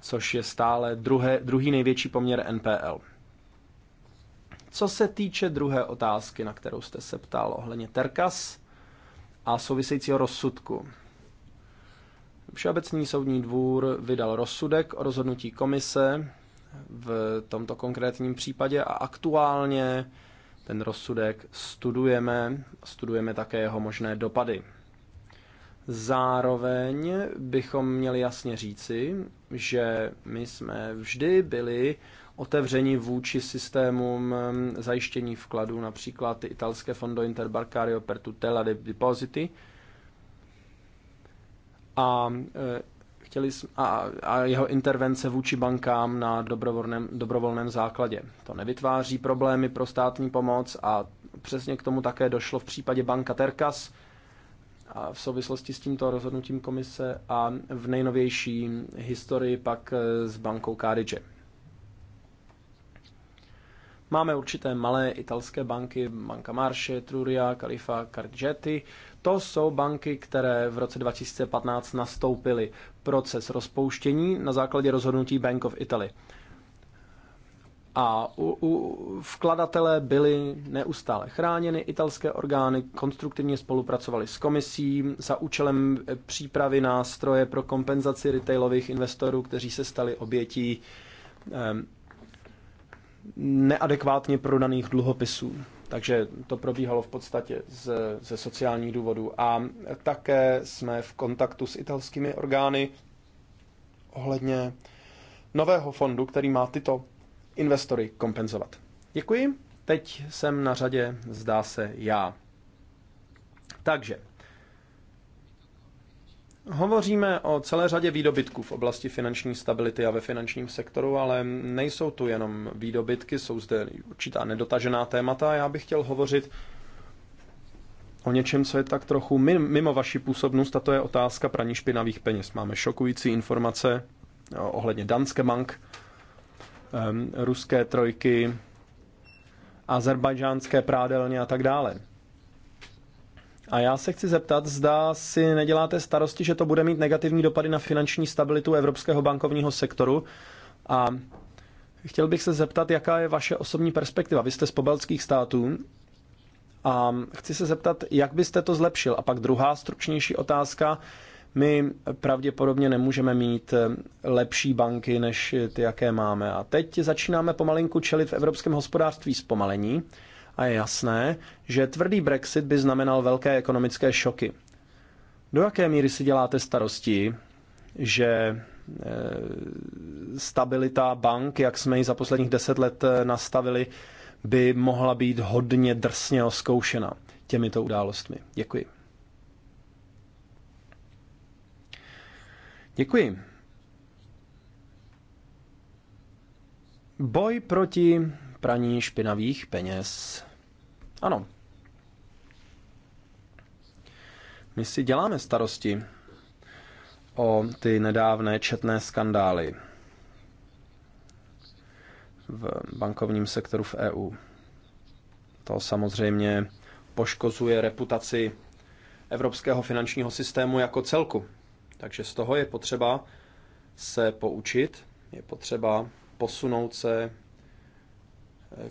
což je stále druhé, druhý největší poměr NPL. Co se týče druhé otázky, na kterou jste se ptal ohledně Terkas a souvisejícího rozsudku. Všeobecný soudní dvůr vydal rozsudek o rozhodnutí komise, v tomto konkrétním případě a aktuálně ten rozsudek studujeme, studujeme také jeho možné dopady. Zároveň bychom měli jasně říci, že my jsme vždy byli otevření vůči systémům mm, zajištění vkladů, například ty italské fondo Interbarcario per tutela de depositi. A e, Chtěli jsme, a, a jeho intervence vůči bankám na dobrovolném, dobrovolném základě. To nevytváří problémy pro státní pomoc a přesně k tomu také došlo v případě banka Terkas a v souvislosti s tímto rozhodnutím komise a v nejnovější historii pak eh, s bankou Kádiče. Máme určité malé italské banky, Banka Marche, Truria, Califa, Cargetti. To jsou banky, které v roce 2015 nastoupily proces rozpouštění na základě rozhodnutí Bank of Italy. A u, u, vkladatelé byli neustále chráněny italské orgány konstruktivně spolupracovaly s komisí za účelem přípravy nástroje pro kompenzaci retailových investorů, kteří se stali obětí ehm, neadekvátně prodaných dluhopisů. Takže to probíhalo v podstatě ze, ze sociálních důvodů. A také jsme v kontaktu s italskými orgány ohledně nového fondu, který má tyto investory kompenzovat. Děkuji. Teď jsem na řadě, zdá se, já. Takže Hovoříme o celé řadě výdobytků v oblasti finanční stability a ve finančním sektoru, ale nejsou tu jenom výdobytky, jsou zde určitá nedotažená témata. Já bych chtěl hovořit o něčem, co je tak trochu mimo vaši působnost, a to je otázka praní špinavých peněz. Máme šokující informace eh, ohledně Danske Bank, eh, ruské trojky, azerbajdžánské prádelně a tak dále. A já se chci zeptat, zda si neděláte starosti, že to bude mít negativní dopady na finanční stabilitu evropského bankovního sektoru. A chtěl bych se zeptat, jaká je vaše osobní perspektiva. Vy jste z pobaltských států a chci se zeptat, jak byste to zlepšil. A pak druhá stručnější otázka. My pravděpodobně nemůžeme mít lepší banky, než ty, jaké máme. A teď začínáme pomalinku čelit v evropském hospodářství zpomalení a je jasné, že tvrdý Brexit by znamenal velké ekonomické šoky. Do jaké míry si děláte starosti, že e, stabilita bank, jak jsme ji za posledních deset let e, nastavili, by mohla být hodně drsně oskoušena těmito událostmi. Děkuji. Děkuji. Boj proti praní špinavých peněz. Ano. My si děláme starosti o ty nedávné četné skandály v bankovním sektoru v EU. To samozřejmě poškozuje reputaci evropského finančního systému jako celku. Takže z toho je potřeba se poučit, je potřeba posunout se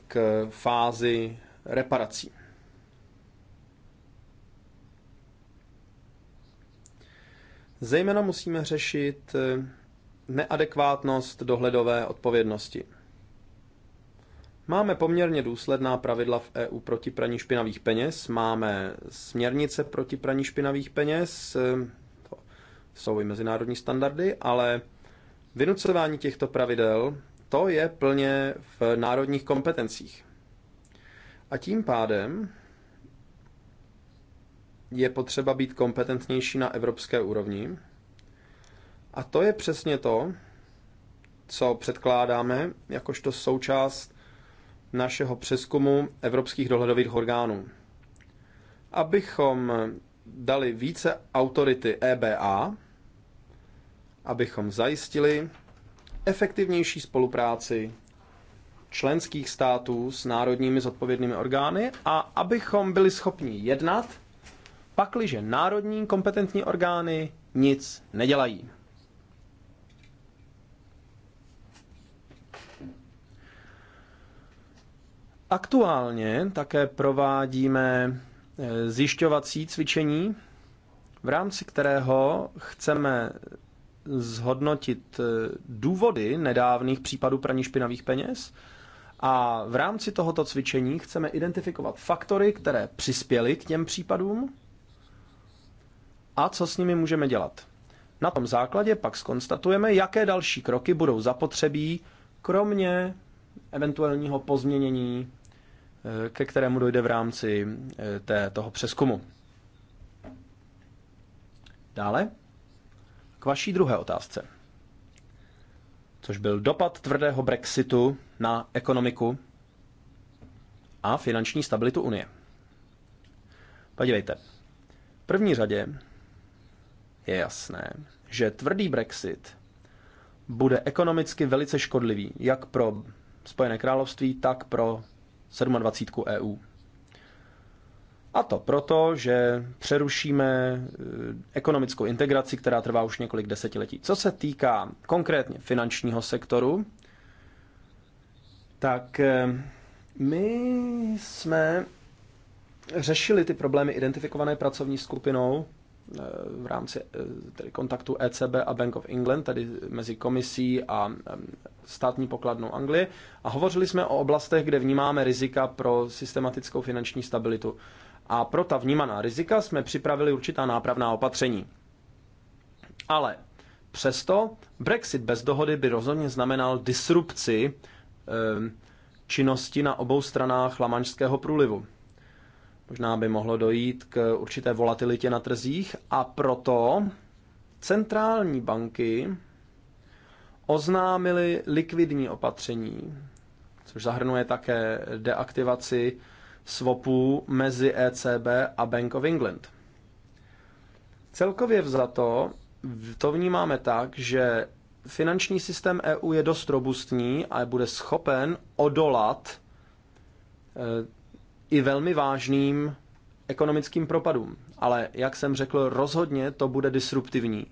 k fázi reparací. Zejména musíme řešit eh, neadekvátnost dohledové odpovědnosti. Máme poměrně důsledná pravidla v EU proti praní špinavých peněz, máme směrnice proti praní špinavých peněz, eh, to jsou i mezinárodní standardy, ale vynucování těchto pravidel to je plně v národních kompetencích. A tím pádem je potřeba být kompetentnější na evropské úrovni. A to je přesně to, co předkládáme jakožto součást našeho přeskumu evropských dohledových orgánů. Abychom dali více autority EBA, abychom zajistili, efektivnější spolupráci členských států s národními zodpovědnými orgány a abychom byli schopni jednat, pakliže národní kompetentní orgány nic nedělají. Aktuálně také provádíme eh, zjišťovací cvičení, v rámci kterého chceme zhodnotit eh, důvody nedávných případů praní špinavých peněz a v rámci tohoto cvičení chceme identifikovat faktory, které přispěly k těm případům a co s nimi můžeme dělat. Na tom základě pak skonstatujeme, jaké další kroky budou zapotřebí, kromě eventuálního pozměnění, eh, ke kterému dojde v rámci eh, té, toho přeskumu. Dále k vaší druhé otázce, což byl dopad tvrdého Brexitu na ekonomiku a finanční stabilitu Unie. Podívejte, v první řadě je jasné, že tvrdý Brexit bude ekonomicky velice škodlivý jak pro Spojené království, tak pro 27 EU. A to proto, že přerušíme eh, ekonomickou integraci, která trvá už několik desetiletí. Co se týká konkrétně finančního sektoru, tak eh, my jsme řešili ty problémy identifikované pracovní skupinou eh, v rámci tedy kontaktu ECB a Bank of England, tedy mezi komisí a státní pokladnou Anglie, a hovořili jsme o oblastech, kde vnímáme rizika pro systematickou finanční stabilitu a pro ta vnímaná rizika jsme připravili určitá nápravná opatření. Ale přesto Brexit bez dohody by rozhodně znamenal disrupci eh, činnosti na obou stranách Lamanšského průlivu. Možná by mohlo dojít k určité volatilitě na trzích a proto centrální banky oznámily likvidní opatření, což zahrnuje také deaktivaci swapů mezi ECB a Bank of England. Celkově vzato to vnímáme tak, že finanční systém EU je dost robustní a bude schopen odolat eh, i velmi vážným ekonomickým propadům. Ale, jak jsem řekl, rozhodně to bude disruptivní.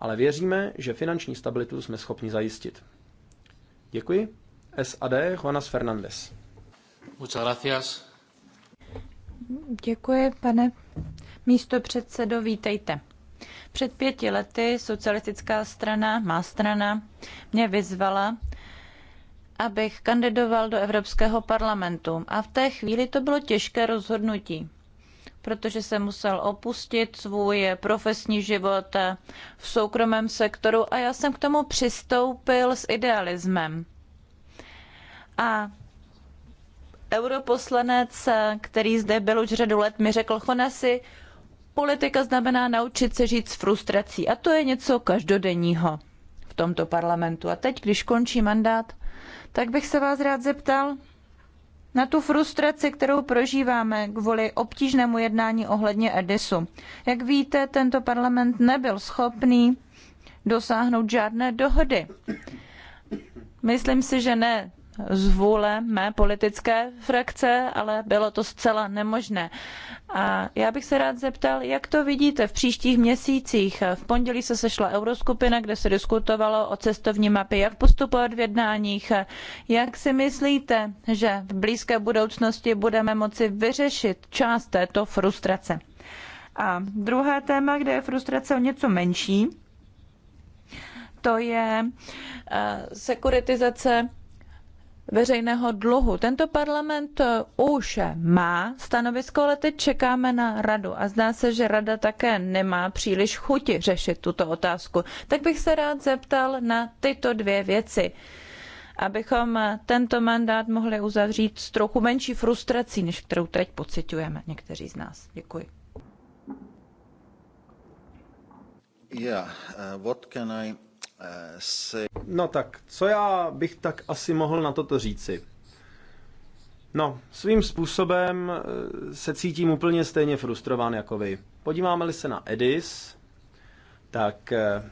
Ale věříme, že finanční stabilitu jsme schopni zajistit. Děkuji. SAD Juanas Fernández. Děkuji, pane místo předsedo, vítejte. Před pěti lety socialistická strana, má strana, mě vyzvala, abych kandidoval do Evropského parlamentu. A v té chvíli to bylo těžké rozhodnutí, protože jsem musel opustit svůj profesní život v soukromém sektoru a já jsem k tomu přistoupil s idealismem. A europoslanec, který zde byl už řadu let, mi řekl, Chonasi, politika znamená naučit se žít s frustrací a to je něco každodenního v tomto parlamentu. A teď, když končí mandát, tak bych se vás rád zeptal na tu frustraci, kterou prožíváme kvůli obtížnému jednání ohledně Edisu. Jak víte, tento parlament nebyl schopný dosáhnout žádné dohody. Myslím si, že ne z vůle mé politické frakce, ale bylo to zcela nemožné. A já bych se rád zeptal, jak to vidíte v příštích měsících. V pondělí se sešla euroskupina, kde se diskutovalo o cestovní mapě, jak postupovat v jednáních. Jak si myslíte, že v blízké budoucnosti budeme moci vyřešit část této frustrace? A druhé téma, kde je frustrace o něco menší, to je eh, sekuritizace veřejného dluhu. Tento parlament eh, už má stanovisko, ale teď čekáme na radu a zdá se, že rada také nemá příliš chuti řešit tuto otázku. Tak bych se rád zeptal na tyto dvě věci, abychom eh, tento mandát mohli uzavřít s trochu menší frustrací, než kterou teď pocitujeme někteří z nás. Děkuji. Yeah, uh, what can I Eh, si... No tak, co já bych tak asi mohl na toto říci? No, svým způsobem eh, se cítím úplně stejně frustrován jako vy. Podíváme-li se na Edis, tak eh,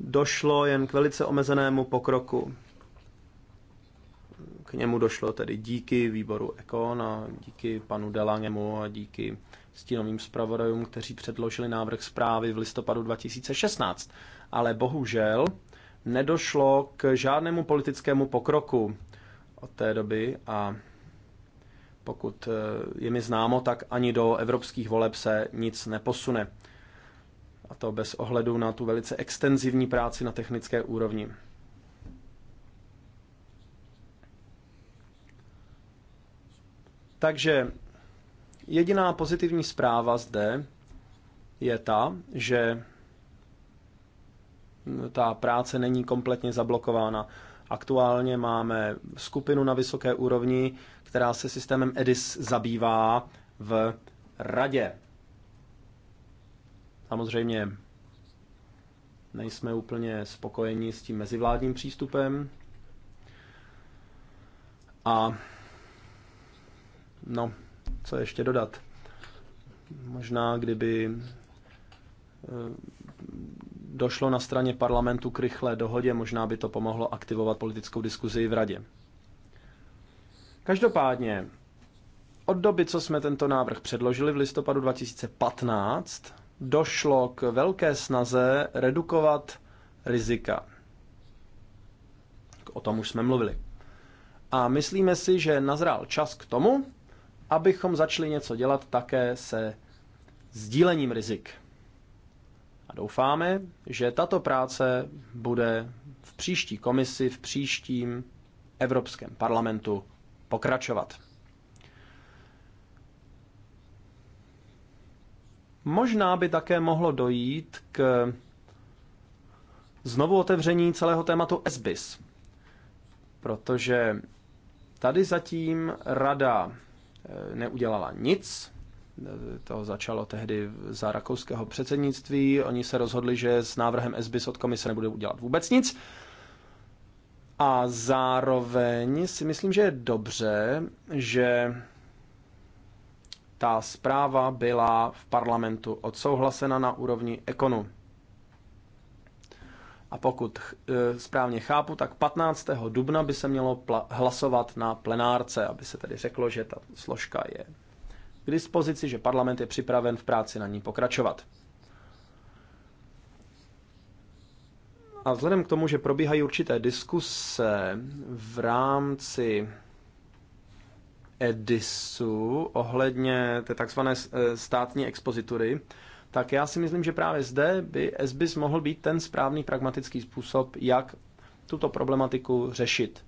došlo jen k velice omezenému pokroku. K němu došlo tedy díky výboru Ekon a díky panu Delangemu a díky stínovým zpravodajům, kteří předložili návrh zprávy v listopadu 2016. Ale bohužel nedošlo k žádnému politickému pokroku od té doby a pokud eh, je mi známo, tak ani do evropských voleb se nic neposune. A to bez ohledu na tu velice extenzivní práci na technické úrovni. Takže Jediná pozitivní zpráva zde je ta, že ta práce není kompletně zablokována. Aktuálně máme skupinu na vysoké úrovni, která se systémem EDIS zabývá v radě. Samozřejmě nejsme úplně spokojeni s tím mezivládním přístupem. A no, co ještě dodat. Možná kdyby eh, došlo na straně parlamentu k rychlé dohodě, možná by to pomohlo aktivovat politickou diskuzi i v radě. Každopádně, od doby, co jsme tento návrh předložili v listopadu 2015, došlo k velké snaze redukovat rizika. O tom už jsme mluvili. A myslíme si, že nazrál čas k tomu, abychom začali něco dělat také se sdílením rizik. A doufáme, že tato práce bude v příští komisi, v příštím Evropském parlamentu pokračovat. Možná by také mohlo dojít k znovu otevření celého tématu SBIS, protože tady zatím rada Eh, neudělala nic. Eh, to začalo tehdy za rakouského předsednictví. Oni se rozhodli, že s návrhem SBIS od komise nebude udělat vůbec nic. A zároveň si myslím, že je dobře, že ta zpráva byla v parlamentu odsouhlasena na úrovni ekonu. A pokud e, správně chápu, tak 15. dubna by se mělo hlasovat na plenárce, aby se tedy řeklo, že ta složka je k dispozici, že parlament je připraven v práci na ní pokračovat. A vzhledem k tomu, že probíhají určité diskuse v rámci Edisu ohledně té takzvané e, státní expozitury, tak já si myslím, že právě zde by SBIS mohl být ten správný pragmatický způsob, jak tuto problematiku řešit.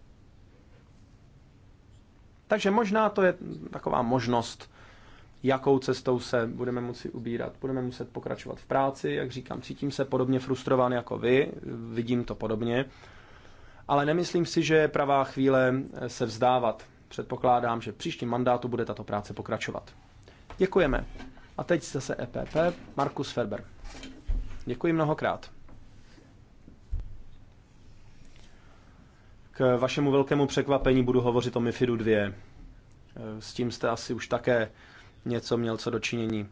Takže možná to je taková možnost, jakou cestou se budeme moci ubírat. Budeme muset pokračovat v práci, jak říkám, cítím se podobně frustrovan jako vy, vidím to podobně, ale nemyslím si, že je pravá chvíle se vzdávat. Předpokládám, že v příštím mandátu bude tato práce pokračovat. Děkujeme. A teď zase EPP, Markus Ferber. Děkuji mnohokrát. K vašemu velkému překvapení budu hovořit o MIFIDu 2. E, s tím jste asi už také něco měl co dočinění.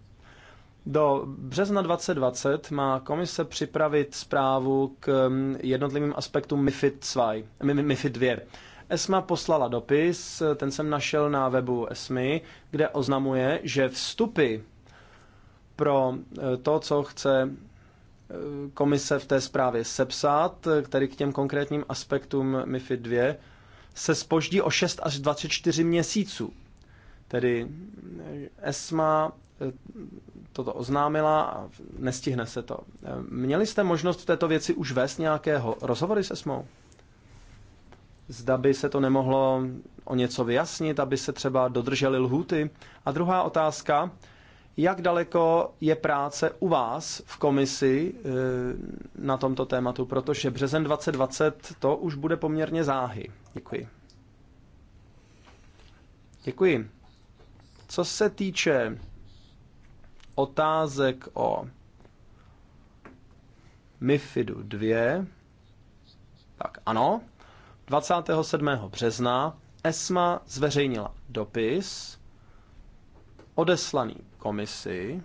Do března 2020 má komise připravit zprávu k jednotlivým aspektům MIFID 2. MIFID 2. ESMA poslala dopis, ten jsem našel na webu ESMI, kde oznamuje, že vstupy pro eh, to, co chce eh, komise v té zprávě sepsat, eh, tedy k těm konkrétním aspektům MIFID 2, se spoždí o 6 až 24 měsíců. Tedy ESMA toto oznámila a nestihne se to. Měli jste možnost v této věci už vést nějakého rozhovory se ESMou? Zda by se to nemohlo o něco vyjasnit, aby se třeba dodržely lhůty? A druhá otázka, jak daleko je práce u vás v komisi eh, na tomto tématu? Protože březen 2020 to už bude poměrně záhy. Děkuji. Děkuji. Co se týče otázek o MIFIDu 2, tak ano, 27. března ESMA zveřejnila dopis odeslaný komisi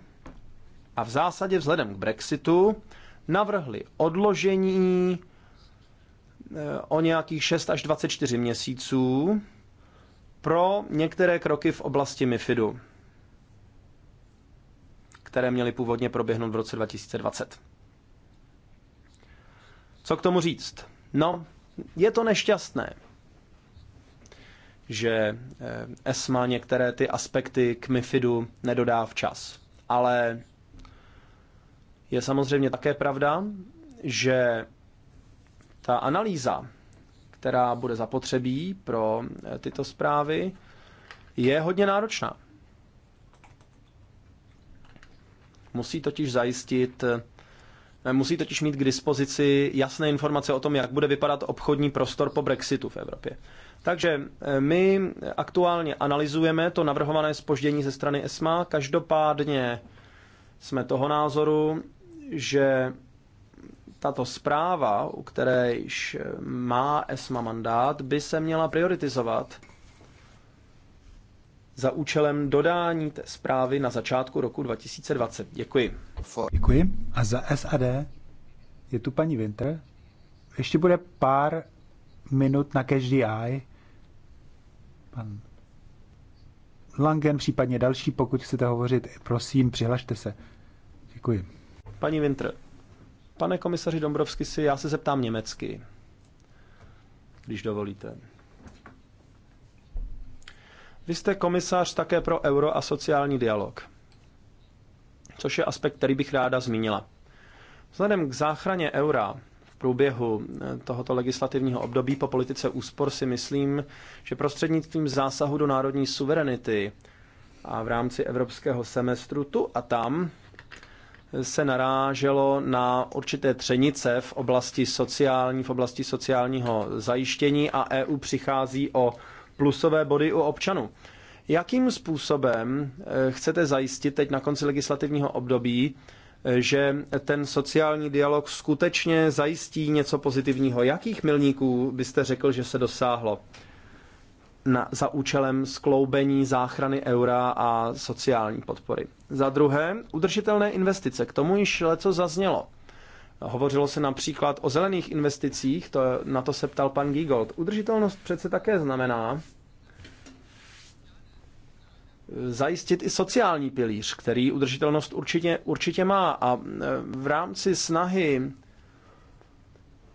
a v zásadě vzhledem k Brexitu navrhli odložení eh, o nějakých 6 až 24 měsíců pro některé kroky v oblasti MIFIDu, které měly původně proběhnout v roce 2020. Co k tomu říct? No, je to nešťastné že eh, ESMA některé ty aspekty k MIFIDu nedodá včas. Ale je samozřejmě také pravda, že ta analýza, která bude zapotřebí pro eh, tyto zprávy, je hodně náročná. Musí totiž zajistit, eh, musí totiž mít k dispozici jasné informace o tom, jak bude vypadat obchodní prostor po Brexitu v Evropě. Takže eh, my aktuálně analyzujeme to navrhované spoždění ze strany ESMA. Každopádně jsme toho názoru, že tato zpráva, u které již eh, má ESMA mandát, by se měla prioritizovat za účelem dodání té zprávy na začátku roku 2020. Děkuji. Děkuji. A za SAD je tu paní Winter. Ještě bude pár minut na každý eye pan Langen, případně další, pokud chcete hovořit, prosím, přihlašte se. Děkuji. Paní Winter, pane komisaři Dombrovsky, si já se zeptám německy, když dovolíte. Vy jste komisař také pro euro a sociální dialog, což je aspekt, který bych ráda zmínila. Vzhledem k záchraně eura průběhu eh, tohoto legislativního období po politice úspor si myslím, že prostřednictvím zásahu do národní suverenity a v rámci evropského semestru tu a tam se naráželo na určité třenice v oblasti sociální, v oblasti sociálního zajištění a EU přichází o plusové body u občanů. Jakým způsobem eh, chcete zajistit teď na konci legislativního období, že ten sociální dialog skutečně zajistí něco pozitivního. Jakých milníků byste řekl, že se dosáhlo na, za účelem skloubení záchrany eura a sociální podpory? Za druhé, udržitelné investice. K tomu již leco zaznělo. Hovořilo se například o zelených investicích, to, na to se ptal pan Giegold. Udržitelnost přece také znamená, zajistit i sociální pilíř, který udržitelnost určitě, určitě má. A e, v rámci snahy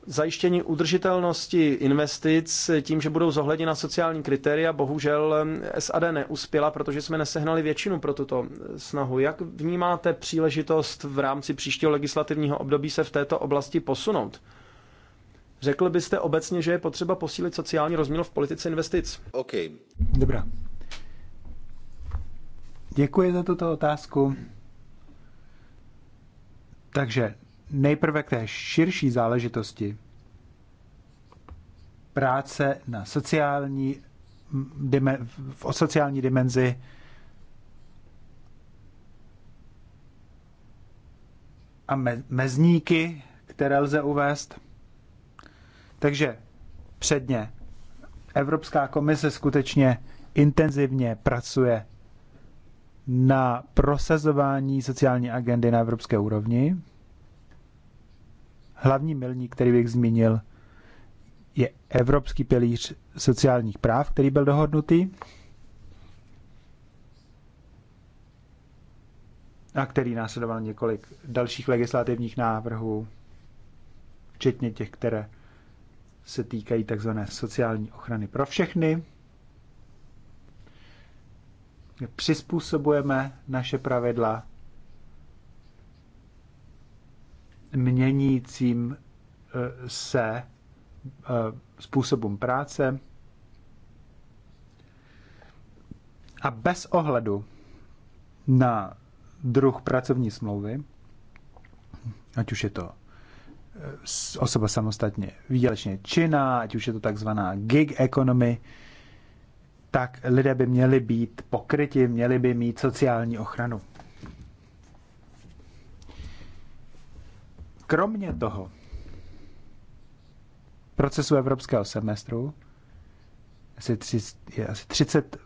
zajištění udržitelnosti investic tím, že budou zohledněna sociální kritéria, bohužel e, SAD neuspěla, protože jsme nesehnali většinu pro tuto e, snahu. Jak vnímáte příležitost v rámci příštího legislativního období se v této oblasti posunout? Řekl byste obecně, že je potřeba posílit sociální rozměr v politice investic? OK. Dobrá. Děkuji za tuto otázku. Takže nejprve k té širší záležitosti. Práce na sociální, v sociální dimenzi a me, mezníky, které lze uvést. Takže předně Evropská komise skutečně intenzivně pracuje na prosazování sociální agendy na evropské úrovni. Hlavní milník, který bych zmínil, je Evropský pilíř sociálních práv, který byl dohodnutý a který následoval několik dalších legislativních návrhů, včetně těch, které se týkají tzv. sociální ochrany pro všechny přizpůsobujeme naše pravidla měnícím e, se e, způsobům práce a bez ohledu na druh pracovní smlouvy, ať už je to e, osoba samostatně výdělečně činná, ať už je to takzvaná gig economy, tak lidé by měli být pokryti, měli by mít sociální ochranu. Kromě toho, procesu evropského semestru asi tři, je asi 30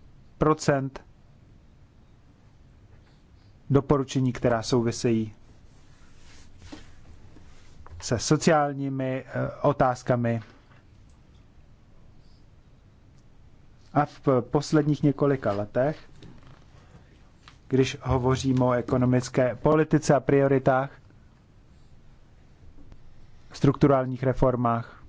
doporučení, která souvisejí se sociálními eh, otázkami A v posledních několika letech, když hovoříme o ekonomické politice a prioritách, strukturálních reformách,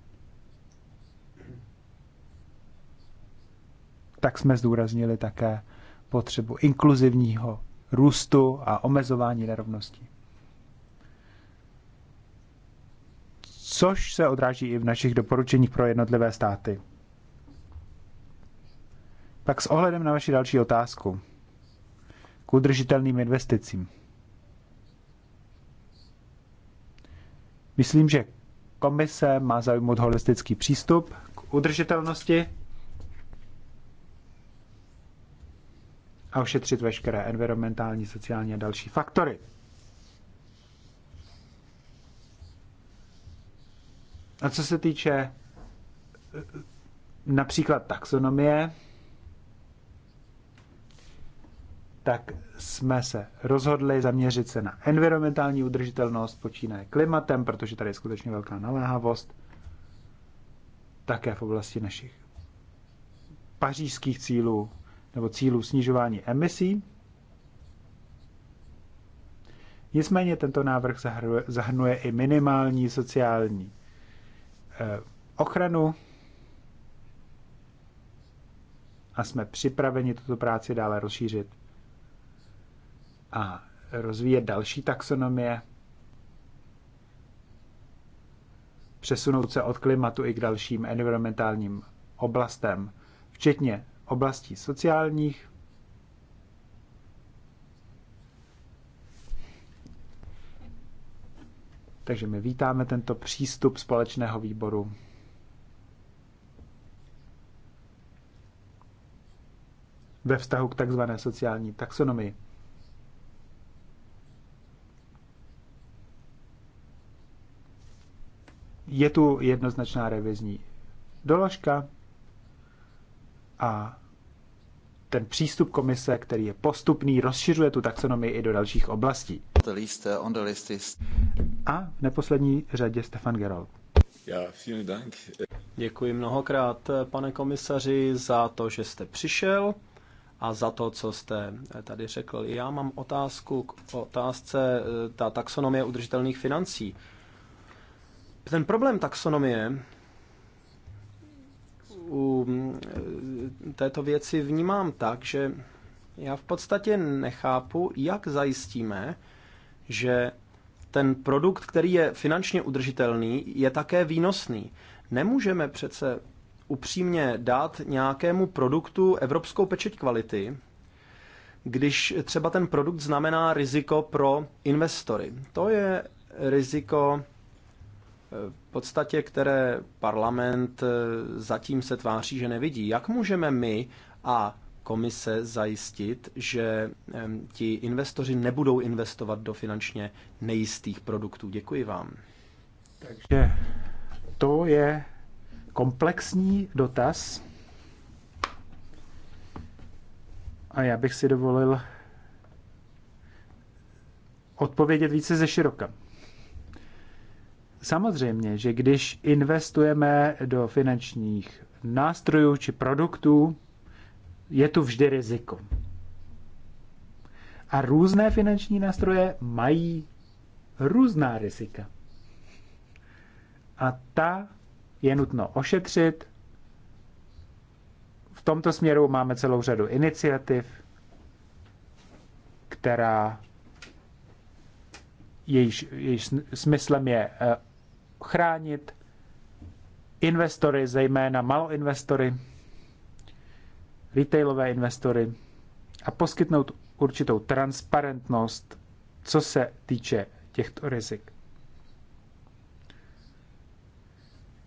tak jsme zdůraznili také potřebu inkluzivního růstu a omezování nerovností. Což se odráží i v našich doporučeních pro jednotlivé státy. Tak s ohledem na vaši další otázku k udržitelným investicím. Myslím, že komise má zaujmout holistický přístup k udržitelnosti a ošetřit veškeré environmentální, sociální a další faktory. A co se týče eh, například taxonomie, tak jsme se rozhodli zaměřit se na environmentální udržitelnost, počínaje klimatem, protože tady je skutečně velká naléhavost, také v oblasti našich pařížských cílů nebo cílů snižování emisí. Nicméně tento návrh zahrnuje i minimální sociální eh, ochranu a jsme připraveni tuto práci dále rozšířit a rozvíjet další taxonomie, přesunout se od klimatu i k dalším environmentálním oblastem, včetně oblastí sociálních, Takže my vítáme tento přístup společného výboru. ve vztahu k takzvané sociální taxonomii. je tu jednoznačná revizní doložka a ten přístup komise, který je postupný, rozšiřuje tu taxonomii i do dalších oblastí. Uh, a v neposlední řadě Stefan Gerold. Děkuji mnohokrát, pane komisaři, za to, že jste přišel a za to, co jste tady řekl. Já mám otázku k otázce eh, ta taxonomie udržitelných financí. Ten problém taxonomie u mm, e, této věci vnímám tak, že já v podstatě nechápu, jak zajistíme, že ten produkt, který je finančně udržitelný, je také výnosný. Nemůžeme přece upřímně dát nějakému produktu evropskou pečeť kvality, když třeba ten produkt znamená riziko pro investory. To je riziko v podstatě, které parlament eh, zatím se tváří, že nevidí. Jak můžeme my a komise zajistit, že ti investoři nebudou investovat do finančně nejistých produktů? Děkuji vám. Takže to je komplexní dotaz. A já bych si dovolil odpovědět více ze široka. Samozřejmě, že když investujeme do finančních nástrojů či produktů, je tu vždy riziko. A různé finanční nástroje mají různá rizika. A ta je nutno ošetřit. V tomto směru máme celou řadu iniciativ, která jejíž, jejíž smyslem je eh, chránit investory, zejména maloinvestory, retailové investory a poskytnout určitou transparentnost, co se týče těchto rizik.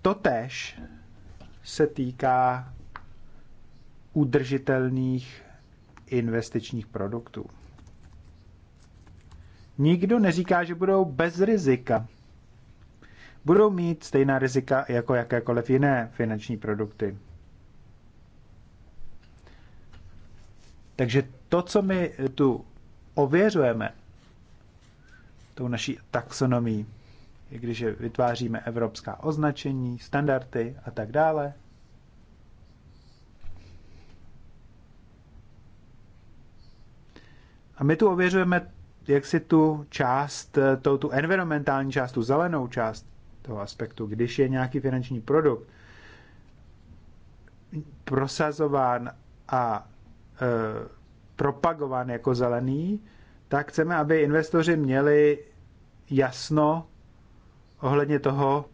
Totež se týká udržitelných investičních produktů. Nikdo neříká, že budou bez rizika budou mít stejná rizika jako jakékoliv jiné finanční produkty. Takže to, co my tu ověřujeme, tou naší taxonomí, i když vytváříme evropská označení, standardy a tak dále, A my tu ověřujeme jak si tu část, eh, tou tu environmentální část, tu zelenou část, toho aspektu. Když je nějaký finanční produkt prosazován a e, propagován jako zelený, tak chceme, aby investoři měli jasno ohledně toho,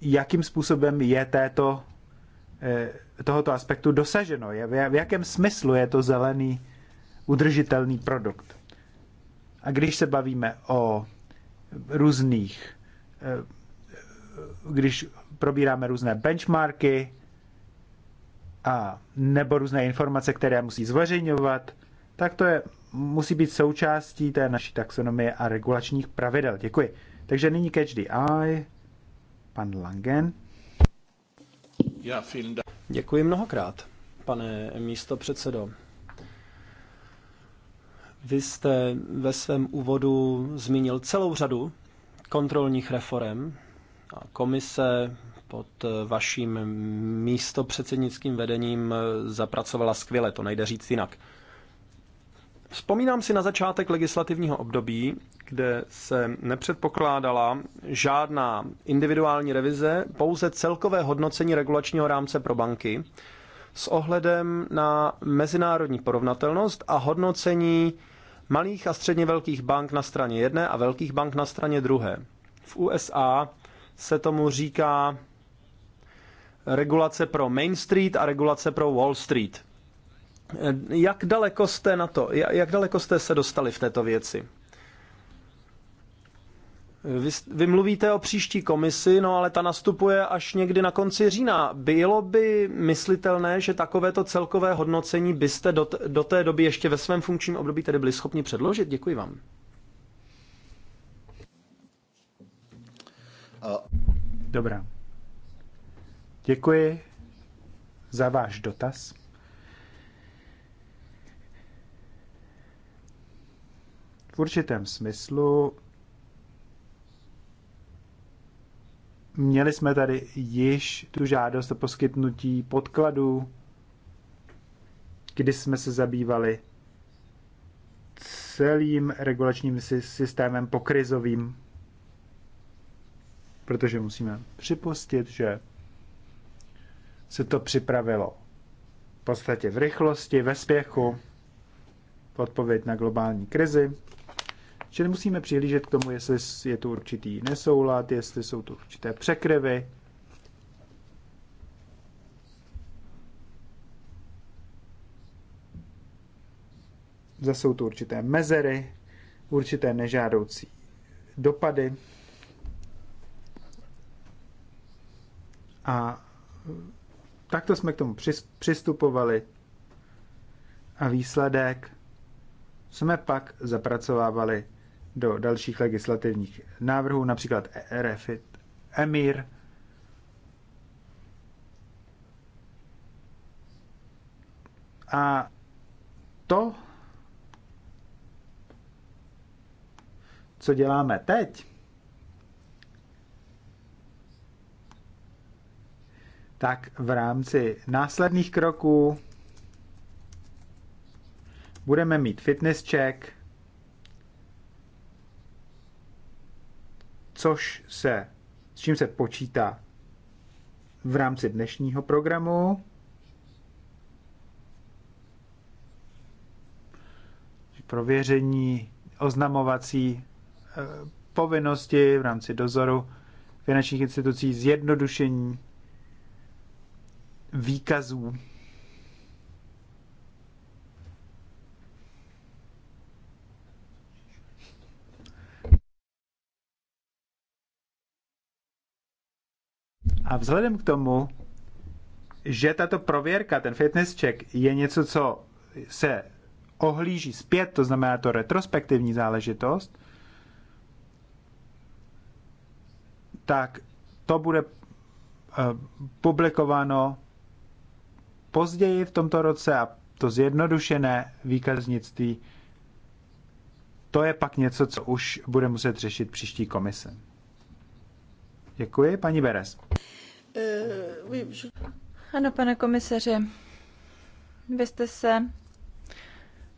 jakým způsobem je této, e, tohoto aspektu dosaženo, je, v jakém smyslu je to zelený udržitelný produkt. A když se bavíme o různých Eh, když probíráme různé benchmarky a nebo různé informace, které musí zveřejňovat, tak to je, musí být součástí té naší taxonomie a regulačních pravidel. Děkuji. Takže nyní catch the eye, pan Langen. Děkuji mnohokrát, pane místo předsedo. Vy jste ve svém úvodu zmínil celou řadu kontrolních reform. A komise pod eh, vaším místopředsednickým vedením eh, zapracovala skvěle, to nejde říct jinak. Vzpomínám si na začátek legislativního období, kde se nepředpokládala žádná individuální revize, pouze celkové hodnocení regulačního rámce pro banky s ohledem na mezinárodní porovnatelnost a hodnocení malých a středně velkých bank na straně jedné a velkých bank na straně druhé. V USA se tomu říká regulace pro Main Street a regulace pro Wall Street. Eh, jak daleko jste na to, jak daleko jste se dostali v této věci? Vy, vy mluvíte o příští komisi, no ale ta nastupuje až někdy na konci října. Bylo by myslitelné, že takovéto celkové hodnocení byste do, do té doby ještě ve svém funkčním období tedy byli schopni předložit? Děkuji vám. Dobrá. Děkuji za váš dotaz. V určitém smyslu Měli jsme tady již tu žádost o poskytnutí podkladů, kdy jsme se zabývali celým regulačním systémem pokrizovým, protože musíme připustit, že se to připravilo v podstatě v rychlosti, ve spěchu, v odpověď na globální krizi. Čili musíme přihlížet k tomu, jestli je tu určitý nesoulad, jestli jsou tu určité překryvy. Zase jsou tu určité mezery, určité nežádoucí dopady. A takto jsme k tomu přistupovali a výsledek jsme pak zapracovávali do dalších legislativních návrhů, například RFID, EMIR, A to, co děláme teď, tak v rámci následných kroků budeme mít fitness check, což se, s čím se počítá v rámci dnešního programu. Prověření oznamovací eh, povinnosti v rámci dozoru finančních institucí, zjednodušení výkazů A vzhledem k tomu, že tato prověrka, ten fitness check, je něco, co se ohlíží zpět, to znamená to retrospektivní záležitost, tak to bude eh, publikováno později v tomto roce a to zjednodušené výkaznictví, to je pak něco, co už bude muset řešit příští komise. Děkuji, paní Beres. Eh, ano, pane komisaři, vy jste se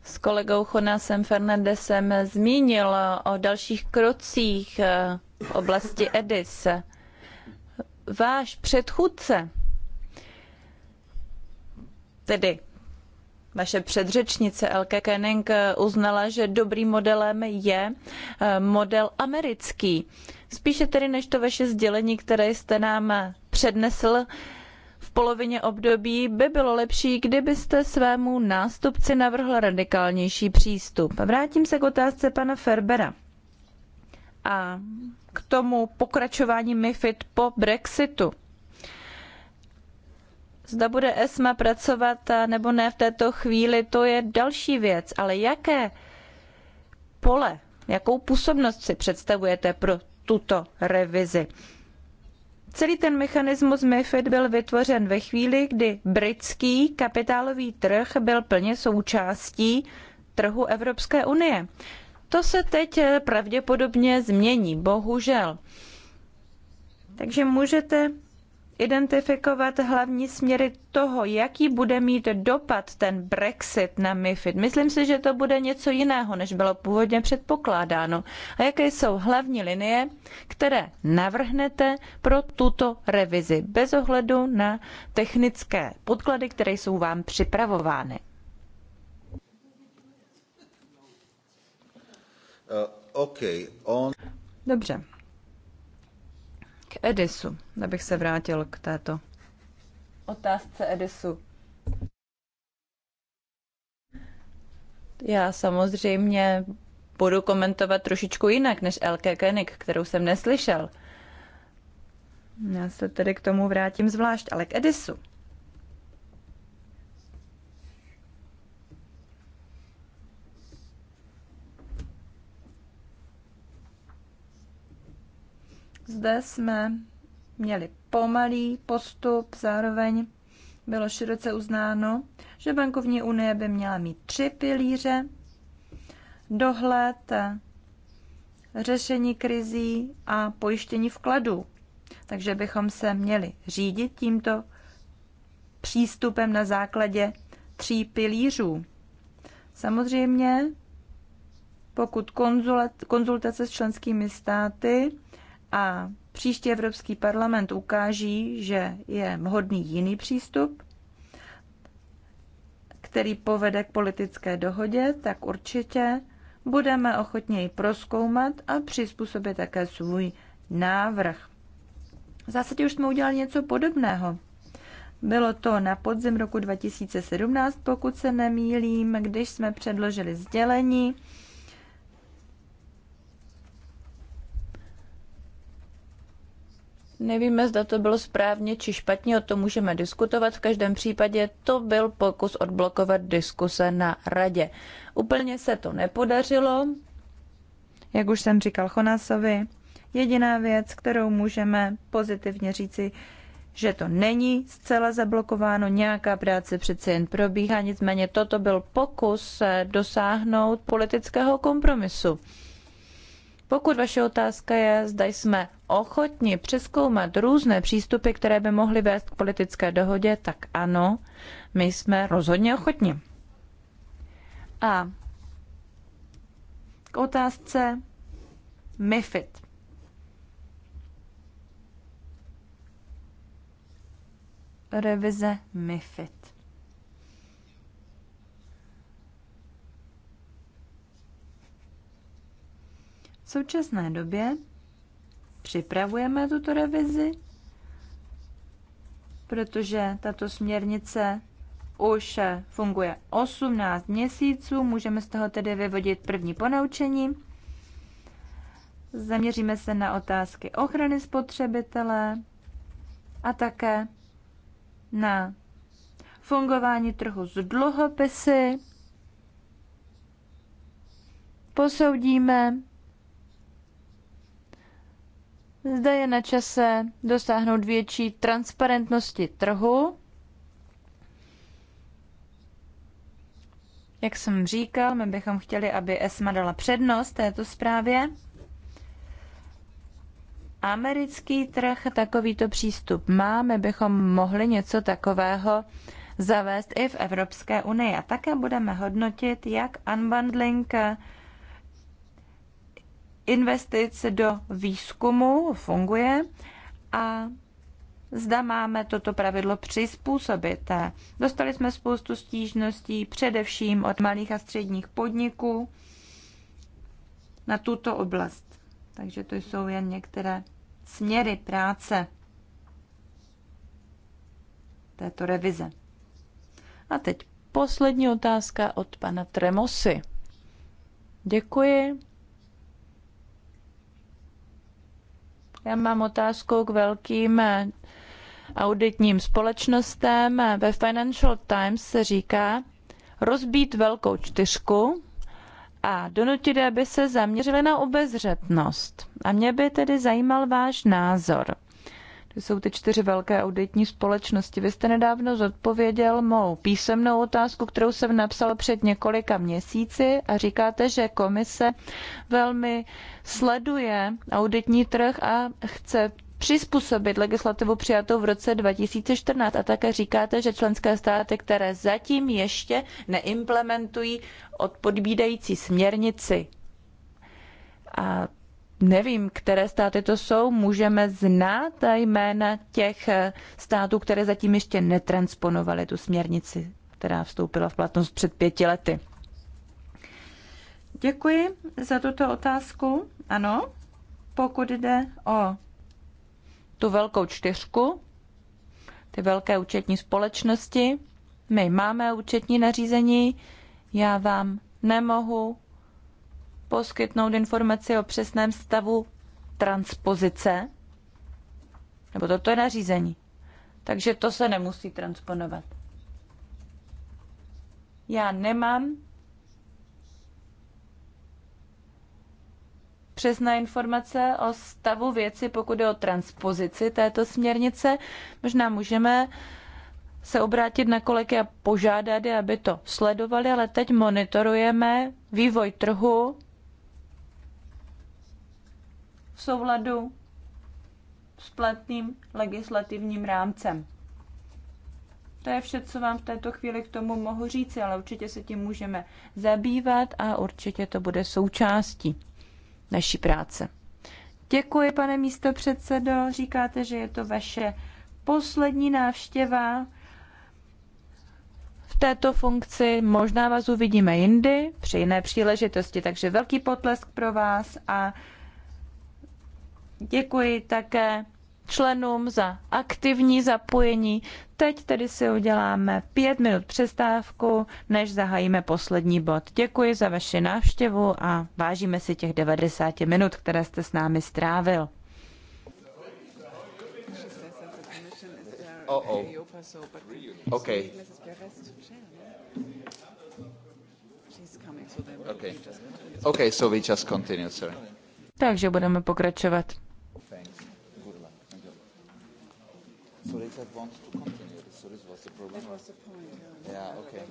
s kolegou Jonasem Fernandesem zmínil o dalších krocích eh, v oblasti EDIS. Váš předchůdce, tedy vaše předřečnice Elke Kenning eh, uznala, že dobrým modelem je model americký. Spíše tedy než to vaše sdělení, které jste nám přednesl v polovině období, by bylo lepší, kdybyste svému nástupci navrhl radikálnější přístup. Vrátím se k otázce pana Ferbera a k tomu pokračování MIFID po Brexitu. Zda bude ESMA pracovat eh, nebo ne v této chvíli, to je další věc, ale jaké pole, jakou působnost si představujete pro tuto revizi. Celý ten mechanismus MIFID byl vytvořen ve chvíli, kdy britský kapitálový trh byl plně součástí trhu Evropské unie. To se teď pravděpodobně změní, bohužel. Takže můžete identifikovat hlavní směry toho, jaký bude mít dopad ten Brexit na MIFID. Myslím si, že to bude něco jiného, než bylo původně předpokládáno. A jaké jsou hlavní linie, které navrhnete pro tuto revizi, bez ohledu na technické podklady, které jsou vám připravovány? Uh, okay. On... Dobře. Edisu, abych se vrátil k této otázce Edisu. Já samozřejmě budu komentovat trošičku jinak než Elke Koenig, kterou jsem neslyšel. Já se tedy k tomu vrátím zvlášť, ale k Edisu. Zde jsme měli pomalý postup, zároveň bylo široce uznáno, že bankovní unie by měla mít tři pilíře, dohled, řešení krizí a pojištění vkladů. Takže bychom se měli řídit tímto přístupem na základě tří pilířů. Samozřejmě, pokud konzultace s členskými státy a příští Evropský parlament ukáží, že je vhodný jiný přístup, který povede k politické dohodě, tak určitě budeme ochotněji proskoumat a přizpůsobit také svůj návrh. V zásadě už jsme udělali něco podobného. Bylo to na podzim roku 2017, pokud se nemýlím, když jsme předložili sdělení Nevíme, zda to bylo správně či špatně, o tom můžeme diskutovat. V každém případě to byl pokus odblokovat diskuse na radě. Úplně se to nepodařilo. Jak už jsem říkal Chonasovi, jediná věc, kterou můžeme pozitivně říci, že to není zcela zablokováno, nějaká práce přece jen probíhá, nicméně toto byl pokus dosáhnout politického kompromisu. Pokud vaše otázka je, zda jsme ochotni přeskoumat různé přístupy, které by mohly vést k politické dohodě, tak ano, my jsme rozhodně ochotni. A k otázce MIFID. Revize MIFID. současné době připravujeme tuto revizi, protože tato směrnice už funguje 18 měsíců, můžeme z toho tedy vyvodit první ponaučení. Zaměříme se na otázky ochrany spotřebitele a také na fungování trhu z dluhopisy. Posoudíme, zde je na čase dosáhnout větší transparentnosti trhu. Jak jsem říkal, my bychom chtěli, aby ESMA dala přednost této zprávě. Americký trh takovýto přístup má, my bychom mohli něco takového zavést i v Evropské unii. A také budeme hodnotit, jak unbundling investic do výzkumu funguje a zda máme toto pravidlo přizpůsobit. Dostali jsme spoustu stížností především od malých a středních podniků na tuto oblast. Takže to jsou jen některé směry práce této revize. A teď poslední otázka od pana Tremosy. Děkuji. Já mám otázku k velkým eh, auditním společnostem. Ve Financial Times se říká rozbít velkou čtyřku a donutit, aby se zaměřili na obezřetnost. A mě by tedy zajímal váš názor. To jsou ty čtyři velké auditní společnosti. Vy jste nedávno zodpověděl mou písemnou otázku, kterou jsem napsal před několika měsíci a říkáte, že komise velmi sleduje auditní trh a chce přizpůsobit legislativu přijatou v roce 2014 a také říkáte, že členské státy, které zatím ještě neimplementují odpodbídající směrnici. A nevím, které státy to jsou, můžeme znát jména těch eh, států, které zatím ještě netransponovaly tu směrnici, která vstoupila v platnost před pěti lety. Děkuji za tuto otázku. Ano, pokud jde o tu velkou čtyřku, ty velké účetní společnosti, my máme účetní nařízení, já vám nemohu poskytnout informaci o přesném stavu transpozice, nebo toto je nařízení. Takže to se nemusí transponovat. Já nemám přesné informace o stavu věci, pokud je o transpozici této směrnice. Možná můžeme se obrátit na kolegy a požádat je, aby to sledovali, ale teď monitorujeme vývoj trhu v souladu s platným legislativním rámcem. To je vše, co vám v této chvíli k tomu mohu říci, ale určitě se tím můžeme zabývat a určitě to bude součástí naší práce. Děkuji, pane místo předsedo. Říkáte, že je to vaše poslední návštěva v této funkci. Možná vás uvidíme jindy při jiné příležitosti, takže velký potlesk pro vás a Děkuji také členům za aktivní zapojení. Teď tedy si uděláme pět minut přestávku, než zahájíme poslední bod. Děkuji za vaši návštěvu a vážíme si těch 90 minut, které jste s námi strávil. Oh, oh. Okay. Okay. Okay, so we just continue, sir. Takže budeme pokračovat. So they said wants to continue. So this was the problem. That was the point. Yeah, okay.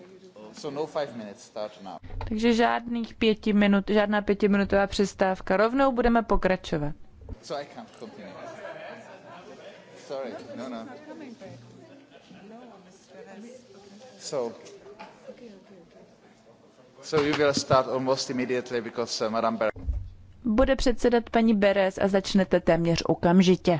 So no five minutes, start now. Takže žádných pěti minut, žádná pětiminutová přestávka. Rovnou budeme pokračovat. So I can't continue. Sorry, no, no. So, so you will start almost immediately because uh, Madame Beres. Bude předsedat paní Beres a začnete téměř okamžitě.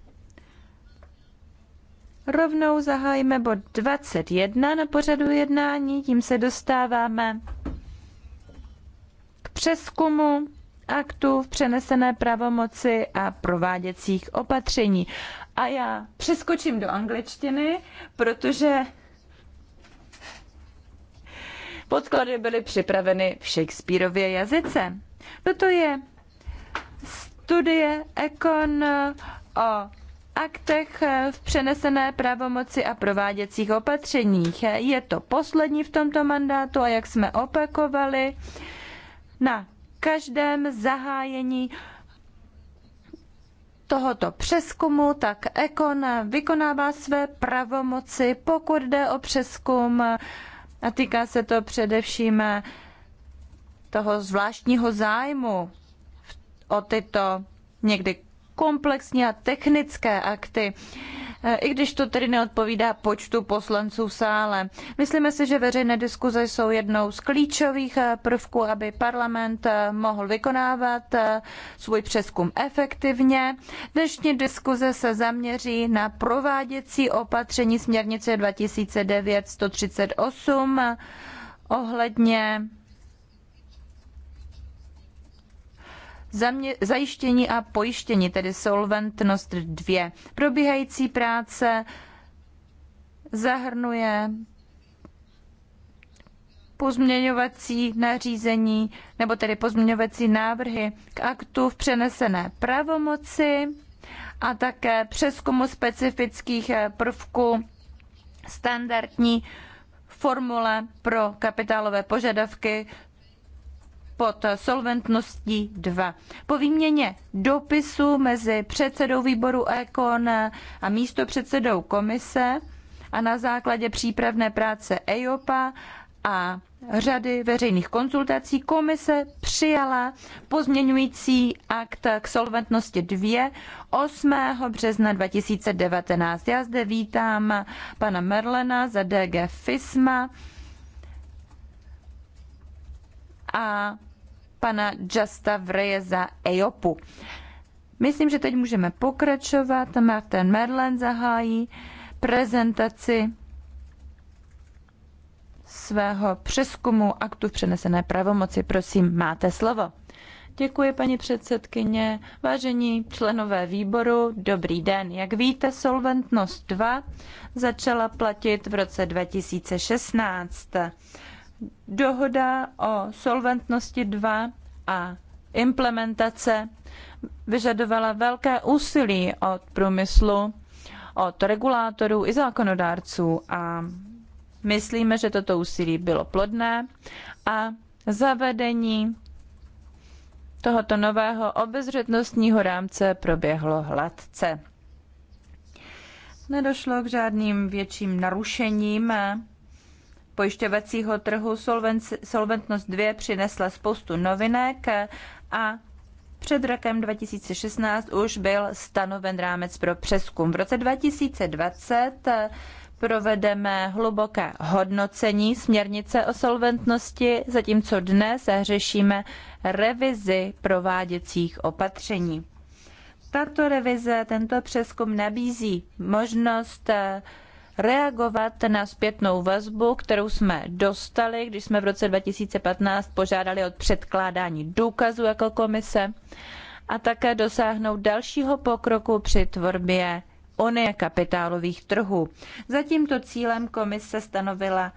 rovnou zahájíme bod 21 na pořadu jednání, tím se dostáváme k přeskumu aktu v přenesené pravomoci a prováděcích opatření. A já přeskočím do angličtiny, protože podklady byly připraveny v Shakespeareově jazyce. Toto je studie Econ o aktech eh, v přenesené pravomoci a prováděcích opatřeních. Je to poslední v tomto mandátu a jak jsme opakovali, na každém zahájení tohoto přeskumu, tak Ekon vykonává své pravomoci, pokud jde o přeskum a týká se to především eh, toho zvláštního zájmu o tyto někdy komplexní a technické akty, eh, i když to tedy neodpovídá počtu poslanců v sále. Myslíme si, že veřejné diskuze jsou jednou z klíčových eh, prvků, aby parlament eh, mohl vykonávat svůj přeskum efektivně. Dnešní diskuze se zaměří na prováděcí opatření směrnice 2009-138 ohledně zamě- zajištění a pojištění, tedy solventnost 2. Probíhající práce zahrnuje pozměňovací nařízení nebo tedy pozměňovací návrhy k aktu v přenesené pravomoci a také přeskumu specifických eh, prvků standardní formule pro kapitálové požadavky pod solventností 2. Po výměně dopisu mezi předsedou výboru ECON a místo předsedou komise a na základě přípravné práce EIOPA a řady veřejných konzultací komise přijala pozměňující akt k solventnosti 2 8. března 2019. Já zde vítám pana Merlena za DG FISMA a pana Justa Vreje za EOPu. Myslím, že teď můžeme pokračovat. Martin Merlen zahájí prezentaci svého přeskumu aktu v přenesené pravomoci. Prosím, máte slovo. Děkuji, paní předsedkyně. Vážení členové výboru, dobrý den. Jak víte, Solventnost 2 začala platit v roce 2016. Dohoda o solventnosti 2 a implementace vyžadovala velké úsilí od průmyslu, od regulátorů i zákonodárců a myslíme, že toto úsilí bylo plodné a zavedení tohoto nového obezřetnostního rámce proběhlo hladce. Nedošlo k žádným větším narušením pojišťovacího trhu Solventnost 2 přinesla spoustu novinek a před rokem 2016 už byl stanoven rámec pro přeskum. V roce 2020 provedeme hluboké hodnocení směrnice o solventnosti, zatímco dnes řešíme revizi prováděcích opatření. Tato revize, tento přeskum nabízí možnost reagovat na zpětnou vazbu, kterou jsme dostali, když jsme v roce 2015 požádali o předkládání důkazů jako komise a také dosáhnout dalšího pokroku při tvorbě unie kapitálových trhů. Za tímto cílem komise stanovila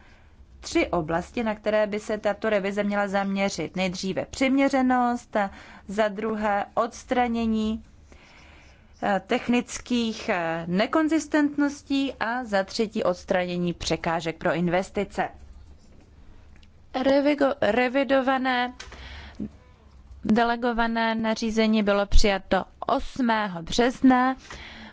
tři oblasti, na které by se tato revize měla zaměřit. Nejdříve přiměřenost, za druhé odstranění Eh, technických eh, nekonzistentností a za třetí odstranění překážek pro investice. Revigo, revidované delegované nařízení bylo přijato 8. března,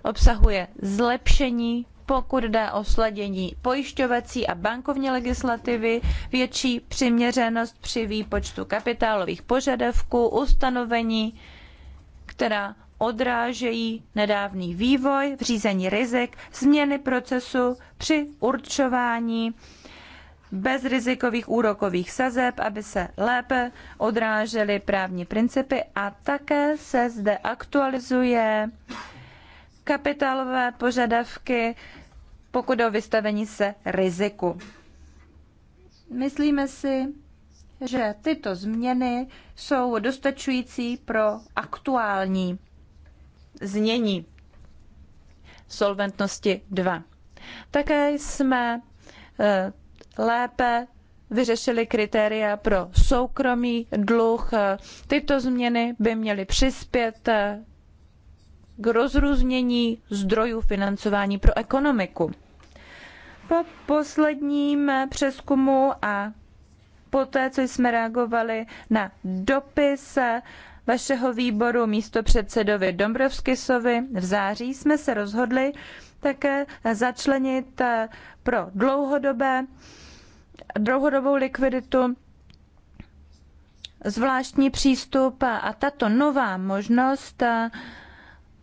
obsahuje zlepšení pokud jde o sledění pojišťovací a bankovní legislativy, větší přiměřenost při výpočtu kapitálových požadavků, ustanovení, která odrážejí nedávný vývoj v řízení rizik, změny procesu při určování bezrizikových úrokových sazeb, aby se lépe odrážely právní principy a také se zde aktualizuje kapitálové požadavky, pokud o vystavení se riziku. Myslíme si, že tyto změny jsou dostačující pro aktuální znění solventnosti 2. Také jsme eh, lépe vyřešili kritéria pro soukromý dluh. Tyto změny by měly přispět eh, k rozrůznění zdrojů financování pro ekonomiku. Po posledním přeskumu a poté, co jsme reagovali na dopis vašeho výboru místo Dombrovskisovi v září jsme se rozhodli také začlenit eh, pro dlouhodobé, dlouhodobou likviditu zvláštní přístup a tato nová možnost eh,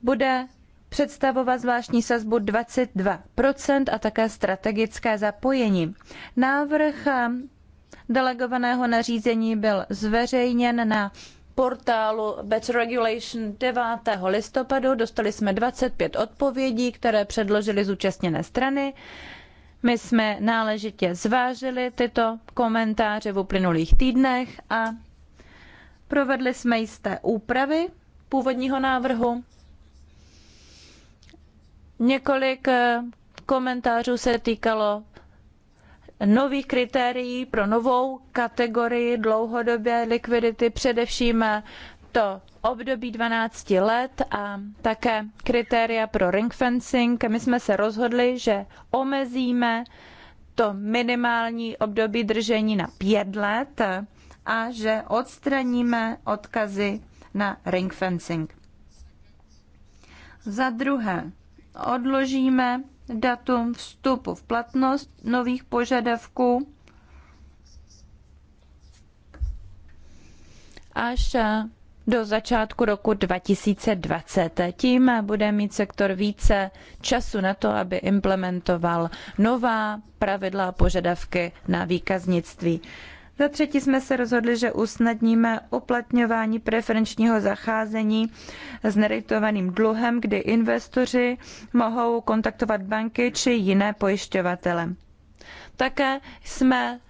bude představovat zvláštní sazbu 22% a také strategické zapojení. Návrh eh, delegovaného nařízení byl zveřejněn na portálu Better Regulation 9. listopadu. Dostali jsme 25 odpovědí, které předložily zúčastněné strany. My jsme náležitě zvážili tyto komentáře v uplynulých týdnech a provedli jsme jisté úpravy původního návrhu. Několik eh, komentářů se týkalo nových kritérií pro novou kategorii dlouhodobé likvidity, především to období 12 let a také kritéria pro ring fencing. My jsme se rozhodli, že omezíme to minimální období držení na 5 let a že odstraníme odkazy na ring fencing. Za druhé, odložíme datum vstupu v platnost nových požadavků až do začátku roku 2020. Tím bude mít sektor více času na to, aby implementoval nová pravidla a požadavky na výkaznictví. Za třetí jsme se rozhodli, že usnadníme uplatňování preferenčního zacházení s nereitovaným dluhem, kdy investoři mohou kontaktovat banky či jiné pojišťovatele. Také jsme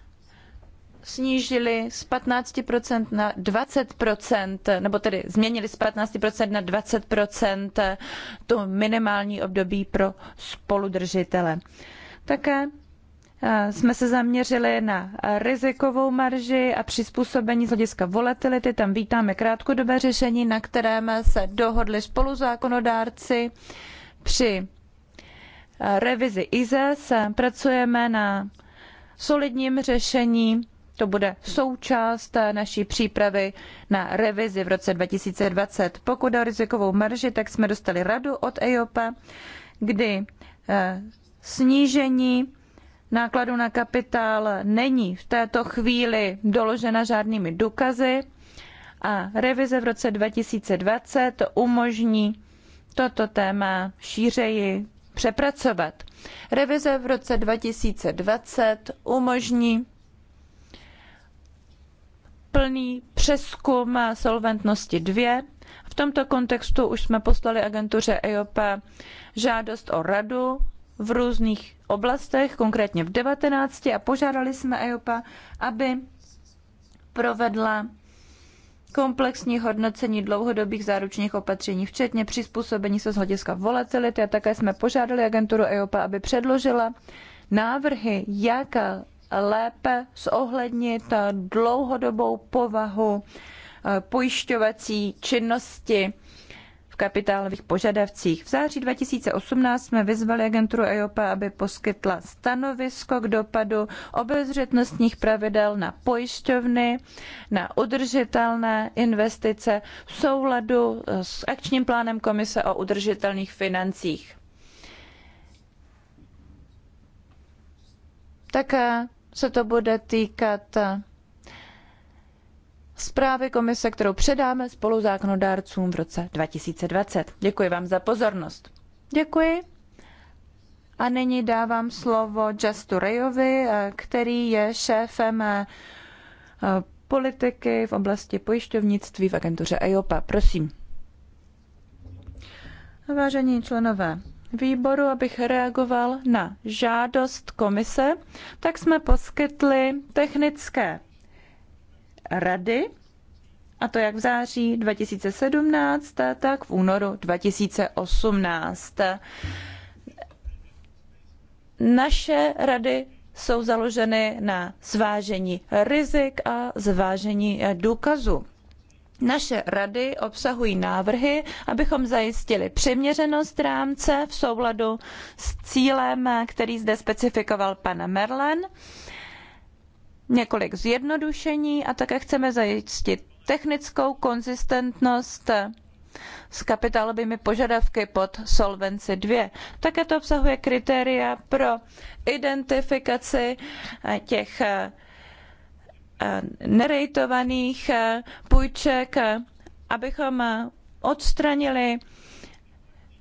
snížili z 15% na 20%, nebo tedy změnili z 15% na 20% to minimální období pro spoludržitele. Také Eh, jsme se zaměřili na rizikovou marži a přizpůsobení z hlediska volatility. Tam vítáme krátkodobé řešení, na kterém se dohodli spoluzákonodárci při eh, revizi IZE se pracujeme na solidním řešení. To bude součást eh, naší přípravy na revizi v roce 2020. Pokud o rizikovou marži, tak jsme dostali radu od EIOPA, kdy snížení nákladu na kapitál není v této chvíli doložena žádnými důkazy a revize v roce 2020 umožní toto téma šířeji přepracovat. Revize v roce 2020 umožní plný přeskum solventnosti 2. V tomto kontextu už jsme poslali agentuře EOPA žádost o radu v různých oblastech, konkrétně v 19, a požádali jsme EOPA, aby provedla komplexní hodnocení dlouhodobých záručních opatření, včetně přizpůsobení se z hlediska volatility a také jsme požádali agenturu EOPA, aby předložila návrhy, jak lépe zohlednit dlouhodobou povahu pojišťovací činnosti kapitálových požadavcích. V září 2018 jsme vyzvali agenturu EIOPA, aby poskytla stanovisko k dopadu obezřetnostních pravidel na pojišťovny, na udržitelné investice v souladu s akčním plánem Komise o udržitelných financích. Také se to bude týkat zprávy komise, kterou předáme spoluzákonodárcům v roce 2020. Děkuji vám za pozornost. Děkuji. A nyní dávám slovo Justu Rayovi, eh, který je šéfem eh, politiky v oblasti pojišťovnictví v agentuře EIOPA. Prosím. Vážení členové výboru, abych reagoval na žádost komise, tak jsme poskytli technické rady, a to jak v září 2017, tak v únoru 2018. Naše rady jsou založeny na zvážení rizik a zvážení důkazu. Naše rady obsahují návrhy, abychom zajistili přiměřenost rámce v souladu s cílem, který zde specifikoval pan Merlen několik zjednodušení a také chceme zajistit technickou konzistentnost s kapitálovými požadavky pod Solvency 2. Také to obsahuje kritéria pro identifikaci eh, těch eh, nerejtovaných eh, půjček, abychom odstranili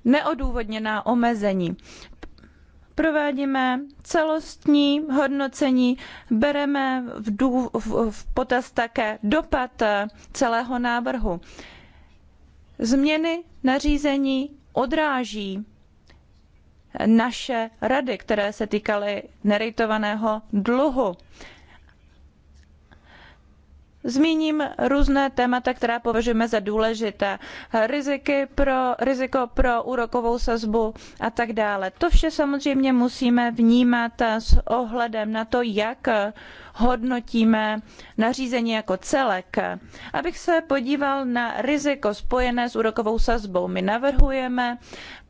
neodůvodněná omezení. Provádíme celostní hodnocení, bereme v, dů, v, v potaz také dopad eh, celého návrhu. Změny nařízení odráží naše rady, které se týkaly nerejtovaného dluhu. Zmíním různé témata, která považujeme za důležitá. Riziky pro, riziko pro úrokovou sazbu a tak dále. To vše samozřejmě musíme vnímat s ohledem na to, jak hodnotíme nařízení jako celek. Abych se podíval na riziko spojené s úrokovou sazbou, my navrhujeme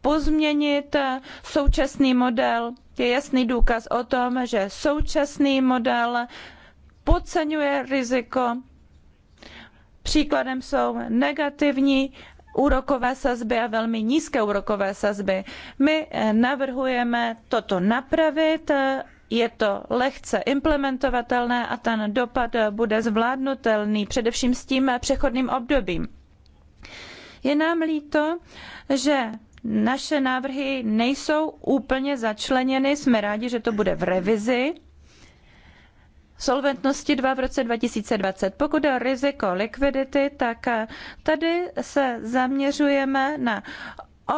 pozměnit současný model. Je jasný důkaz o tom, že současný model podceňuje riziko Příkladem jsou negativní úrokové sazby a velmi nízké úrokové sazby. My eh, navrhujeme toto napravit je to lehce implementovatelné a ten dopad bude zvládnutelný, především s tím přechodným obdobím. Je nám líto, že naše návrhy nejsou úplně začleněny, jsme rádi, že to bude v revizi solventnosti 2 v roce 2020. Pokud je o riziko likvidity, tak eh, tady se zaměřujeme na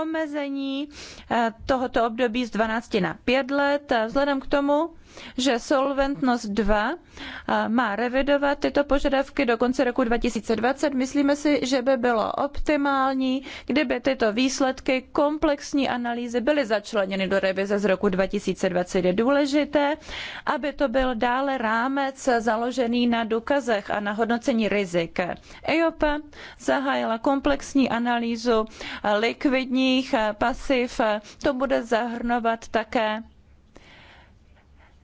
omezení eh, tohoto období z 12 na 5 let, eh, vzhledem k tomu, že Solventnost 2 eh, má revidovat tyto požadavky do konce roku 2020. Myslíme si, že by bylo optimální, kdyby tyto výsledky komplexní analýzy byly začleněny do revize z roku 2020. Je důležité, aby to byl dále rámec založený na důkazech a na hodnocení rizik. EIOPA zahájila komplexní analýzu likvidních eh, pasiv. To bude zahrnovat také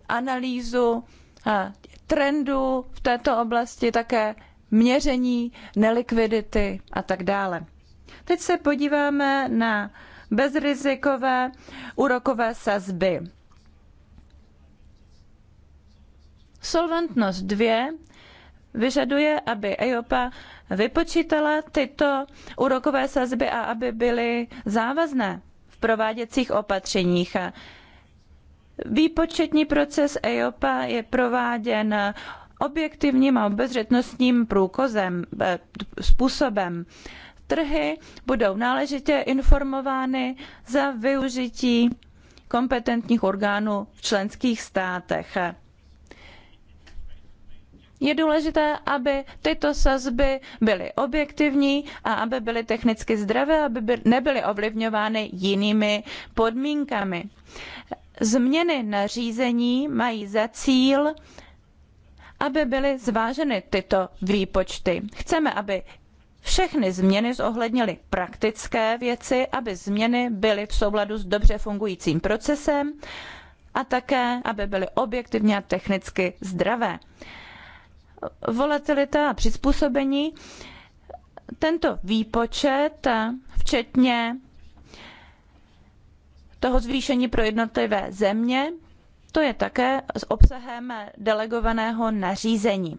analýzu eh, trendů v této oblasti, také měření nelikvidity a tak dále. Teď se podíváme na bezrizikové úrokové sazby. Solventnost 2 vyžaduje, aby EIOPA vypočítala tyto úrokové sazby a aby byly závazné v prováděcích opatřeních. Výpočetní proces EIOPA je prováděn objektivním a obezřetnostním průkozem, eh, způsobem. Trhy budou náležitě informovány za využití kompetentních orgánů v členských státech. Je důležité, aby tyto sazby byly objektivní a aby byly technicky zdravé, aby nebyly ovlivňovány jinými podmínkami. Změny nařízení mají za cíl, aby byly zváženy tyto výpočty. Chceme, aby všechny změny zohlednily praktické věci, aby změny byly v souladu s dobře fungujícím procesem a také, aby byly objektivně a technicky zdravé. Volatilita a přizpůsobení. Tento výpočet, včetně toho zvýšení pro jednotlivé země, to je také s obsahem delegovaného nařízení.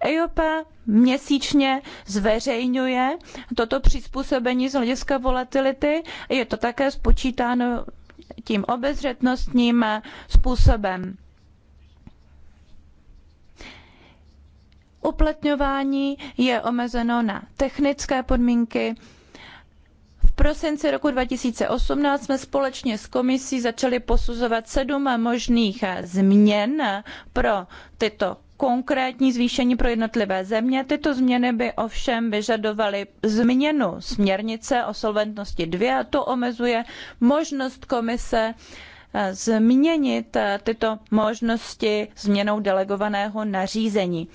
EIOPA měsíčně zveřejňuje toto přizpůsobení z hlediska volatility. Je to také spočítáno tím obezřetnostním způsobem. Uplatňování je omezeno na technické podmínky, prosinci roku 2018 jsme společně s komisí začali posuzovat sedm možných změn pro tyto konkrétní zvýšení pro jednotlivé země. Tyto změny by ovšem vyžadovaly změnu směrnice o solventnosti 2 a to omezuje možnost komise eh, změnit eh, tyto možnosti změnou delegovaného nařízení.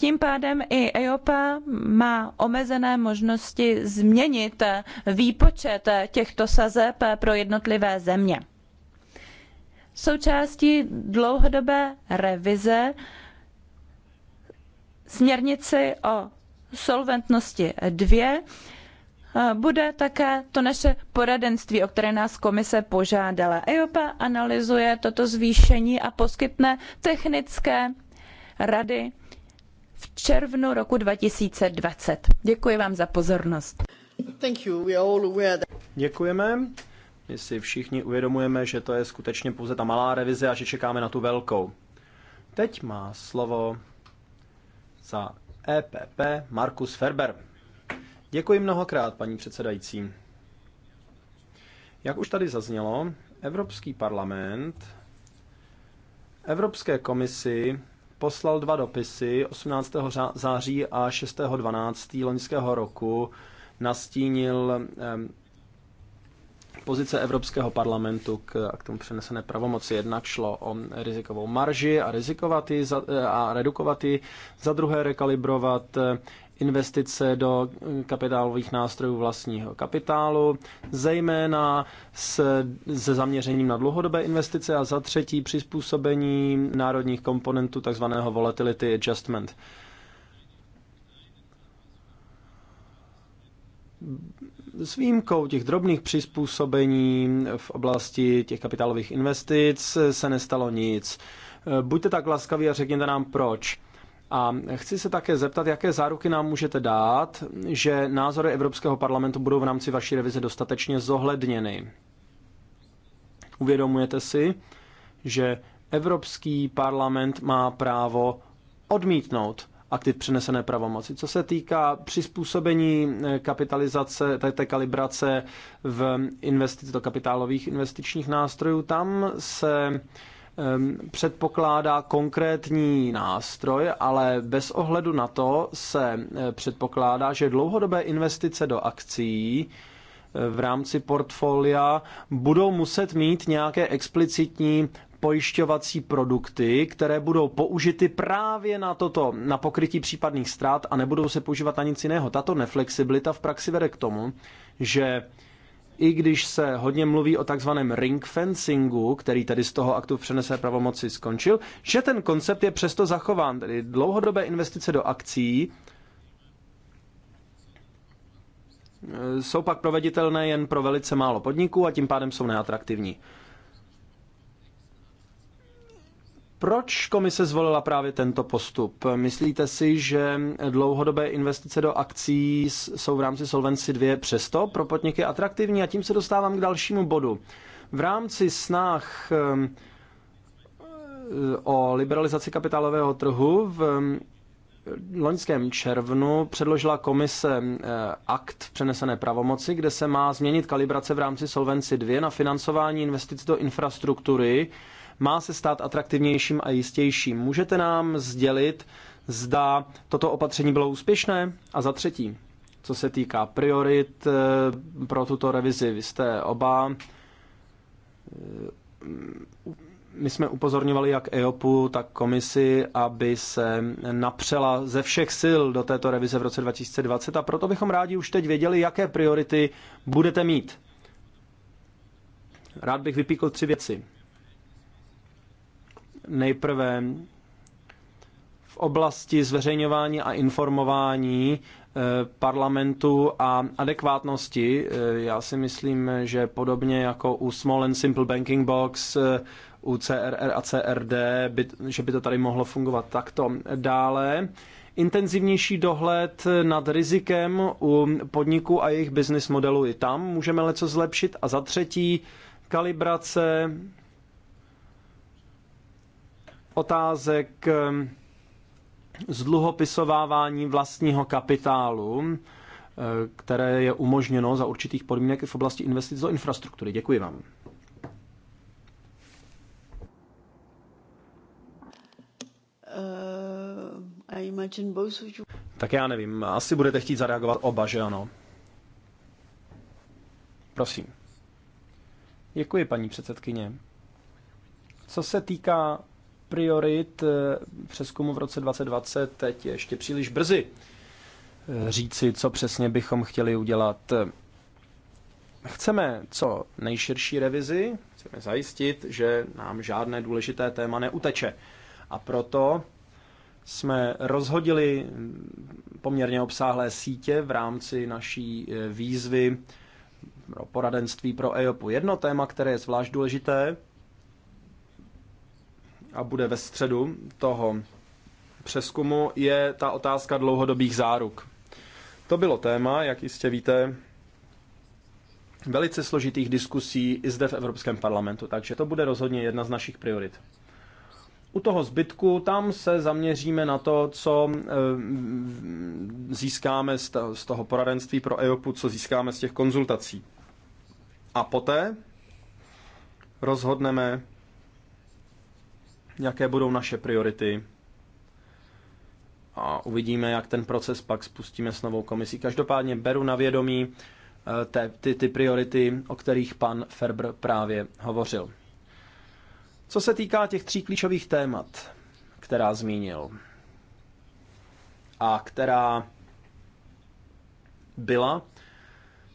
Tím pádem i EIOPA má omezené možnosti změnit výpočet těchto sazeb pro jednotlivé země. Součástí dlouhodobé revize směrnici o solventnosti 2 eh, bude také to naše poradenství, o které nás komise požádala. EIOPA analyzuje toto zvýšení a poskytne technické rady v červnu roku 2020. Děkuji vám za pozornost. Thank you. We are all aware that... Děkujeme. My si všichni uvědomujeme, že to je skutečně pouze ta malá revize a že čekáme na tu velkou. Teď má slovo za EPP Markus Ferber. Děkuji mnohokrát, paní předsedající. Jak už tady zaznělo, Evropský parlament Evropské komisi poslal dva dopisy 18. září a 6. 12. loňského roku nastínil pozice Evropského parlamentu k, k tomu přenesené pravomoci. Jednak šlo o rizikovou marži a rizikovat ji za, a redukovat ji, za druhé rekalibrovat investice do kapitálových nástrojů vlastního kapitálu, zejména se, se zaměřením na dlouhodobé investice a za třetí přizpůsobení národních komponentů tzv. volatility adjustment. S výjimkou těch drobných přizpůsobení v oblasti těch kapitálových investic se nestalo nic. Buďte tak laskaví a řekněte nám proč. A chci se také zeptat, jaké záruky nám můžete dát, že názory Evropského parlamentu budou v rámci vaší revize dostatečně zohledněny. Uvědomujete si, že Evropský parlament má právo odmítnout aktiv přenesené pravomoci. Co se týká přizpůsobení eh, kapitalizace, té, té kalibrace v investic do kapitálových investičních nástrojů, tam se Ehm, předpokládá konkrétní nástroj, ale bez ohledu na to se eh, předpokládá, že dlouhodobé investice do akcí eh, v rámci portfolia budou muset mít nějaké explicitní pojišťovací produkty, které budou použity právě na toto, na pokrytí případných ztrát a nebudou se používat na nic jiného. Tato neflexibilita v praxi vede k tomu, že i když se hodně mluví o takzvaném ring fencingu, který tedy z toho aktu přenese pravomoci skončil, že ten koncept je přesto zachován, tedy dlouhodobé investice do akcí e, jsou pak proveditelné jen pro velice málo podniků a tím pádem jsou neatraktivní. Proč komise zvolila právě tento postup? Myslíte si, že dlouhodobé investice do akcí jsou v rámci Solvency 2 přesto pro podniky atraktivní? A tím se dostávám k dalšímu bodu. V rámci snah ehm, o liberalizaci kapitálového trhu v ehm, loňském červnu předložila komise eh, akt v přenesené pravomoci, kde se má změnit kalibrace v rámci Solvency 2 na financování investic do infrastruktury, má se stát atraktivnějším a jistějším. Můžete nám sdělit, zda toto opatření bylo úspěšné? A za třetí, co se týká priorit eh, pro tuto revizi, vy jste oba eh, my jsme upozorňovali jak EOPu, tak komisi, aby se napřela ze všech sil do této revize v roce 2020 a proto bychom rádi už teď věděli, jaké priority budete mít. Rád bych vypíkl tři věci. Nejprve v oblasti zveřejňování a informování eh, parlamentu a adekvátnosti. Eh, já si myslím, že podobně jako u Small and Simple Banking Box, eh, u CRR a CRD, by, že by to tady mohlo fungovat takto. Dále intenzivnější dohled nad rizikem u podniků a jejich business modelu i tam můžeme leco zlepšit. A za třetí, kalibrace otázek zdluhopisovávání ehm, vlastního kapitálu, ehm, které je umožněno za určitých podmínek v oblasti investic do infrastruktury. Děkuji vám. Uh, tak já nevím, asi budete chtít zareagovat oba, že ano? Prosím. Děkuji, paní předsedkyně. Co se týká priorit eh, přeskumu v roce 2020 teď je ještě příliš brzy eh, říci, co přesně bychom chtěli udělat. Chceme co nejširší revizi, chceme zajistit, že nám žádné důležité téma neuteče. A proto jsme rozhodili poměrně obsáhlé sítě v rámci naší eh, výzvy pro poradenství pro EOPu. Jedno téma, které je zvlášť důležité, a bude ve středu toho přeskumu, je ta otázka dlouhodobých záruk. To bylo téma, jak jistě víte, velice složitých diskusí i zde v Evropském parlamentu, takže to bude rozhodně jedna z našich priorit. U toho zbytku tam se zaměříme na to, co eh, získáme z toho poradenství pro EOPu, co získáme z těch konzultací. A poté rozhodneme jaké budou naše priority a uvidíme, jak ten proces pak spustíme s novou komisí. Každopádně beru na vědomí eh, te, ty, ty priority, o kterých pan Ferber právě hovořil. Co se týká těch tří klíčových témat, která zmínil a která byla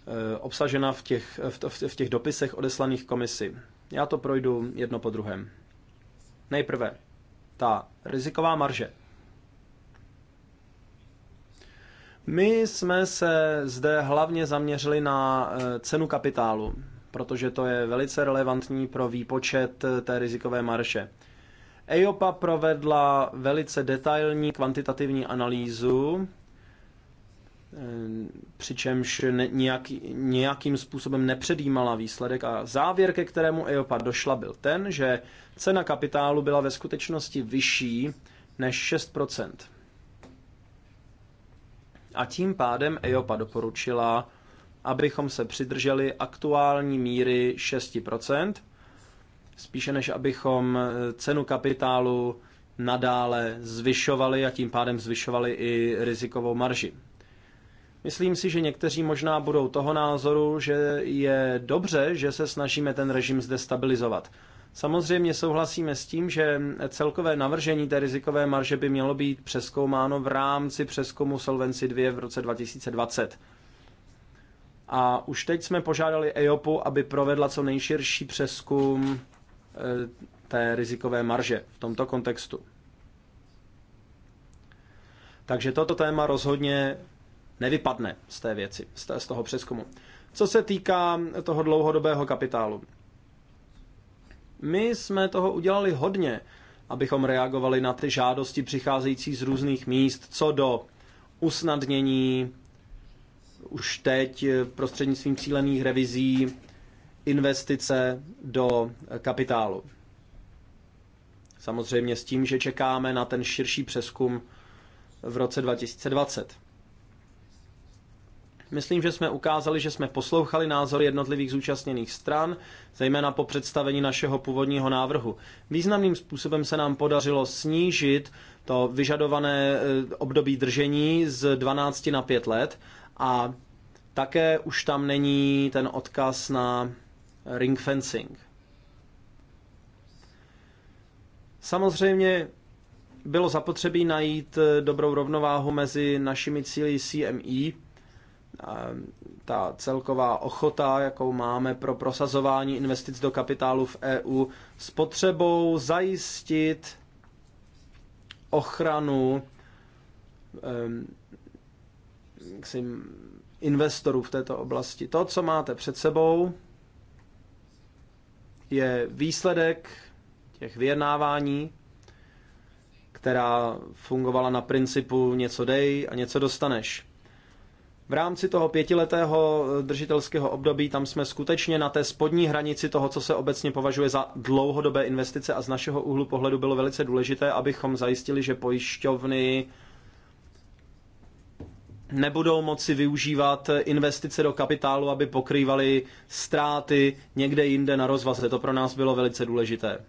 eh, obsažena v těch, v, v těch dopisech odeslaných komisi. Já to projdu jedno po druhém. Nejprve ta riziková marže. My jsme se zde hlavně zaměřili na eh, cenu kapitálu, protože to je velice relevantní pro výpočet eh, té rizikové marže. EIOPA provedla velice detailní kvantitativní analýzu Ehm, přičemž nějak, nějakým způsobem nepředjímala výsledek a závěr, ke kterému EOPA došla, byl ten, že cena kapitálu byla ve skutečnosti vyšší než 6%. A tím pádem EOPA doporučila, abychom se přidrželi aktuální míry 6%, spíše než abychom eh, cenu kapitálu nadále zvyšovali a tím pádem zvyšovali i rizikovou marži. Myslím si, že někteří možná budou toho názoru, že je dobře, že se snažíme ten režim zde stabilizovat. Samozřejmě souhlasíme s tím, že celkové navržení té rizikové marže by mělo být přeskoumáno v rámci přeskumu Solvency 2 v roce 2020. A už teď jsme požádali EOPu, aby provedla co nejširší přeskum e, té rizikové marže v tomto kontextu. Takže toto téma rozhodně nevypadne z té věci, z toho přeskumu. Co se týká toho dlouhodobého kapitálu. My jsme toho udělali hodně, abychom reagovali na ty žádosti přicházející z různých míst, co do usnadnění už teď prostřednictvím cílených revizí investice do kapitálu. Samozřejmě s tím, že čekáme na ten širší přeskum v roce 2020. Myslím, že jsme ukázali, že jsme poslouchali názory jednotlivých zúčastněných stran, zejména po představení našeho původního návrhu. Významným způsobem se nám podařilo snížit to vyžadované eh, období držení z 12 na 5 let a také už tam není ten odkaz na ring fencing. Samozřejmě bylo zapotřebí najít eh, dobrou rovnováhu mezi našimi cíly CME Ehm, ta celková ochota, jakou máme pro prosazování investic do kapitálu v EU, s potřebou zajistit ochranu ehm, jaksi, investorů v této oblasti. To, co máte před sebou, je výsledek těch vyjednávání, která fungovala na principu něco dej a něco dostaneš. V rámci toho pětiletého eh, držitelského období tam jsme skutečně na té spodní hranici toho, co se obecně považuje za dlouhodobé investice a z našeho úhlu pohledu bylo velice důležité, abychom zajistili, že pojišťovny nebudou moci využívat eh, investice do kapitálu, aby pokrývaly ztráty někde jinde na rozvaze. To pro nás bylo velice důležité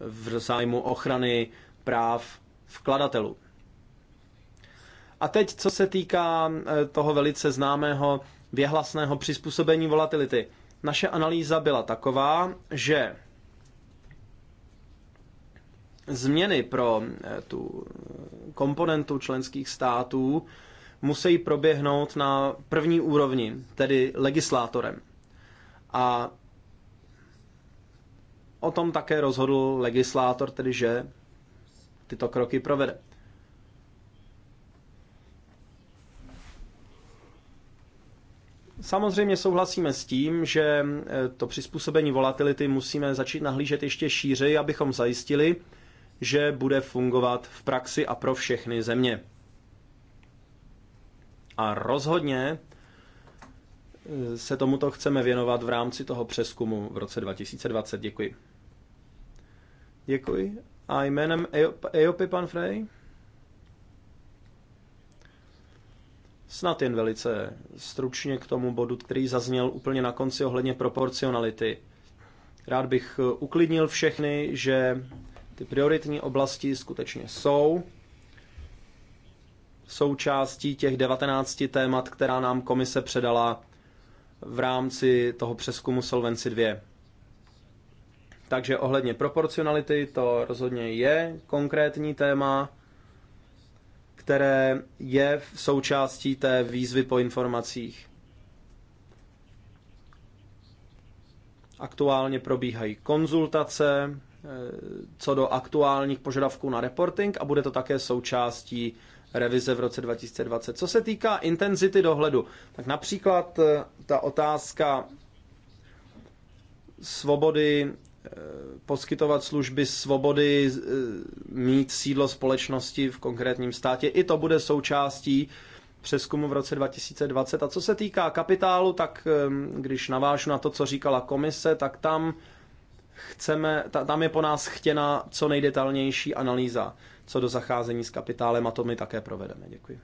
v zájmu ochrany práv vkladatelů. A teď, co se týká e, toho velice známého věhlasného přizpůsobení volatility. Naše analýza byla taková, že změny pro e, tu komponentu členských států musí proběhnout na první úrovni, tedy legislátorem. A o tom také rozhodl legislátor, tedy že tyto kroky provede. Samozřejmě souhlasíme s tím, že e, to přizpůsobení volatility musíme začít nahlížet ještě šířeji, abychom zajistili, že bude fungovat v praxi a pro všechny země. A rozhodně e, se tomuto chceme věnovat v rámci toho přeskumu v roce 2020. Děkuji. Děkuji. A jménem EOP, pan Frey? Snad jen velice stručně k tomu bodu, který zazněl úplně na konci ohledně proporcionality. Rád bych eh, uklidnil všechny, že ty prioritní oblasti skutečně jsou součástí těch 19 témat, která nám komise předala v rámci toho přeskumu Solvency 2. Takže ohledně proporcionality to rozhodně je konkrétní téma které je v součástí té výzvy po informacích. Aktuálně probíhají konzultace eh, co do aktuálních požadavků na reporting a bude to také součástí revize v roce 2020. Co se týká intenzity dohledu, tak například eh, ta otázka svobody Eh, poskytovat služby svobody, eh, mít sídlo společnosti v konkrétním státě. I to bude součástí přeskumu v roce 2020. A co se týká kapitálu, tak když navážu na to, co říkala komise, tak tam chceme, tam je po nás chtěna co nejdetalnější analýza co do zacházení s kapitálem a to my také provedeme. Děkuji.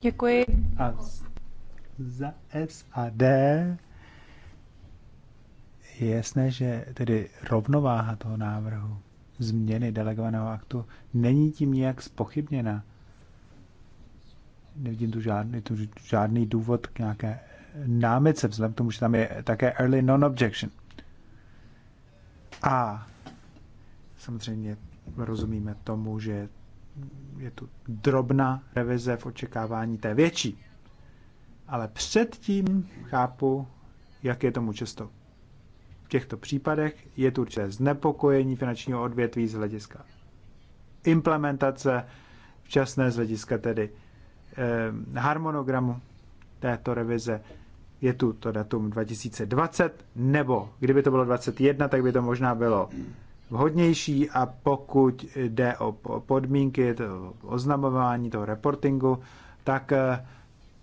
Děkuji. A za SAD je jasné, že tedy rovnováha toho návrhu změny delegovaného aktu není tím nijak spochybněna. Nevidím tu žádný, tu žádný důvod k nějaké námice, vzhledem k tomu, že tam je také early non-objection. A samozřejmě rozumíme tomu, že je tu drobná revize v očekávání té větší. Ale předtím chápu, jak je tomu často těchto případech je tu určité znepokojení finančního odvětví z hlediska implementace, včasné z hlediska tedy eh, harmonogramu této revize. Je tu to datum 2020, nebo kdyby to bylo 2021, tak by to možná bylo vhodnější a pokud jde o podmínky to oznamování toho reportingu, tak eh,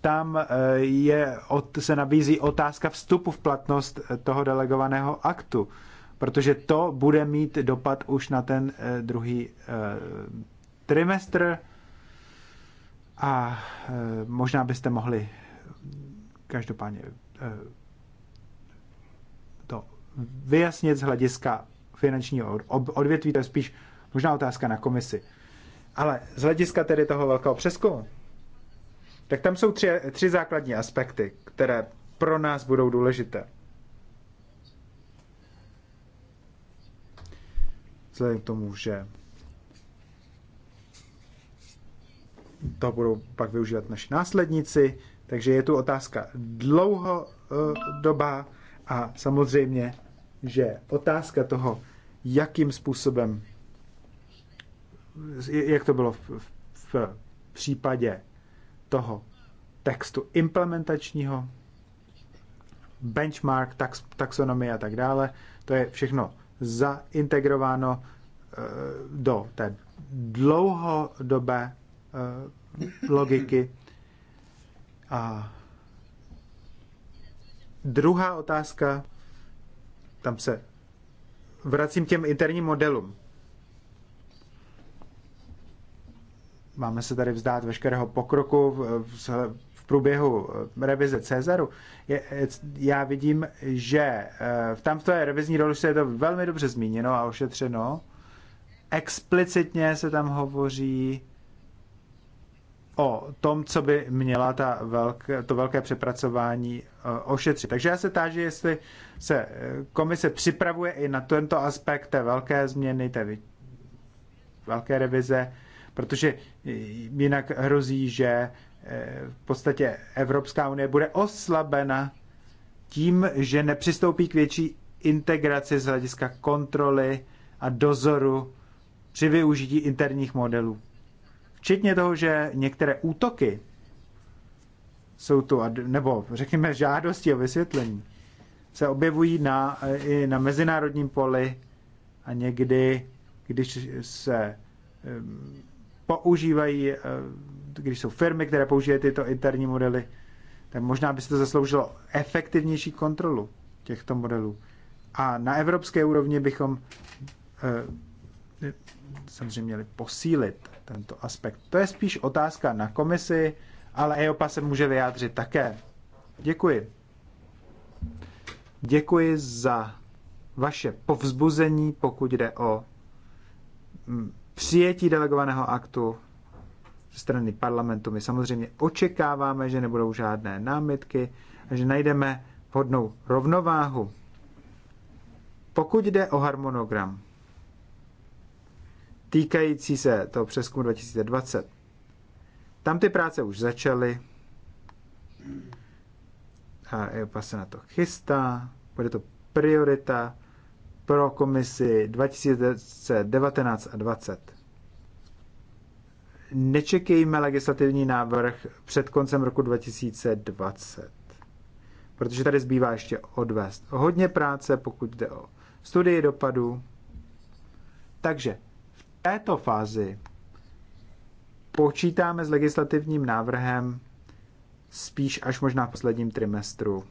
tam eh, je, se nabízí otázka vstupu v platnost eh, toho delegovaného aktu, protože to bude mít dopad už na ten eh, druhý trimestr a možná byste mohli každopádně to vyjasnit z hlediska finančního odvětví, to je spíš možná otázka na komisi. Ale z hlediska tedy toho velkého přeskumu, tak tam jsou tři, tři základní aspekty, které pro nás budou důležité. Vzhledem k tomu, že to budou pak využívat naši následníci, takže je tu otázka doba a samozřejmě, že otázka toho, jakým způsobem, jak to bylo v, v, v případě toho textu implementačního, benchmark, tax, taxonomie a tak dále. To je všechno zaintegrováno eh, do té dlouhodobé eh, logiky. A druhá otázka, tam se vracím k těm interním modelům. máme se tady vzdát veškerého pokroku v, v, v průběhu eh, revize Cezaru. Je, eh, já vidím, že eh, v tamto je revizní doložce je to velmi dobře zmíněno a ošetřeno. Explicitně se tam hovoří o tom, co by měla ta velké, to velké přepracování ošetřit. Takže já se táži, jestli se komise připravuje i na tento aspekt té velké změny, té velké revize, protože e, jinak hrozí, že e, v podstatě Evropská unie bude oslabena tím, že nepřistoupí k větší integraci z hlediska kontroly a dozoru při využití interních modelů. Včetně toho, že některé útoky jsou tu, nebo řekněme žádosti o vysvětlení, se objevují na, i na mezinárodním poli a někdy, když se používají, eh, když jsou firmy, které používají tyto interní modely, tak možná by se to zasloužilo efektivnější kontrolu těchto modelů. A na evropské úrovni bychom eh, samozřejmě měli posílit tento aspekt. To je spíš otázka na komisi, ale EOPA se může vyjádřit také. Děkuji. Děkuji za vaše povzbuzení, pokud jde o mm, přijetí delegovaného aktu ze strany parlamentu. My samozřejmě očekáváme, že nebudou žádné námitky a že najdeme vhodnou rovnováhu. Pokud jde o harmonogram týkající se toho přeskumu 2020, tam ty práce už začaly a EOPA se na to chystá, bude to priorita pro komisi 2019 a 20. Nečekejme legislativní návrh před koncem roku 2020, protože tady zbývá ještě odvést hodně práce, pokud jde o studii dopadu. Takže v této fázi počítáme s legislativním návrhem spíš až možná v posledním trimestru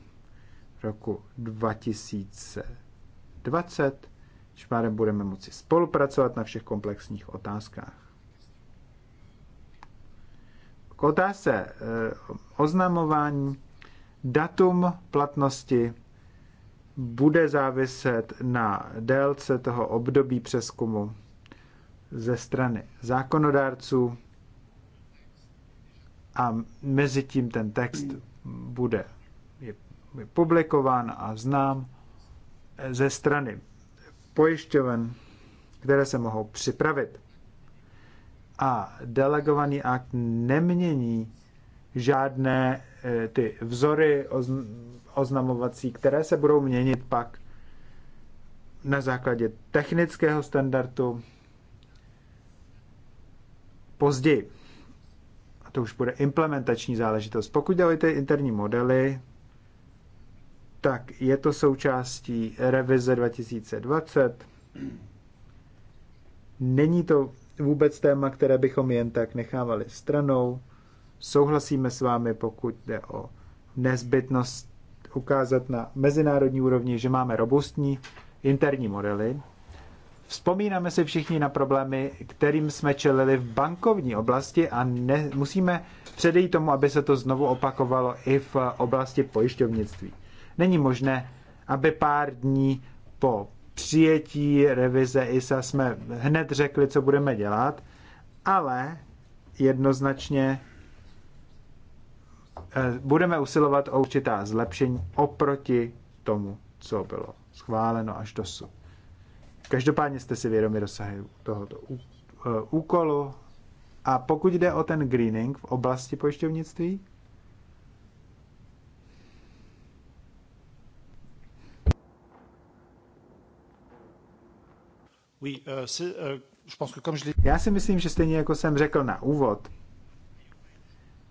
roku 2020. 20. Tím pádem budeme moci spolupracovat na všech komplexních otázkách. K otázce eh, oznamování datum platnosti bude záviset na délce toho období přeskumu ze strany zákonodárců a mezi tím ten text bude je publikován a znám ze strany pojišťoven, které se mohou připravit. A delegovaný akt nemění žádné eh, ty vzory oznamovací, které se budou měnit pak na základě technického standardu později. A to už bude implementační záležitost. Pokud jde interní modely, tak je to součástí revize 2020. Není to vůbec téma, které bychom jen tak nechávali stranou. Souhlasíme s vámi, pokud jde o nezbytnost ukázat na mezinárodní úrovni, že máme robustní interní modely. Vzpomínáme si všichni na problémy, kterým jsme čelili v bankovní oblasti a ne, musíme předejít tomu, aby se to znovu opakovalo i v oblasti pojišťovnictví. Není možné, aby pár dní po přijetí revize ISA jsme hned řekli, co budeme dělat, ale jednoznačně eh, budeme usilovat o určitá zlepšení oproti tomu, co bylo schváleno až dosud. Každopádně jste si vědomi dosahy tohoto eh, úkolu. A pokud jde o ten greening v oblasti pojišťovnictví, Euh, euh, já si myslím, že stejně jako jsem řekl na úvod,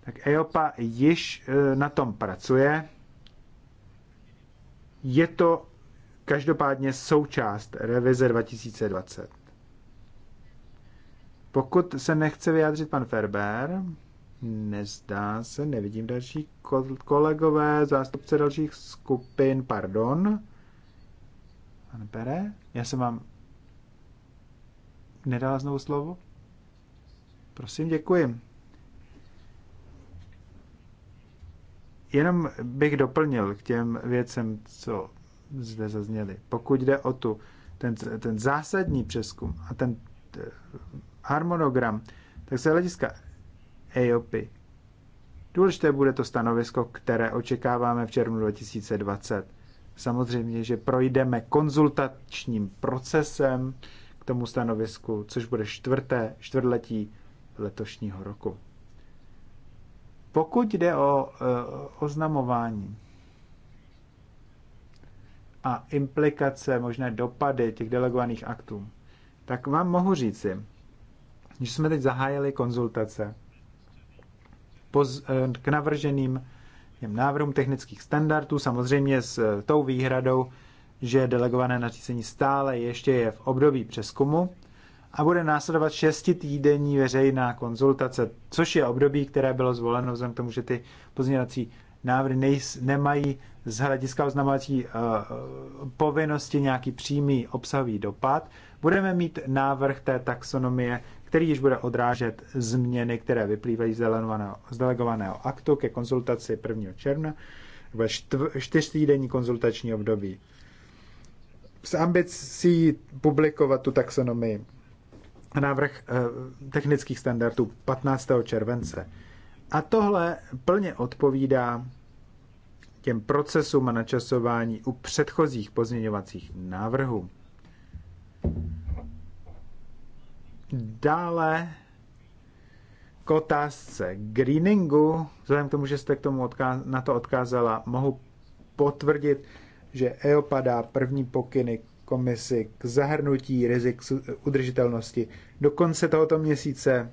tak EOPA již eh, na tom pracuje. Je to každopádně součást revize 2020. Pokud se nechce vyjádřit pan Ferber, nezdá se, nevidím další kolegové, zástupce dalších skupin, pardon. Pane Pere, já jsem vám nedáznou znovu slovo? Prosím, děkuji. Jenom bych doplnil k těm věcem, co zde zazněly. Pokud jde o tu, ten, ten zásadní přeskum a ten eh, harmonogram, tak se hlediska EOP. Důležité bude to stanovisko, které očekáváme v červnu 2020. Samozřejmě, že projdeme konzultačním procesem tomu stanovisku, což bude čtvrté čtvrtletí letošního roku. Pokud jde o e, oznamování a implikace, možné dopady těch delegovaných aktů, tak vám mohu říci, že jsme teď zahájili konzultace e, k navrženým návrhům technických standardů, samozřejmě s e, tou výhradou, že delegované nařízení stále ještě je v období přeskumu a bude následovat šestitýdenní veřejná konzultace, což je období, které bylo zvoleno vzhledem k tomu, že ty pozměňovací návrhy nejs, nemají z hlediska oznamovací uh, povinnosti nějaký přímý obsahový dopad. Budeme mít návrh té taxonomie, který již bude odrážet změny, které vyplývají z delegovaného, z delegovaného aktu ke konzultaci 1. června, čtyřtýdenní konzultační období s ambicí publikovat tu taxonomii. Návrh eh, technických standardů 15. července. A tohle plně odpovídá těm procesům a načasování u předchozích pozměňovacích návrhů. Dále k otázce greeningu, vzhledem k tomu, že jste k tomu odkáz- na to odkázala, mohu potvrdit, že EOPA dá první pokyny komisi k zahrnutí rizik udržitelnosti. Do konce tohoto měsíce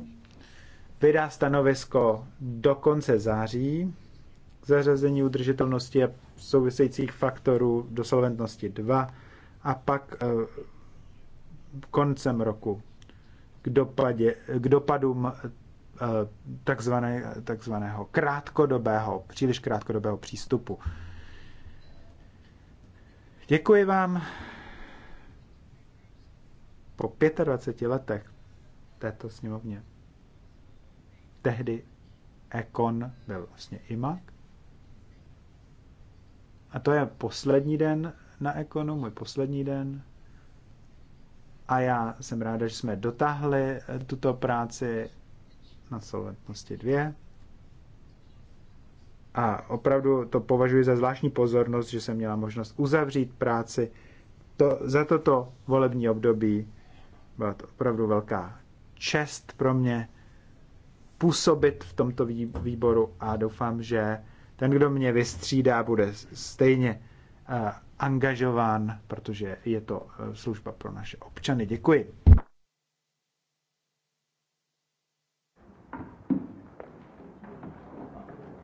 vydá stanovisko do konce září k zařazení udržitelnosti a souvisejících faktorů do solventnosti 2 a pak e, koncem roku k, dopadě, k dopadům e, takzvané, takzvaného krátkodobého, příliš krátkodobého přístupu. Děkuji vám. Po 25 letech této sněmovně tehdy Ekon byl vlastně IMAK. A to je poslední den na Ekonu, můj poslední den. A já jsem ráda, že jsme dotáhli tuto práci na solventnosti 2. A opravdu to považuji za zvláštní pozornost, že jsem měla možnost uzavřít práci to, za toto volební období. Byla to opravdu velká čest pro mě působit v tomto výboru a doufám, že ten, kdo mě vystřídá, bude stejně eh, angažován, protože je to eh, služba pro naše občany. Děkuji.